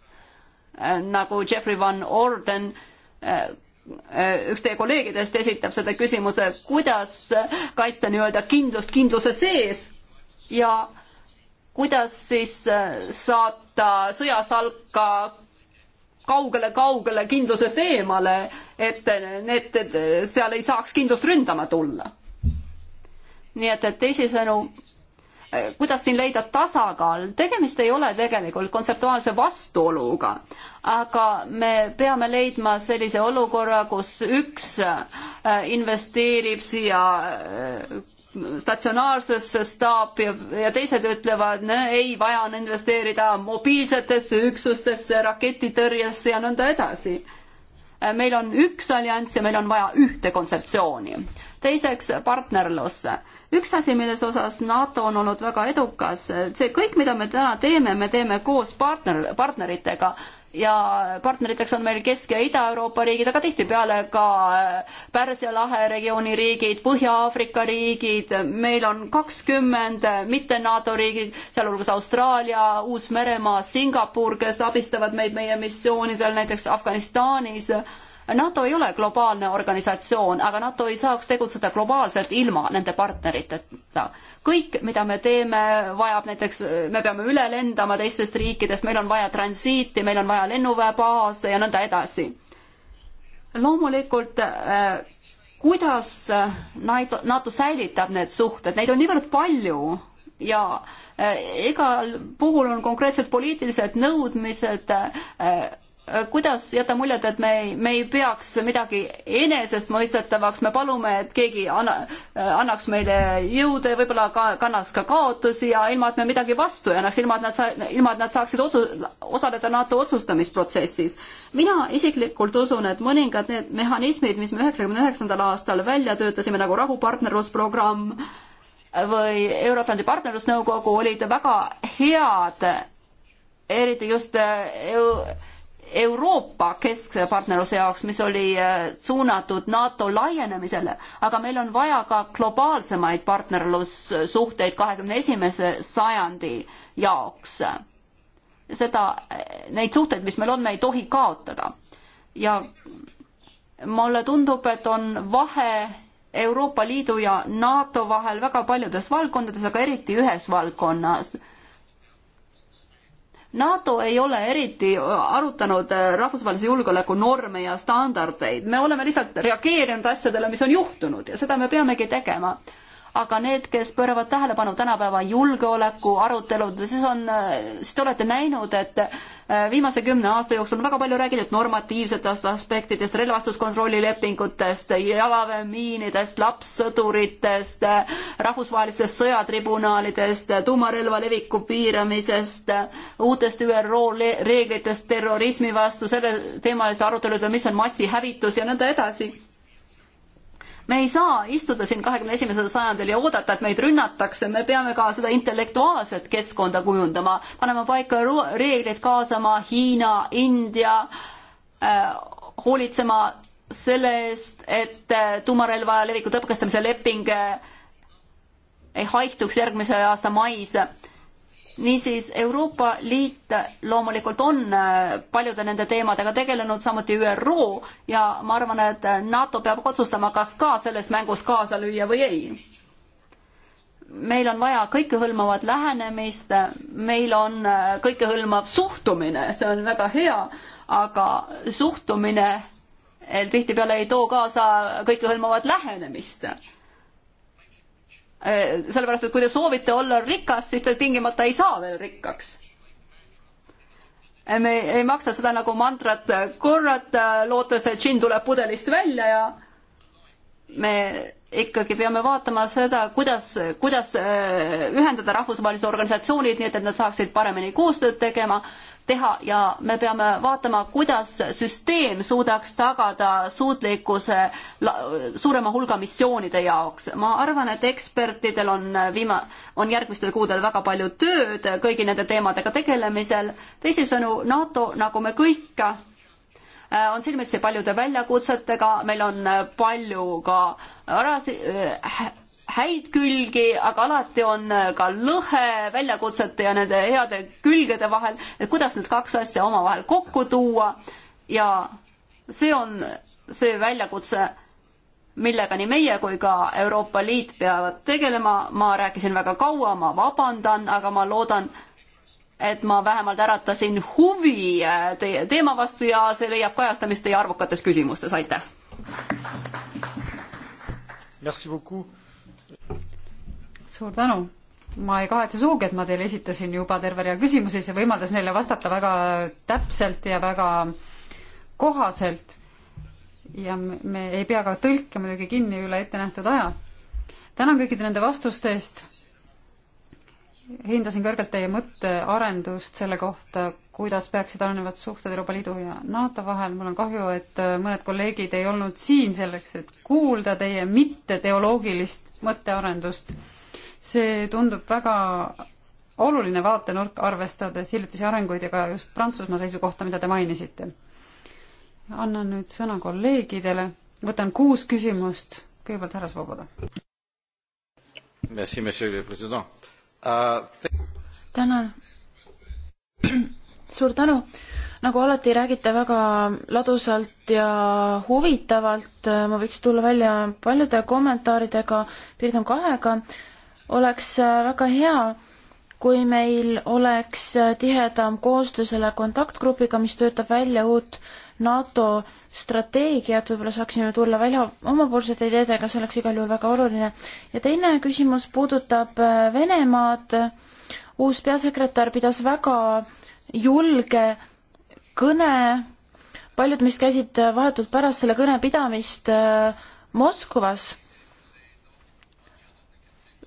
Speaker 3: äh, nagu Jeffrey Van Orden, üks teie kolleegidest esitab seda küsimuse, kuidas kaitsta nii-öelda kindlust kindluse sees ja kuidas siis saata sõjasalka kaugele-kaugele kindlusest eemale, et need, seal ei saaks kindlust ründama tulla. nii et, et teisisõnu kuidas siin leida tasakaal, tegemist ei ole tegelikult kontseptuaalse vastuoluga, aga me peame leidma sellise olukorra, kus üks äh, investeerib siia äh, statsionaarsesse staapi ja teised ütlevad, ei, vaja on investeerida mobiilsetesse üksustesse, raketitõrjesse ja nõnda edasi. Äh, meil on üks allianss ja meil on vaja ühte kontseptsiooni teiseks partnerlusse. üks asi, milles osas NATO on olnud väga edukas, see kõik, mida me täna teeme, me teeme koos partner, partneritega ja partneriteks on meil Kesk- ja Ida-Euroopa riigid, aga tihtipeale ka äh, Pärsia lahe regiooni riigid, Põhja-Aafrika riigid, meil on kakskümmend äh, mitte-NATO riigid, sealhulgas Austraalia, Uus-Meremaa, Singapur, kes abistavad meid meie missioonidel näiteks Afganistanis NATO ei ole globaalne organisatsioon, aga NATO ei saaks tegutseda globaalselt ilma nende partneriteta. kõik, mida me teeme, vajab näiteks, me peame üle lendama teistest riikidest, meil on vaja transiiti, meil on vaja lennuväebaase ja nõnda edasi. loomulikult äh, kuidas äh, NATO, NATO säilitab need suhted, neid on niivõrd palju ja äh, igal puhul on konkreetsed poliitilised nõudmised kuidas jätta muljet, et me ei, me ei peaks midagi enesestmõistetavaks, me palume, et keegi anna, annaks meile jõude, võib-olla ka kannaks ka kaotusi ja ilma, et me midagi vastu ei annaks, ilma et nad saa-, ilma et nad saaksid otsu-, osaleda NATO otsustamisprotsessis. mina isiklikult usun, et mõningad need mehhanismid, mis me üheksakümne üheksandal aastal välja töötasime, nagu rahupartnerlusprogramm või Euro-Atlandi partnerlusnõukogu, olid väga head, eriti just äh, EU Euroopa keskse partnerluse jaoks, mis oli äh, suunatud NATO laienemisele, aga meil on vaja ka globaalsemaid partnerlussuhteid kahekümne esimese sajandi jaoks. seda, äh, neid suhteid, mis meil on, me ei tohi kaotada. ja mulle tundub, et on vahe Euroopa Liidu ja NATO vahel väga paljudes valdkondades, aga eriti ühes valdkonnas NATO ei ole eriti äh, arutanud äh, rahvusvahelise julgeoleku norme ja standardeid, me oleme lihtsalt reageerinud asjadele, mis on juhtunud ja seda me peamegi tegema aga need, kes pööravad tähelepanu tänapäeva julgeoleku aruteludes, siis on, siis te olete näinud, et äh, viimase kümne aasta jooksul on väga palju räägitud normatiivsetest aspektidest, relvastuskontrolli lepingutest, jalaväemiinidest, lapssõduritest, rahvusvahelistest sõjatribunaalidest, tuumarelva leviku piiramisest, uutest ÜRO reeglitest terrorismi vastu, selle teemalise arutelude, mis on massihävitus ja nõnda edasi me ei saa istuda siin kahekümne esimesel sajandil ja oodata, et meid rünnatakse, me peame ka seda intellektuaalset keskkonda kujundama, panema paika reeglid, kaasama Hiina, India äh,, hoolitsema selle eest, et äh, tuumarelva leviku tõkestamise leping äh, ei haihtuks järgmise aasta mais äh, niisiis Euroopa Liit loomulikult on äh, paljude nende teemadega tegelenud, samuti ÜRO ja ma arvan, et NATO peab otsustama, kas ka selles mängus kaasa lüüa või ei. meil on vaja kõikehõlmavat lähenemist, meil on äh, kõikehõlmav suhtumine, see on väga hea, aga suhtumine tihtipeale ei too kaasa kõikehõlmavat lähenemist Eh, sellepärast, et kui te soovite olla rikas, siis te tingimata ei saa veel rikkaks eh, me ei maksa seda nagu mantrat korrata, eh, lootes, et džinn tuleb pudelist välja ja me ikkagi peame vaatama seda, kuidas, kuidas äh, ühendada rahvusvahelised organisatsioonid, nii et, et nad saaksid paremini koostööd tegema, teha ja me peame vaatama, kuidas süsteem suudaks tagada suutlikkuse suurema hulga missioonide jaoks. ma arvan, et ekspertidel on viima-, on järgmistel kuudel väga palju tööd kõigi nende teemadega tegelemisel. teisisõnu, NATO, nagu me kõik Äh, on silmitsi paljude väljakutsetega, meil on äh, palju ka arasi- äh,, häid külgi, aga alati on äh, ka lõhe väljakutsete ja nende heade külgede vahel, et kuidas need kaks asja omavahel kokku tuua ja see on see väljakutse, millega nii meie kui ka Euroopa Liit peavad tegelema, ma rääkisin väga kaua, ma vabandan, aga ma loodan, et ma vähemalt äratasin huvi äh, teie teema vastu ja see leiab kajastamist teie arvukates küsimustes, aitäh! suur
Speaker 2: tänu! ma ei kahetse sugugi, et ma teile esitasin juba terve rea küsimusi, see võimaldas neile vastata väga täpselt ja väga kohaselt. ja me ei pea ka tõlke muidugi kinni üle ettenähtud aja. tänan kõikide nende vastuste eest hindasin kõrgelt teie mõttearendust selle kohta, kuidas peaksid arenevad suhted Euroopa Liidu ja NATO vahel. mul on kahju, et äh, mõned kolleegid ei olnud siin selleks, et kuulda teie mitteteoloogilist mõttearendust. see tundub väga oluline vaatenurk, arvestades hiljutisi arenguid ja ka just Prantsusmaa seisukohta, mida te mainisite. annan nüüd sõna kolleegidele, võtan kuus küsimust, kõigepealt härra Svoboda.
Speaker 1: Merci, monsieur le president tänan. suur tänu. nagu alati räägite väga ladusalt ja huvitavalt, ma võiks tulla välja paljude kommentaaridega, piirdun kahega. oleks väga hea, kui meil oleks tihedam koostöö selle kontaktgrupiga, mis töötab välja uut NATO strateegiat, võib-olla saaksime tulla välja omapoolsete ideedega, see oleks igal juhul väga oluline. ja teine küsimus puudutab äh, Venemaad. uus peasekretär pidas väga julge kõne, paljud meist käisid äh, vahetult pärast selle kõne pidamist äh, Moskvas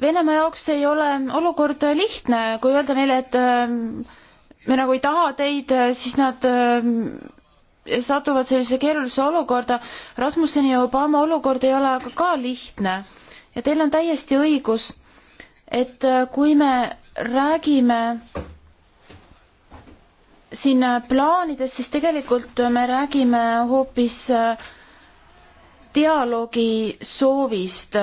Speaker 1: Venemaa jaoks ei ole olukord lihtne, kui öelda neile, et me nagu ei taha teid, siis nad satuvad sellise keerulisse olukorda. Rasmusseni ja Obama olukord ei ole aga ka lihtne ja teil on täiesti õigus, et äh, kui me räägime siin äh, plaanidest, siis tegelikult äh, me räägime hoopis dialoogi soovist.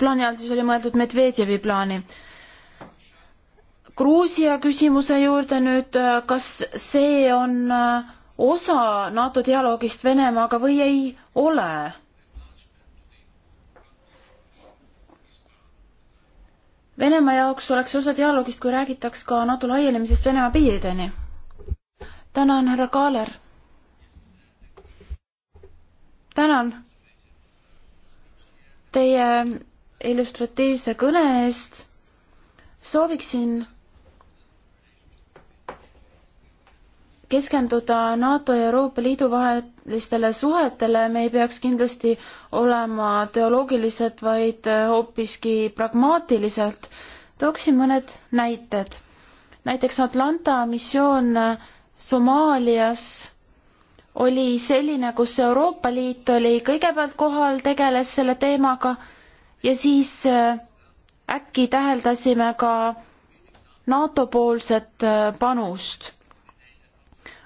Speaker 1: plaani all siis oli mõeldud Medvedjevi plaani Gruusia küsimuse juurde nüüd, kas see on äh, osa NATO dialoogist Venemaaga või ei ole? Venemaa jaoks oleks osa dialoogist, kui räägitaks ka NATO laienemisest Venemaa piirideni. tänan, härra Kaaler. tänan teie illustratiivse kõne eest. sooviksin keskenduda NATO ja Euroopa Liidu vahelistele suhetele, me ei peaks kindlasti olema teoloogilised, vaid äh, hoopiski pragmaatiliselt. tooksin mõned näited. näiteks Atlanta missioon äh, Somaalias oli selline, kus Euroopa Liit oli kõigepealt kohal, tegeles selle teemaga ja siis äh, äkki täheldasime ka NATO-poolset panust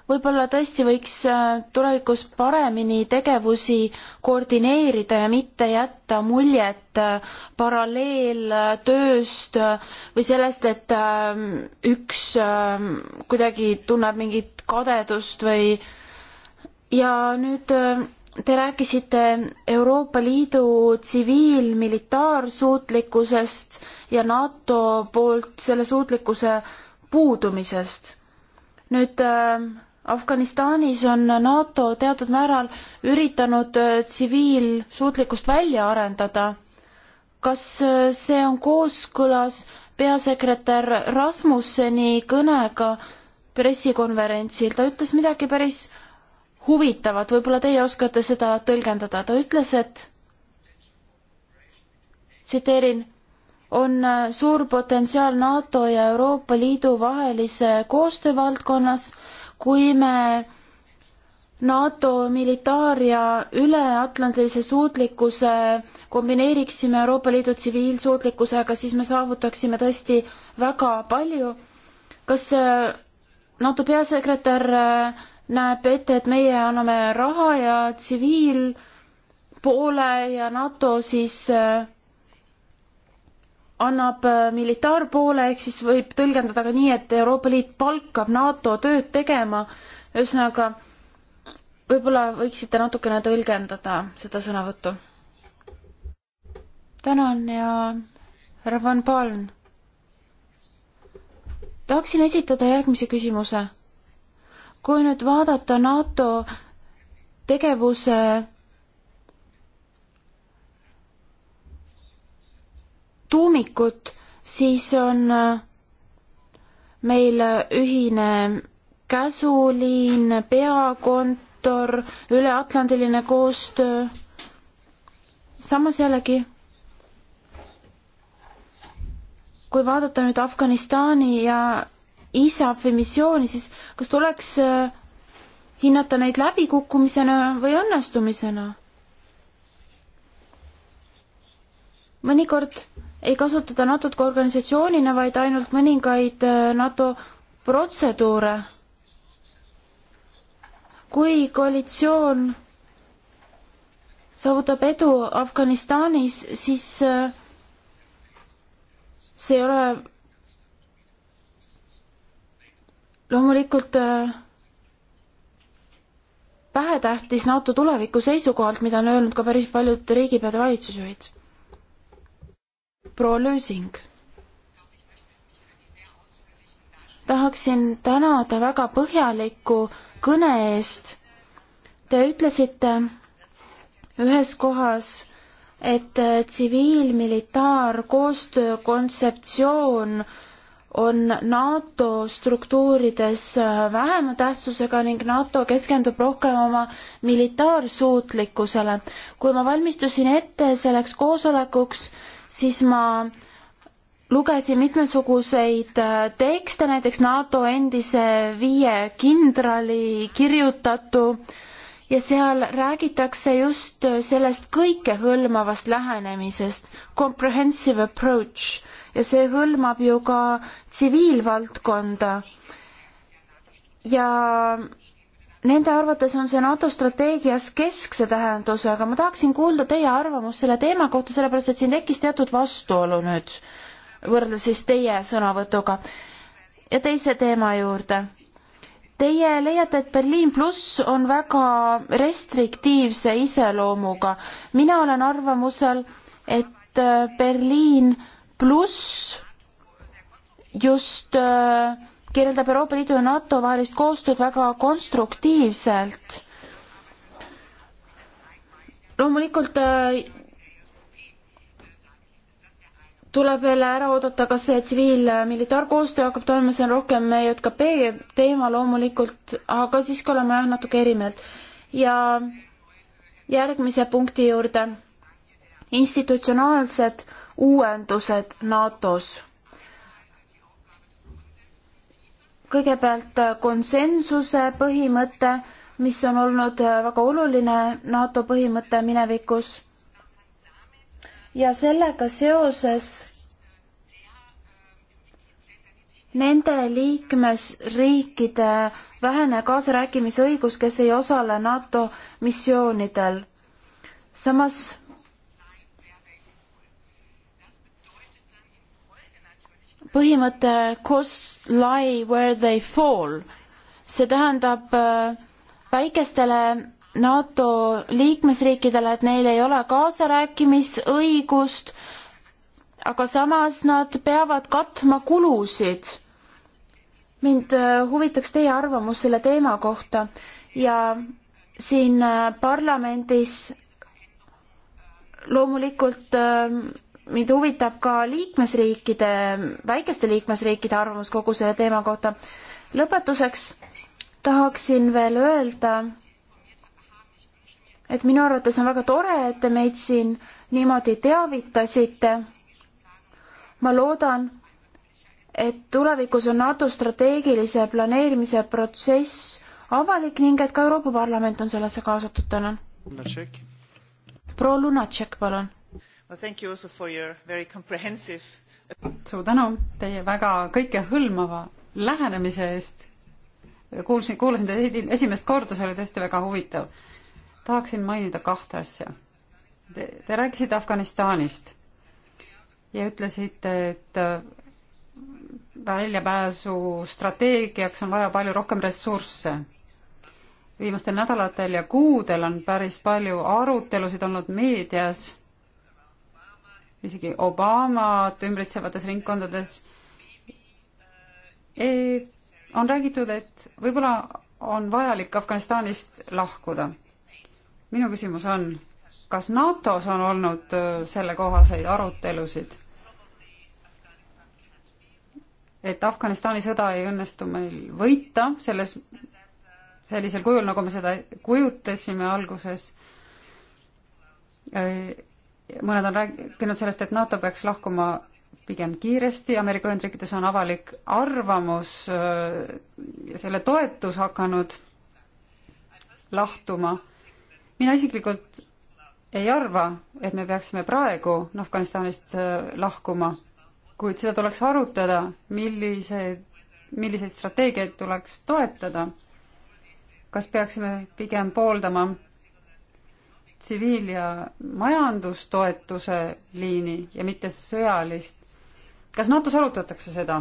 Speaker 1: võib-olla tõesti võiks äh, tulevikus paremini tegevusi koordineerida ja mitte jätta muljet äh, paralleeltööst äh, või sellest, et üks kuidagi tunneb mingit kadedust või ja nüüd te rääkisite Euroopa Liidu tsiviilmilitaarsuutlikkusest ja NATO poolt selle suutlikkuse puudumisest. nüüd äh, Afganistanis on NATO teatud määral üritanud äh, tsiviilsuutlikkust välja arendada. kas äh, see on kooskõlas peasekretär Rasmusseni kõnega pressikonverentsil, ta ütles midagi päris huvitavat, võib-olla teie oskate seda tõlgendada, ta ütles, et tsiteerin, on äh, suur potentsiaal NATO ja Euroopa Liidu vahelise koostöö valdkonnas kui me NATO militaar- ja üleatlandilise suutlikkuse kombineeriksime Euroopa Liidu tsiviilsuutlikkusega, siis me saavutaksime tõesti väga palju. kas äh, NATO peasekretär äh, näeb ette, et meie anname raha ja tsiviilpoole ja NATO siis äh, annab äh, militaarpoole, ehk siis võib tõlgendada ka nii, et Euroopa Liit palkab NATO tööd tegema. ühesõnaga, võib-olla võiksite natukene tõlgendada seda sõnavõttu. tänan ja härra Van Palm. tahaksin esitada järgmise küsimuse. kui nüüd vaadata NATO tegevuse tuumikut, siis on äh, meil ühine käsuliin, peakontor, üleatlandiline koostöö. samas jällegi, kui vaadata nüüd Afganistani ja ISAF-i missiooni, siis kas tuleks äh, hinnata neid läbikukkumisena või õnnestumisena? mõnikord ei kasutata NATO-t ka organisatsioonina, vaid ainult mõningaid äh, NATO protseduure. kui koalitsioon saavutab edu Afganistanis, siis äh, see ei ole loomulikult äh, vähetähtis NATO tuleviku seisukohalt, mida on öelnud ka päris paljud riigipead ja valitsusjuhid proua Lösing. tahaksin tänada väga põhjaliku kõne eest. Te ütlesite ühes kohas, et tsiviil-militaarkoostöö kontseptsioon on NATO struktuurides vähema tähtsusega ning NATO keskendub rohkem oma militaarsuutlikkusele. kui ma valmistusin ette selleks koosolekuks, siis ma lugesin mitmesuguseid äh, tekste, näiteks NATO endise viie kindrali kirjutatu ja seal räägitakse just äh, sellest kõikehõlmavast lähenemisest, comprehensive approach, ja see hõlmab ju ka tsiviilvaldkonda. ja Nende arvates on see NATO strateegias keskse tähendusega, ma tahaksin kuulda teie arvamust selle teema kohta, sellepärast et siin tekkis teatud vastuolu nüüd võrreldes siis teie sõnavõtuga. ja teise teema juurde. Teie leiate, et Berliin pluss on väga restriktiivse iseloomuga. mina olen arvamusel, et äh, Berliin pluss just äh, kirjeldab Euroopa Liidu ja NATO vahelist koostööd väga konstruktiivselt. loomulikult äh, tuleb veel ära oodata, kas see tsiviil-militaarkoostöö hakkab toimima, see on rohkem JKP teema loomulikult, aga siiski oleme jah natuke eri meelt. ja järgmise punkti juurde, institutsionaalsed uuendused NATO-s. kõigepealt äh, konsensuse põhimõte, mis on olnud äh, väga oluline NATO põhimõte minevikus. ja sellega seoses nende liikmesriikide vähene kaasarääkimisõigus, kes ei osale NATO missioonidel. samas põhimõte costs lie where they fall. see tähendab äh, väikestele NATO liikmesriikidele, et neil ei ole kaasarääkimisõigust, aga samas nad peavad katma kulusid. mind äh, huvitaks teie arvamus selle teema kohta ja siin äh, parlamendis loomulikult ähm, mind huvitab ka liikmesriikide, väikeste liikmesriikide arvamus kogu selle teema kohta. lõpetuseks tahaksin veel öelda, et minu arvates on väga tore, et te meid siin niimoodi teavitasite. ma loodan, et tulevikus on NATO strateegilise planeerimise protsess avalik ning et ka Euroopa Parlament on sellesse kaasatud, tänan. proua Lunatšek, palun
Speaker 2: suur tänu teie väga kõikehõlmava lähenemise eest. kuulsin, kuulasin teid esimest korda, see oli tõesti väga huvitav. tahaksin mainida kahte asja. Te, te rääkisite Afganistanist ja ütlesite, et väljapääsu strateegiaks on vaja palju rohkem ressursse viimastel nädalatel ja kuudel on päris palju arutelusid olnud meedias isegi Obamat ümbritsevates ringkondades e, on räägitud, et võib-olla on vajalik Afganistanist lahkuda. minu küsimus on, kas NATO-s on olnud sellekohaseid arutelusid? et Afganistani sõda ei õnnestu meil võita selles, sellisel kujul, nagu me seda kujutasime alguses mõned on rääkinud sellest, et NATO peaks lahkuma pigem kiiresti, Ameerika Ühendriikides on avalik arvamus äh, ja selle toetus hakanud lahtuma. mina isiklikult ei arva, et me peaksime praegu Afganistanist äh, lahkuma, kuid seda tuleks arutada, milliseid, milliseid strateegiaid tuleks toetada. kas peaksime pigem pooldama tsiviil- ja majandustoetuse liini ja mitte sõjalist. kas NATO-s arutatakse seda?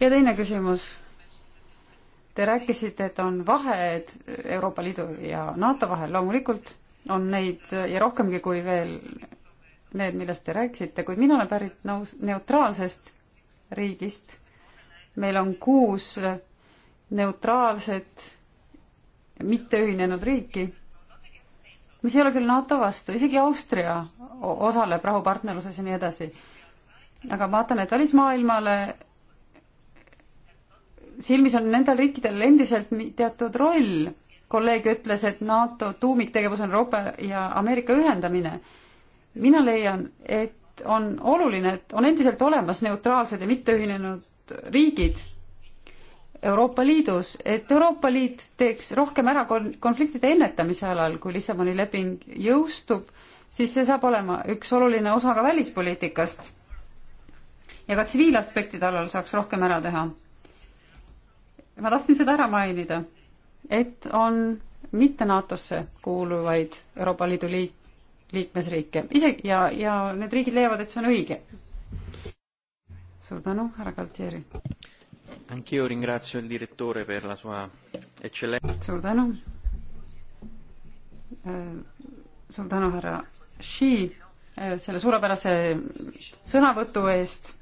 Speaker 2: ja teine küsimus. Te rääkisite, et on vahed Euroopa Liidu ja NATO vahel, loomulikult on neid ja rohkemgi kui veel need, millest te rääkisite, kuid mina olen pärit nõus neutraalsest riigist. meil on kuus neutraalset mitteühinenud riiki mis ei ole küll NATO vastu, isegi Austria osaleb rahupartnerluses ja nii edasi. aga ma vaatan, et välismaailmale silmis on nendel riikidel endiselt teatud roll. kolleeg ütles, et NATO tuumiktegevus on Euroopa ja Ameerika ühendamine. mina leian, et on oluline, et on endiselt olemas neutraalsed ja mitteühinenud riigid Euroopa Liidus, et Euroopa Liit teeks rohkem ära konfliktide ennetamise alal, kui Lissaboni leping jõustub, siis see saab olema üks oluline osa ka välispoliitikast. ja ka tsiviilaspektide alal saaks rohkem ära teha. ma tahtsin seda ära mainida, et on mitte NATO-sse kuuluvaid Euroopa Liidu liik-, liikmesriike, isegi ja, ja need riigid leiavad, et see on õige. suur tänu, härra Galtieri.
Speaker 3: Anch'io ringrazio il direttore per la sua eccellente...
Speaker 2: Suur tänu. Äh, suur tänu, härra Shi, äh, selle suurepärase sõnavõtu eest.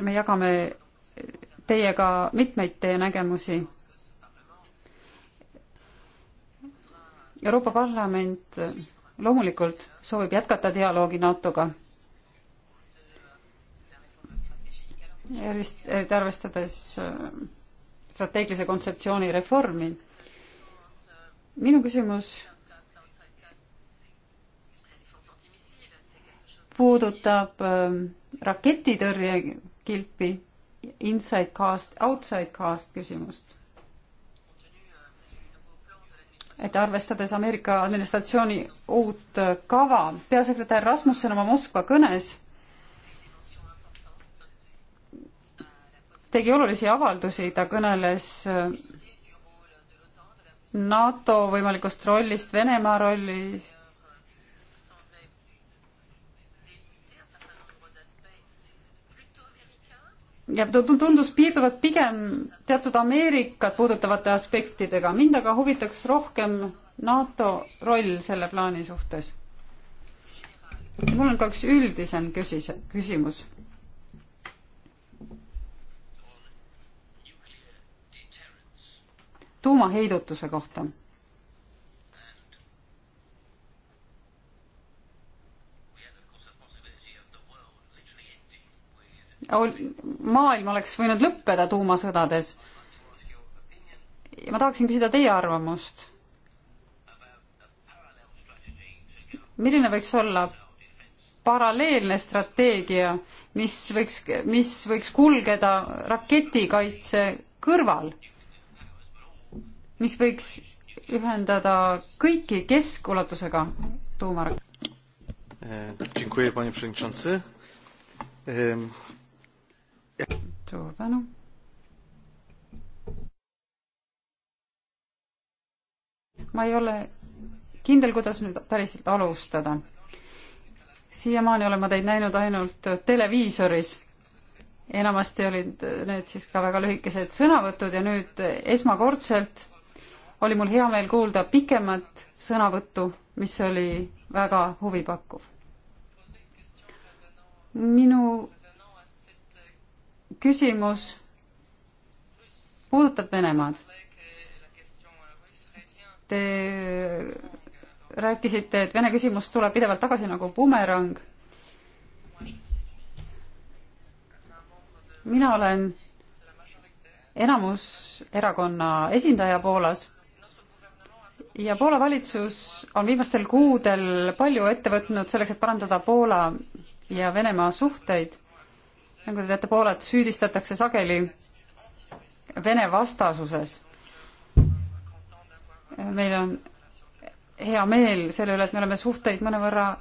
Speaker 2: me jagame teiega mitmeid teie nägemusi. Euroopa Parlament loomulikult soovib jätkata dialoogi NATO-ga erist-, eriti arvestades äh, strateegilise kontseptsiooni reformi. minu küsimus puudutab äh, raketitõrjekilpi inside cast, outside cast küsimust. et arvestades Ameerika administratsiooni uut äh, kava, peasekretär Rasmussen oma Moskva kõnes tegi olulisi avaldusi, ta kõneles äh, NATO võimalikust rollist, Venemaa rolli. ja tundus piirduvat pigem teatud Ameerikat puudutavate aspektidega, mind aga huvitaks rohkem NATO roll selle plaani suhtes. mul on ka üks üldisem küsis-, küsimus tuumaheidutuse kohta. maailm oleks võinud lõppeda tuumasõdades. ja ma tahaksin küsida teie arvamust. milline võiks olla paralleelne strateegia, mis võiks, mis võiks kulgeda raketikaitse kõrval? mis võiks ühendada kõiki keskulatusega tuumar. suur tänu. ma ei ole kindel, kuidas nüüd päriselt alustada. siiamaani olen ma teid näinud ainult televiisoris enamasti olid need siis ka väga lühikesed sõnavõtud ja nüüd esmakordselt oli mul hea meel kuulda pikemat sõnavõttu, mis oli väga huvipakkuv. minu küsimus puudutab Venemaad. Te rääkisite, et Vene küsimus tuleb pidevalt tagasi nagu bumerang. mina olen enamus erakonna esindaja Poolas ja Poola valitsus on viimastel kuudel palju ette võtnud selleks, et parandada Poola ja Venemaa suhteid. nagu te teate, Poolat süüdistatakse sageli Vene vastasuses. meil on hea meel selle üle, et me oleme suhteid mõnevõrra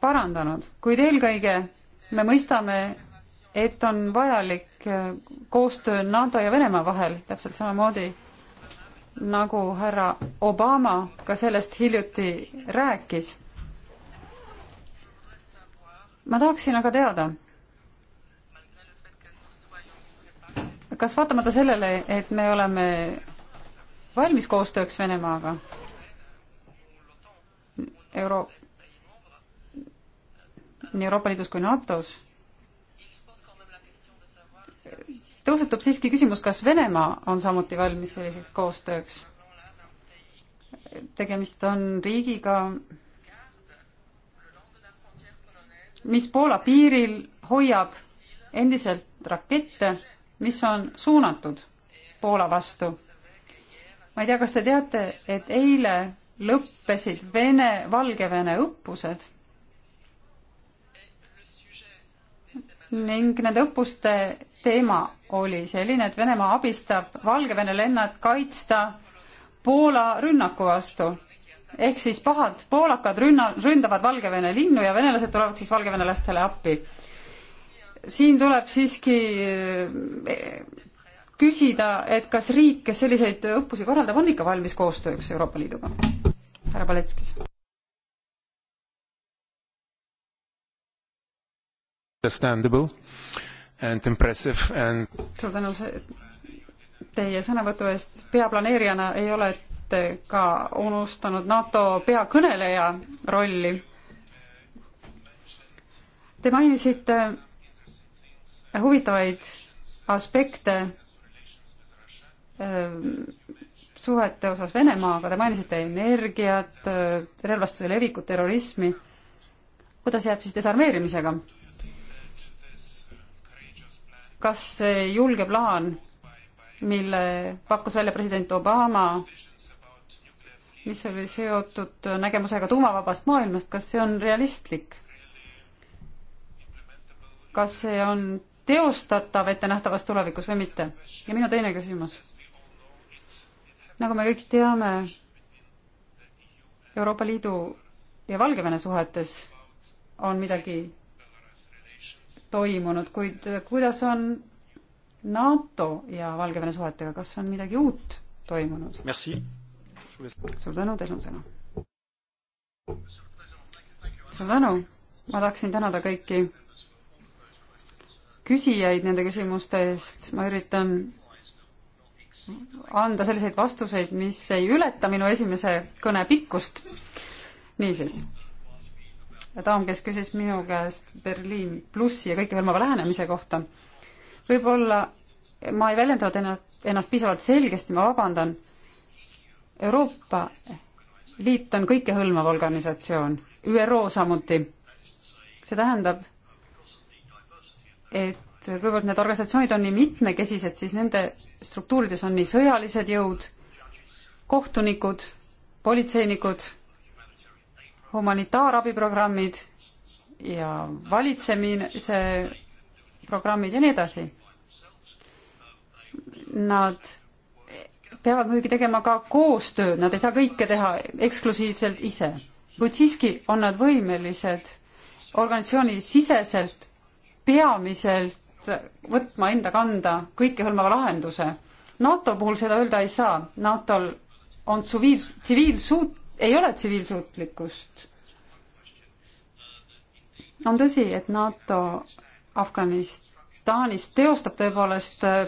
Speaker 2: parandanud, kuid eelkõige me mõistame, et on vajalik koostöö NATO ja Venemaa vahel, täpselt samamoodi nagu härra Obama ka sellest hiljuti rääkis. ma tahaksin aga teada, kas vaatamata sellele, et me oleme valmis koostööks Venemaaga, Euro-, nii Euroopa Liidus kui NATO-s tõusetub siiski küsimus, kas Venemaa on samuti valmis selliseks koostööks. tegemist on riigiga, mis Poola piiril hoiab endiselt rakette, mis on suunatud Poola vastu. ma ei tea, kas te teate, et eile lõppesid Vene, Valgevene õppused ning nende õppuste teema oli selline, et Venemaa abistab Valgevene lennad kaitsta Poola rünnaku vastu. ehk siis pahad poolakad rünna, ründavad Valgevene linnu ja venelased tulevad siis valgevenelastele appi. siin tuleb siiski eh, küsida, et kas riik, kes selliseid õppusi korraldab, on ikka valmis koostööks Euroopa Liiduga? härra Paletskis.
Speaker 3: Understandable and impressive and
Speaker 2: suur tänu teie sõnavõtu eest, peaplaneerijana ei olete ka unustanud NATO peakõneleja rolli. Te mainisite huvitavaid aspekte äh, suhete osas Venemaaga, te mainisite energiat, äh, relvastuse levikut, terrorismi. kuidas jääb siis desarmeerimisega? kas see julge plaan, mille pakkus välja president Obama, mis oli seotud nägemusega tuumavabast maailmast, kas see on realistlik? kas see on teostatav ettenähtavas tulevikus või mitte? ja minu teine küsimus. nagu me kõik teame, Euroopa Liidu ja Valgevene suhetes on midagi toimunud, kuid kuidas on NATO ja Valgevene suhetega, kas on midagi uut toimunud? suur tänu, teil on sõna. suur tänu, ma tahaksin tänada kõiki küsijaid nende küsimuste eest, ma üritan anda selliseid vastuseid, mis ei ületa minu esimese kõne pikkust. niisiis daam, kes küsis minu käest Berliin plussi ja kõikehõlmava lähenemise kohta. võib-olla ma ei väljendanud ennast, ennast piisavalt selgesti, ma vabandan. Euroopa Liit on kõikehõlmav organisatsioon, ÜRO samuti. see tähendab, et kuivõrd need organisatsioonid on nii mitmekesised, siis nende struktuurides on nii sõjalised jõud, kohtunikud, politseinikud humanitaarabiprogrammid ja valitsemise programmid ja nii edasi. Nad peavad muidugi tegema ka koostööd, nad ei saa kõike teha eksklusiivselt ise, kuid siiski on nad võimelised organisatsiooni siseselt peamiselt võtma enda kanda kõikehõlmava lahenduse. NATO puhul seda öelda ei saa, NATO-l on tsiviilsuut-, ei ole tsiviilsuutlikkust. on tõsi, et NATO Afganistanis teostab tõepoolest äh,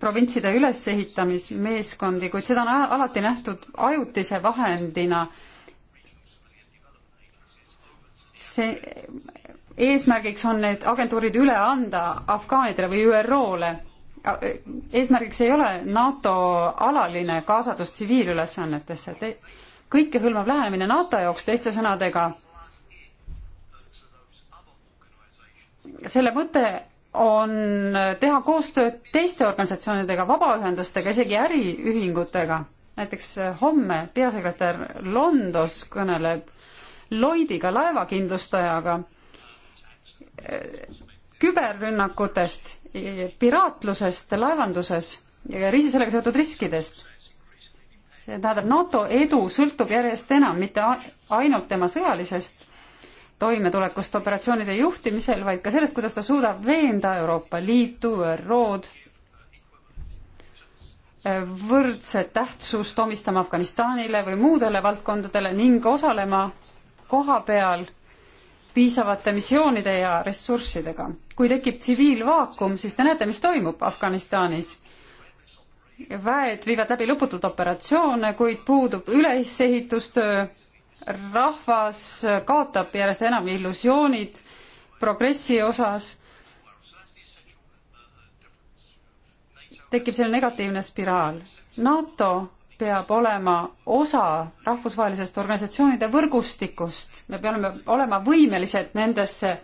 Speaker 2: provintside ülesehitamismeeskondi, kuid seda on alati nähtud ajutise vahendina. see, eesmärgiks on need agentuurid üle anda afgaanidele või ÜRO-le. E, eesmärgiks ei ole NATO alaline kaasatus tsiviilülesannetesse kõikehõlmav lähenemine NATO jaoks, teiste sõnadega, selle mõte on teha koostööd teiste organisatsioonidega, vabaühendustega, isegi äriühingutega. näiteks homme peasekretär Londos kõneleb Lloydiga, laevakindlustajaga, küberrünnakutest, piraatlusest laevanduses ja sellega seotud riskidest see tähendab, NATO edu sõltub järjest enam mitte ainult tema sõjalisest toimetulekust operatsioonide juhtimisel, vaid ka sellest, kuidas ta suudab veenda Euroopa Liitu, ÜRO-d, äh, võrdset tähtsust omistama Afganistanile või muudele valdkondadele ning osalema koha peal piisavate missioonide ja ressurssidega. kui tekib tsiviilvaakum, siis te näete, mis toimub Afganistanis väed viivad läbi lõputult operatsioone, kuid puudub ülesehitustöö, rahvas kaotab järjest enam illusioonid progressi osas, tekib selline negatiivne spiraal. NATO peab olema osa rahvusvahelisest organisatsioonide võrgustikust, me peame olema võimelised nendesse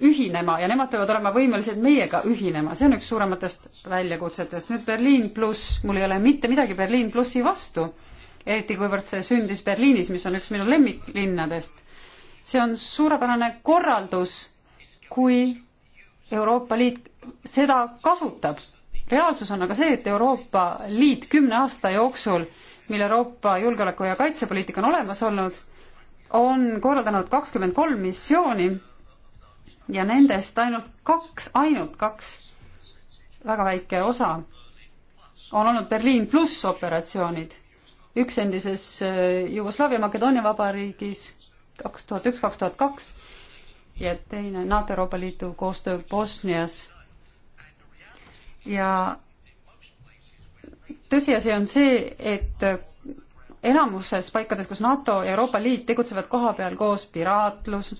Speaker 2: ühinema ja nemad peavad olema võimelised meiega ühinema, see on üks suurematest väljakutsetest. nüüd Berliin pluss, mul ei ole mitte midagi Berliin plussi vastu, eriti kuivõrd see sündis Berliinis, mis on üks minu lemmiklinnadest. see on suurepärane korraldus, kui Euroopa Liit seda kasutab. reaalsus on aga see, et Euroopa Liit kümne aasta jooksul, mil Euroopa julgeoleku- ja kaitsepoliitika on olemas olnud, on korraldanud kakskümmend kolm missiooni ja nendest ainult kaks, ainult kaks, väga väike osa, on olnud Berliin pluss operatsioonid. üks endises äh, Jugoslaavia Makedoonia vabariigis kaks tuhat üks, kaks tuhat kaks ja teine NATO Euroopa Liidu koostöö Bosnias. ja tõsiasi on see, et enamuses paikades, kus NATO ja Euroopa Liit tegutsevad koha peal koos piraatlus,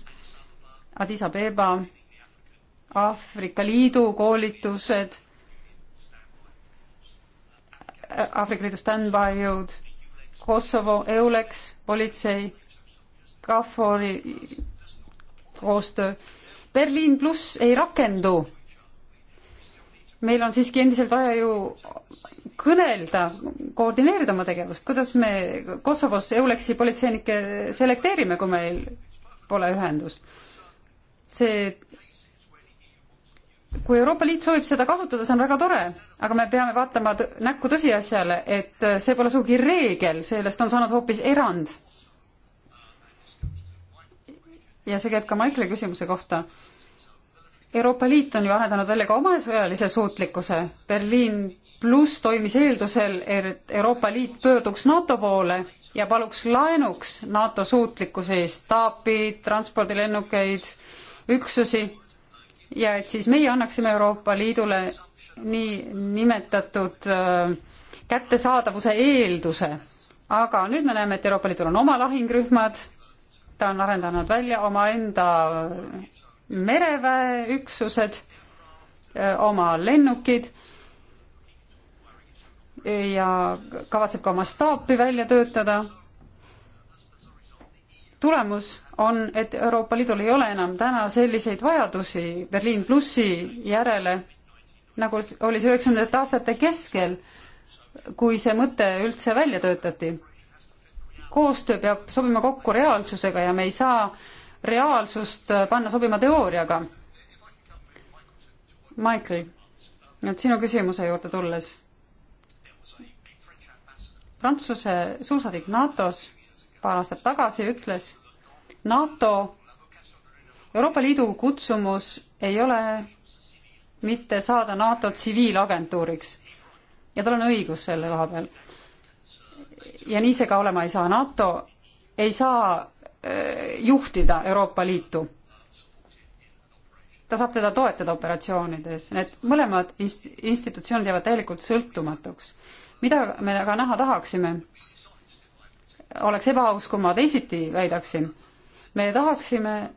Speaker 2: Addis Abeba, Aafrika Liidu koolitused, Aafrika Liidu stand-by jõud, Kosovo, EULEX, politsei, KFOR-i koostöö. Berliin pluss ei rakendu. meil on siiski endiselt vaja ju kõnelda, koordineerida oma tegevust, kuidas me Kosovos EULEX-i politseinikke selekteerime, kui meil pole ühendust see, kui Euroopa Liit soovib seda kasutada, see on väga tore, aga me peame vaatama näkku tõsiasjale, et äh, see pole sugugi reegel, sellest on saanud hoopis erand. ja see käib ka Maikli küsimuse kohta. Euroopa Liit on ju arendanud välja ka oma sõjalise suutlikkuse, Berliin pluss toimis eeldusel, et Euroopa Liit pöörduks NATO poole ja paluks laenuks NATO suutlikkusi, staapi, transpordilennukeid, üksusi ja et siis meie annaksime Euroopa Liidule nii nimetatud äh, kättesaadavuse eelduse. aga nüüd me näeme, et Euroopa Liidul on oma lahingrühmad, ta on arendanud välja omaenda mereväeüksused, äh, oma lennukid ja kavatseb ka oma staapi välja töötada tulemus on, et Euroopa Liidul ei ole enam täna selliseid vajadusi Berliin plussi järele, nagu oli see üheksakümnendate aastate keskel, kui see mõte üldse välja töötati. koostöö peab sobima kokku reaalsusega ja me ei saa reaalsust panna sobima teooriaga. Michael, nüüd sinu küsimuse juurde tulles. Prantsuse suursaadik NATO-s paar aastat tagasi ütles, NATO, Euroopa Liidu kutsumus ei ole mitte saada NATO tsiviilagentuuriks. ja tal on õigus selle koha peal. ja nii see ka olema ei saa, NATO ei saa äh, juhtida Euroopa Liitu. ta saab teda toetada operatsioonides, need mõlemad inst-, institutsioonid jäävad täielikult sõltumatuks. mida me aga näha tahaksime oleks ebaaus, kui ma teisiti väidaksin. me tahaksime,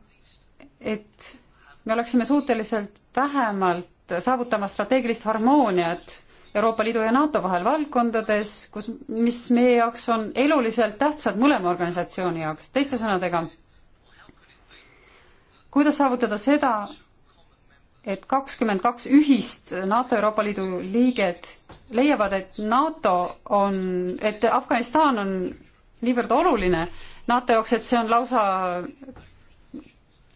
Speaker 2: et me oleksime suuteliselt vähemalt saavutama strateegilist harmooniat Euroopa Liidu ja NATO vahel valdkondades, kus, mis meie jaoks on eluliselt tähtsad mõlema organisatsiooni jaoks, teiste sõnadega, kuidas saavutada seda, et kakskümmend kaks ühist NATO Euroopa Liidu liiget leiavad, et NATO on, et Afganistan on niivõrd oluline NATO jaoks, et see on lausa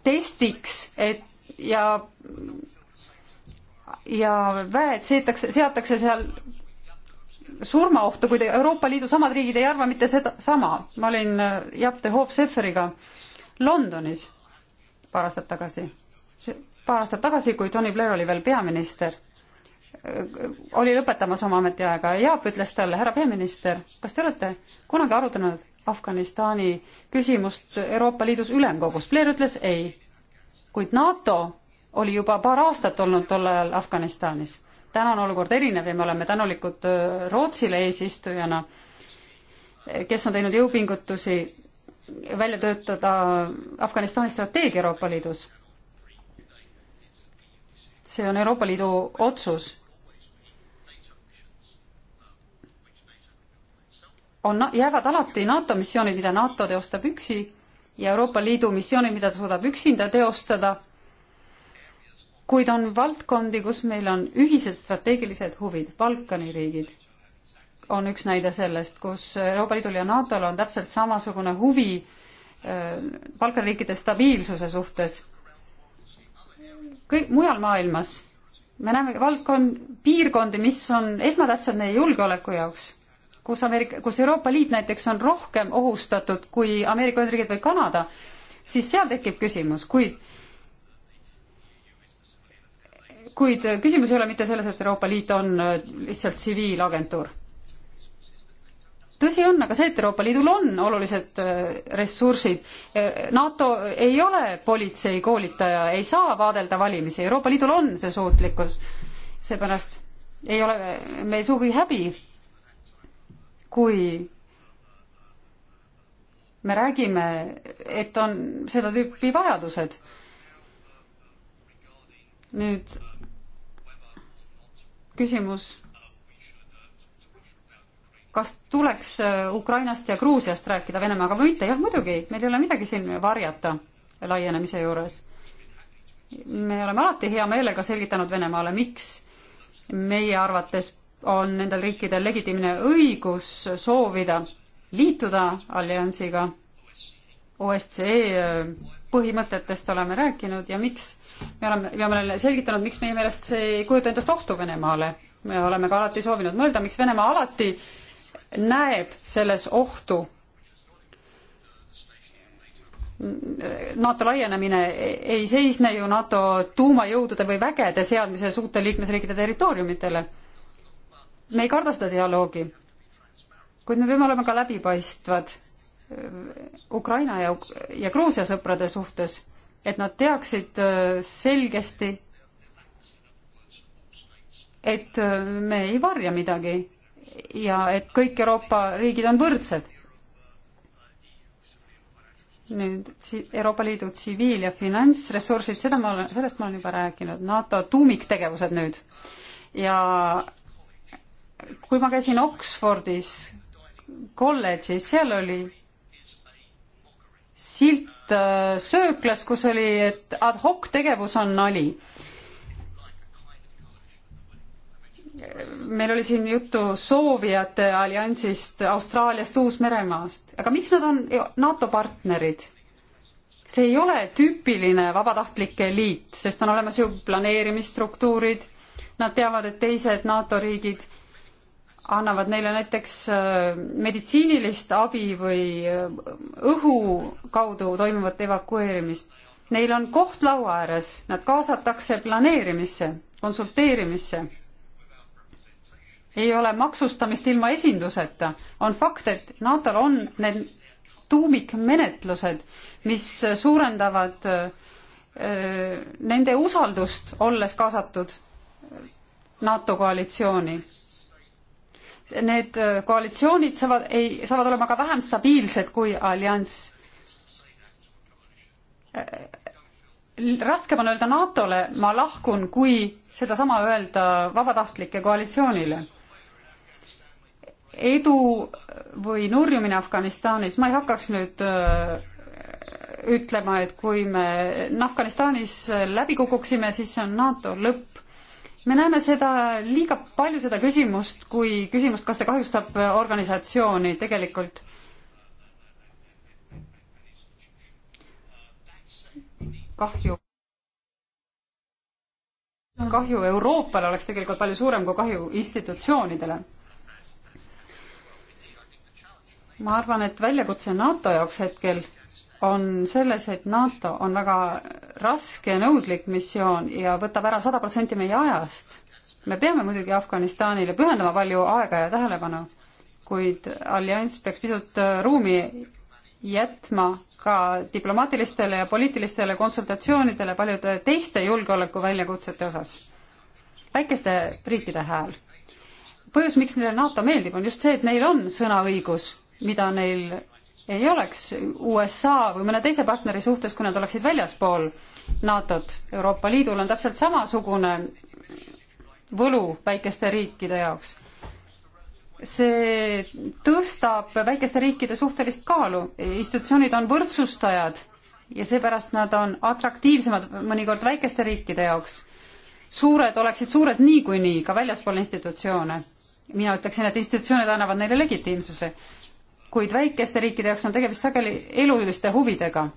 Speaker 2: testiks, et ja ja väed seetakse, seatakse seal surmaohtu, kui Euroopa Liidu samad riigid ei arva mitte seda sama. ma olin äh, Japte Hoopsefferiga Londonis paar aastat tagasi, paar aastat tagasi, kui Tony Blair oli veel peaminister oli lõpetamas oma ametiaega. Jaap ütles talle, härra peaminister, kas te olete kunagi arutanud Afganistani küsimust Euroopa Liidus ülemkogus? Blair ütles ei. kuid NATO oli juba paar aastat olnud tol ajal Afganistanis. täna on olukord erinev ja me oleme tänulikud äh, Rootsile eesistujana, kes on teinud jõupingutusi välja töötada Afganistani strateegia Euroopa Liidus see on Euroopa Liidu otsus on, jäävad alati NATO missioonid, mida NATO teostab üksi ja Euroopa Liidu missioonid, mida ta suudab üksinda teostada, kuid on valdkondi, kus meil on ühised strateegilised huvid, Balkani riigid on üks näide sellest, kus Euroopa Liidul ja NATO-l on täpselt samasugune huvi Balkani riikide stabiilsuse suhtes. kõik mujal maailmas me näeme valdkond, piirkondi, mis on esmatähtsad meie julgeoleku jaoks kus Ameerika, kus Euroopa Liit näiteks on rohkem ohustatud kui Ameerika Ühendriigid või Kanada, siis seal tekib küsimus, kuid kuid küsimus ei ole mitte selles, et Euroopa Liit on äh, lihtsalt tsiviilagentuur. tõsi on aga see, et Euroopa Liidul on olulised äh, ressursid. Äh, NATO ei ole politseikoolitaja, ei saa vaadelda valimisi, Euroopa Liidul on see suutlikkus. seepärast ei ole meil sugugi häbi kui me räägime, et on seda tüüpi vajadused. nüüd küsimus, kas tuleks äh, Ukrainast ja Gruusiast rääkida Venemaaga või mitte, jah muidugi, meil ei ole midagi siin varjata laienemise juures. me oleme alati hea meelega selgitanud Venemaale, miks meie arvates on nendel riikidel legitiimne õigus soovida liituda alliansiga. OSCE äh, põhimõtetest oleme rääkinud ja miks me oleme, me oleme selgitanud, miks meie meelest see ei kujuta endast ohtu Venemaale. me oleme ka alati soovinud mõelda, miks Venemaa alati näeb selles ohtu. NATO laienemine ei seisne ju NATO tuumajõudude või vägede seadmises uute liikmesriikide territooriumitele me ei karda seda dialoogi, kuid me peame olema ka läbipaistvad äh, Ukraina ja, ja Gruusia sõprade suhtes, et nad teaksid äh, selgesti, et äh, me ei varja midagi ja et kõik Euroopa riigid on võrdsed nüüd Euroopa Liidu tsiviil- ja finantsressursid, seda ma olen, sellest ma olen juba rääkinud, NATO tuumiktegevused nüüd ja kui ma käisin Oxfordis kolledžis, seal oli silt äh, sööklas, kus oli, et ad hoc tegevus on nali. meil oli siin juttu soovijate alliansist Austraaliast, Uus-Meremaast, aga miks nad on NATO partnerid? see ei ole tüüpiline vabatahtlike liit, sest on olemas ju planeerimisstruktuurid, nad teavad, et teised NATO riigid annavad neile näiteks äh, meditsiinilist abi või äh, õhu kaudu toimuvat evakueerimist. Neil on koht laua ääres, nad kaasatakse planeerimisse, konsulteerimisse. ei ole maksustamist ilma esinduseta. on fakt, et NATO-l on need tuumikmenetlused, mis suurendavad öö, äh, nende usaldust, olles kaasatud NATO koalitsiooni need äh, koalitsioonid saavad, ei, saavad olema ka vähem stabiilsed kui allianss. Äh, raskem on öelda NATO-le ma lahkun, kui sedasama öelda vabatahtlike koalitsioonile. edu või nurjumine Afganistanis, ma ei hakkaks nüüd äh, ütlema, et kui me Afganistanis läbi kukuksime, siis see on NATO lõpp me näeme seda liiga palju, seda küsimust, kui küsimust, kas see kahjustab organisatsiooni tegelikult. kahju, kahju Euroopale oleks tegelikult palju suurem kui kahju institutsioonidele. ma arvan, et väljakutse NATO jaoks hetkel on selles, et NATO on väga raske ja nõudlik missioon ja võtab ära sada protsenti meie ajast. me peame muidugi Afganistanile pühendama palju aega ja tähelepanu, kuid allianss peaks pisut äh, ruumi jätma ka diplomaatilistele ja poliitilistele konsultatsioonidele paljude teiste julgeolekuväljakutsete osas. väikeste riikide hääl. põhjus, miks neile NATO meeldib, on just see, et neil on sõnaõigus, mida neil ei oleks USA või mõne teise partneri suhtes, kui nad oleksid väljaspool NATO-t. Euroopa Liidul on täpselt samasugune võlu väikeste riikide jaoks. see tõstab väikeste riikide suhtelist kaalu, institutsioonid on võrdsustajad ja seepärast nad on atraktiivsemad mõnikord väikeste riikide jaoks. suured oleksid suured niikuinii ka väljaspool institutsioone. mina ütleksin, et institutsioonid annavad neile legitiimsuse kuid väikeste riikide jaoks on tegemist sageli eluliste huvidega.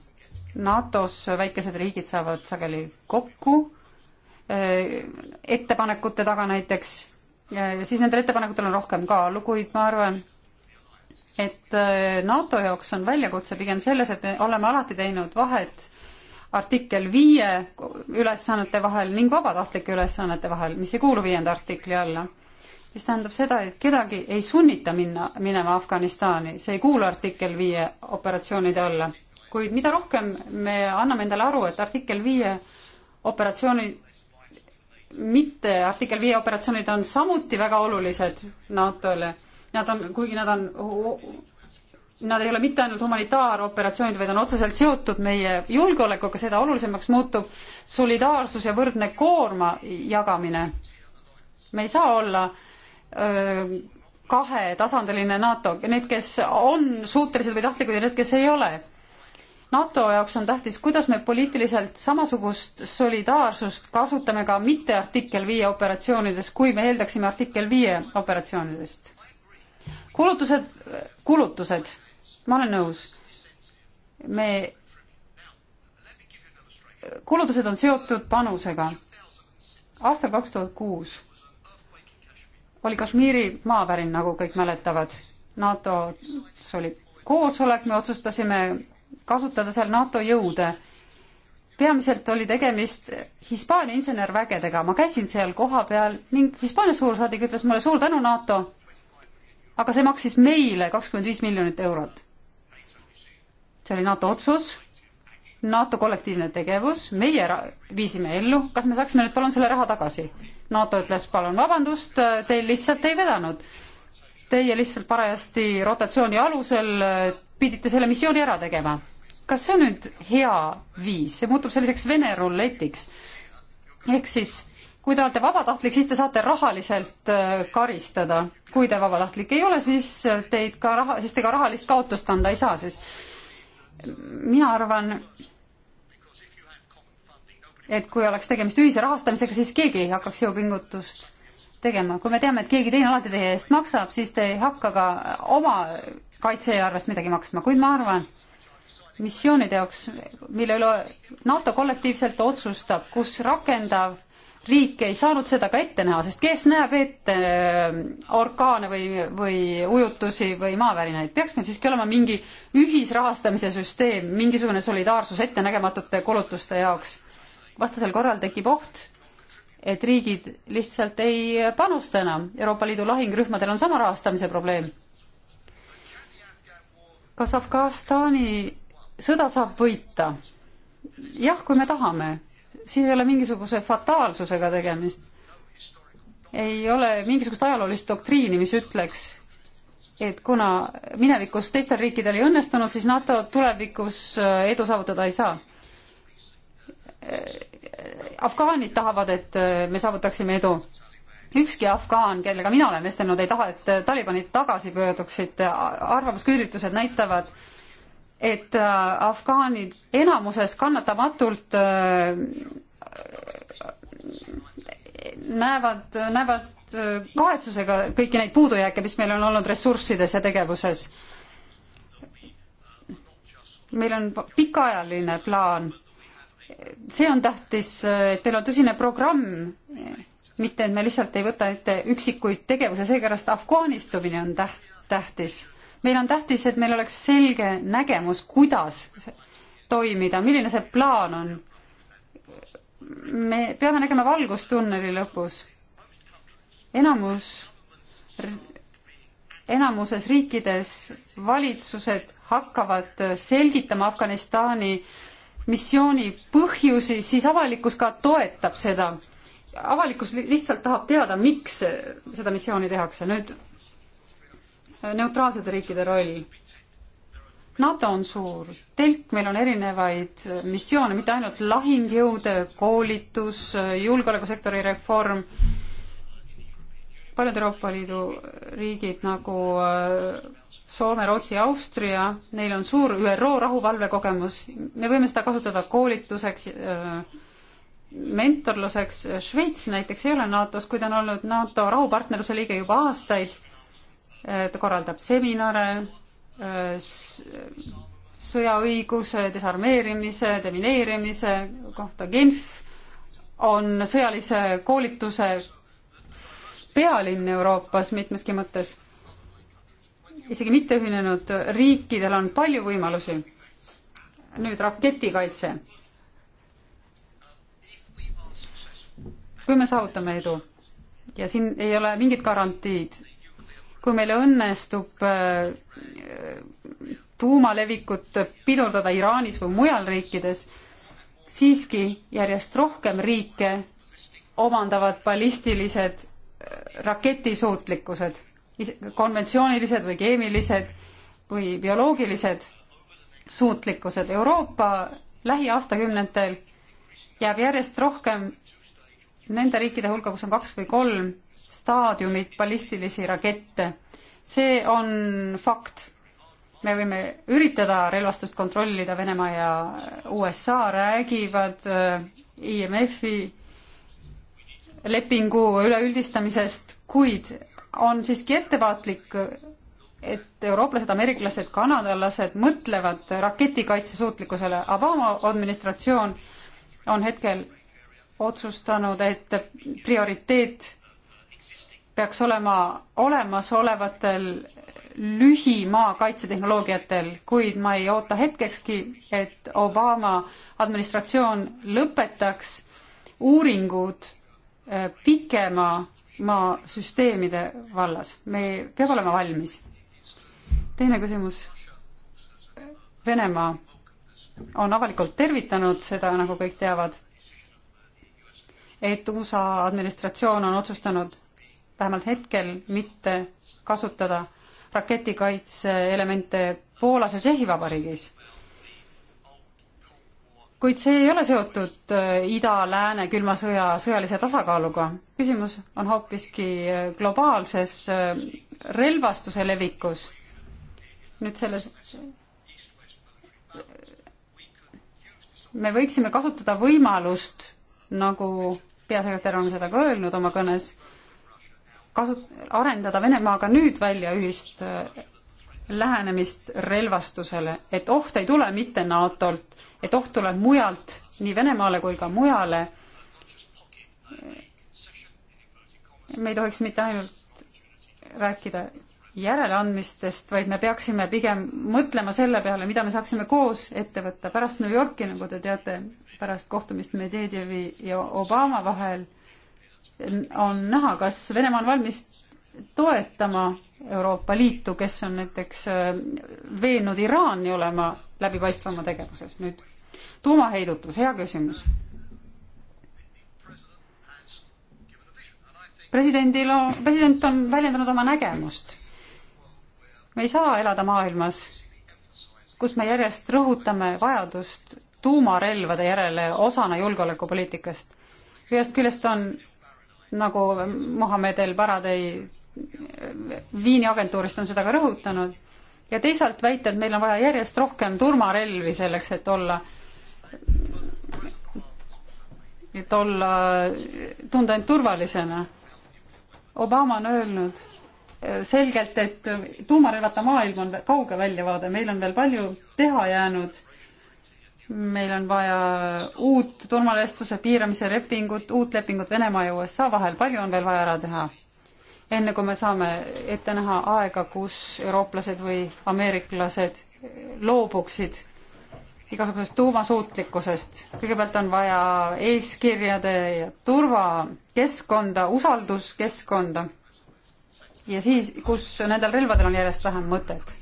Speaker 2: NATO-s väikesed riigid saavad sageli kokku eh, ettepanekute taga näiteks, eh, siis nendel ettepanekutel on rohkem kaalu, kuid ma arvan, et eh, NATO jaoks on väljakutse pigem selles, et me oleme alati teinud vahet artikkel viie ülesannete vahel ning vabatahtlike ülesannete vahel, mis ei kuulu viienda artikli alla mis tähendab seda, et kedagi ei sunnita minna, minema Afganistani, see ei kuulu artikkel viie operatsioonide alla. kuid mida rohkem me anname endale aru, et artikkel viie operatsiooni, mitte artikkel viie operatsioonid on samuti väga olulised NATO-le, nad on, kuigi nad on Nad ei ole mitte ainult humanitaaroperatsioonid, vaid on otseselt seotud meie julgeolekuga, seda olulisemaks muutub solidaarsus ja võrdne koorma jagamine me ei saa olla Äh, kahetasandiline NATO, need, kes on suutelised või tahtlikud ja need, kes ei ole. NATO jaoks on tähtis, kuidas me poliitiliselt samasugust solidaarsust kasutame ka mitte artikkel viie operatsioonides, kui me eeldaksime artikkel viie operatsioonidest. kulutused, kulutused, ma olen nõus. me, kulutused on seotud panusega. aastal kaks tuhat kuus oli Kashmiri maavärin, nagu kõik mäletavad. NATO-s oli koosolek, me otsustasime kasutada seal NATO jõude. peamiselt oli tegemist Hispaania insenervägedega, ma käisin seal kohapeal ning Hispaania suursaadik ütles mulle suur tänu, NATO, aga see maksis meile kakskümmend viis miljonit eurot. see oli NATO otsus NATO kollektiivne tegevus, meie viisime ellu, kas me saaksime nüüd palun selle raha tagasi? NATO ütles, palun vabandust, teil lihtsalt ei vedanud. Teie lihtsalt parajasti rotatsiooni alusel äh, pidite selle missiooni ära tegema. kas see on nüüd hea viis, see muutub selliseks vene ruletiks? ehk siis, kui te olete vabatahtlik, siis te saate rahaliselt äh, karistada, kui te vabatahtlik ei ole, siis äh, teid ka raha, siis te ka rahalist kaotust kanda ei saa, siis mina arvan, et kui oleks tegemist ühise rahastamisega, siis keegi ei hakkaks jõupingutust tegema. kui me teame, et keegi teine alati teie eest maksab, siis te ei hakka ka oma kaitse-eelarvest midagi maksma, kuid ma arvan, missioonide jaoks, mille üle NATO kollektiivselt otsustab, kus rakendav riik ei saanud seda ka ette näha, sest kes näeb ette äh, orkaane või, või ujutusi või maavärinaid, peaks meil siiski olema mingi ühisrahastamise süsteem, mingisugune solidaarsus ettenägematute kulutuste jaoks vastasel korral tekib oht, et riigid lihtsalt ei panusta enam. Euroopa Liidu lahingrühmadel on sama rahastamise probleem. kas Afganistani sõda saab võita? jah, kui me tahame. siin ei ole mingisuguse fataalsusega tegemist. ei ole mingisugust ajaloolist doktriini, mis ütleks, et kuna minevikus teistel riikidel ei õnnestunud, siis NATO tulevikus äh, edu saavutada ei saa afgaanid tahavad, et äh, me saavutaksime edu. ükski afgaan, kellega mina olen vestelnud, ei taha, et äh, Talibanid tagasi pöörduksid, arvamusküüritused näitavad, et äh, afgaanid enamuses kannatamatult näevad, näevad kahetsusega kõiki neid puudujääke, mis meil on olnud ressurssides ja tegevuses. meil on pikaajaline plaan see on tähtis, et meil on tõsine programm, mitte et me lihtsalt ei võta ette üksikuid tegevusi, seepärast afgaanistumine on täht-, tähtis. meil on tähtis, et meil oleks selge nägemus, kuidas toimida, milline see plaan on. me peame nägema valgustunneli lõpus. enamus, enamuses riikides valitsused hakkavad selgitama Afganistani äh, missiooni põhjusi, siis avalikkus ka toetab seda. avalikkus lihtsalt tahab teada, miks seda missiooni tehakse. nüüd äh, neutraalsete riikide roll. NATO on suur telk, meil on erinevaid äh, missioone, mitte ainult lahingjõude koolitus, äh, julgeolekusektori reform paljud Euroopa Liidu riigid nagu äh, Soome, Rootsi, Austria, neil on suur ÜRO rahuvalvekogemus, me võime seda kasutada koolituseks, äh, mentorluseks, Šveits näiteks ei ole NATO-s, kuid on olnud NATO rahupartnerluse liige juba aastaid, äh, ta korraldab seminare, sõjaõiguse, desarmeerimise, demineerimise kohta, Genf on sõjalise koolituse pealinn Euroopas mitmeski mõttes. isegi mitteühinenud riikidel on palju võimalusi. nüüd raketikaitse. kui me saavutame edu ja siin ei ole mingit garantiid, kui meil õnnestub äh, tuumalevikut pidurdada Iraanis või mujal riikides, siiski järjest rohkem riike omandavad ballistilised raketisuutlikkused, konventsioonilised või keemilised või bioloogilised suutlikkused. Euroopa lähiaastakümnendatel jääb järjest rohkem nende riikide hulka, kus on kaks või kolm staadiumit ballistilisi rakette. see on fakt. me võime üritada relvastust kontrollida, Venemaa ja USA räägivad äh, IMF-i lepingu üleüldistamisest, kuid on siiski ettevaatlik, et eurooplased, ameeriklased, kanadalased mõtlevad raketikaitsesuutlikkusele. Obama administratsioon on hetkel otsustanud, et prioriteet peaks olema olemasolevatel lühimaa kaitsetehnoloogiatel, kuid ma ei oota hetkekski, et Obama administratsioon lõpetaks uuringud Äh, pikema maa süsteemide vallas, me, peab olema valmis. teine küsimus. Venemaa on avalikult tervitanud seda, nagu kõik teavad, et USA administratsioon on otsustanud vähemalt hetkel mitte kasutada raketikaitseelemente Poolas ja Tšehhi Vabariigis kuid see ei ole seotud äh, ida-lääne külma sõja sõjalise tasakaaluga. küsimus on hoopiski äh, globaalses äh, relvastuse levikus. nüüd selles me võiksime kasutada võimalust, nagu peasekretär on seda ka öelnud oma kõnes, kasut-, arendada Venemaaga nüüd välja ühist lähenemist relvastusele, et oht ei tule mitte NATO-lt, et oht tuleb mujalt, nii Venemaale kui ka mujale. me ei tohiks mitte ainult rääkida järeleandmistest, vaid me peaksime pigem mõtlema selle peale, mida me saaksime koos ette võtta. pärast New Yorki, nagu te teate, pärast kohtumist Medvedjevi ja Obama vahel on näha, kas Venemaa on valmis toetama Euroopa Liitu, kes on näiteks äh, veennud Iraani olema läbipaistvama tegevuses. nüüd tuumaheidutus, hea küsimus. presidendil on, president on väljendanud oma nägemust. me ei saa elada maailmas, kus me järjest rõhutame vajadust tuumarelvade järele osana julgeolekupoliitikast. ühest küljest on nagu Mohammed El Baradei Viini agentuurist on seda ka rõhutanud, ja teisalt väita, et meil on vaja järjest rohkem turmarelvi selleks, et olla, et olla, tunda end turvalisena. Obama on öelnud eh, selgelt, et tuumarelvata maailm on kauge väljavaade, meil on veel palju teha jäänud. meil on vaja uut turvalistuse piiramise lepingut, uut lepingut Venemaa ja USA vahel, palju on veel vaja ära teha enne kui me saame ette näha aega, kus eurooplased või ameeriklased loobuksid igasugusest tuumasuutlikkusest. kõigepealt on vaja eeskirjade ja turvakeskkonda, usalduskeskkonda ja siis, kus nendel relvadel on järjest vähem mõtet.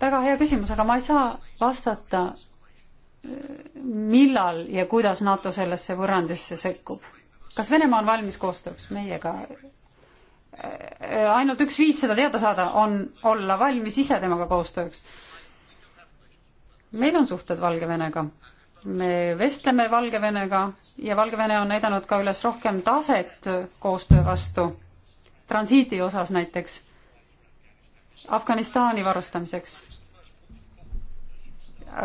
Speaker 2: väga hea küsimus, aga ma ei saa vastata, millal ja kuidas NATO sellesse võrrandisse sekkub. kas Venemaa on valmis koostööks meiega? ainult üks viis seda teada saada on olla valmis ise temaga koostööks. meil on suhted Valgevenega, me vestleme Valgevenega ja Valgevene on näidanud ka üles rohkem taset koostöö vastu, transiidi osas näiteks, Afganistani varustamiseks.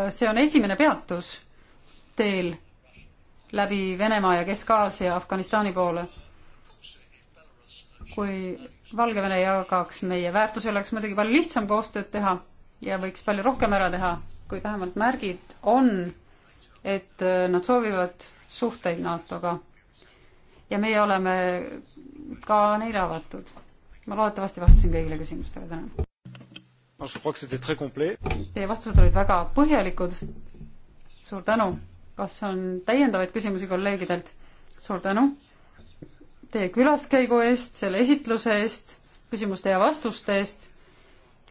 Speaker 2: see on esimene peatus teel läbi Venemaa ja Kesk-Aasia Afganistani poole kui Valgevene jagaks meie väärtusi, oleks muidugi palju lihtsam koostööd teha ja võiks palju rohkem ära teha, kuid vähemalt märgid on, et äh, nad soovivad suhteid NATO-ga. ja meie oleme ka neile avatud. ma loodetavasti vastasin kõigile küsimustele täna. Teie vastused olid väga põhjalikud. suur tänu. kas on täiendavaid küsimusi kolleegidelt? suur tänu teie külaskäigu eest, selle esitluse eest, küsimuste ja vastuste eest.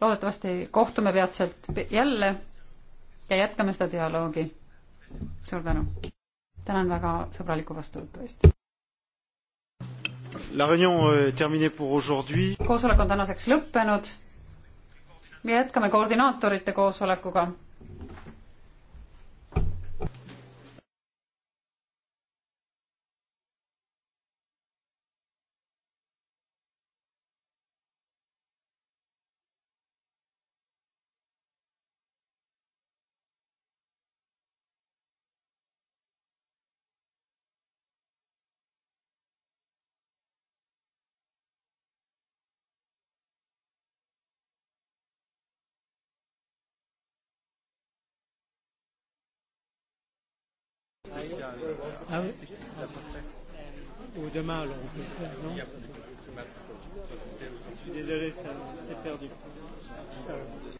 Speaker 2: loodetavasti kohtume peatselt jälle ja jätkame seda dialoogi. suur tänu. tänan väga sõbraliku vastuvõtu eest. La réunion euh, est terminée pour aujourd'hui. koosolek on tänaseks lõppenud. me jätkame koordinaatorite koosolekuga
Speaker 1: Ah oui Ou demain, alors on peut le faire, non Je suis désolé, c'est perdu.
Speaker 2: Ça va.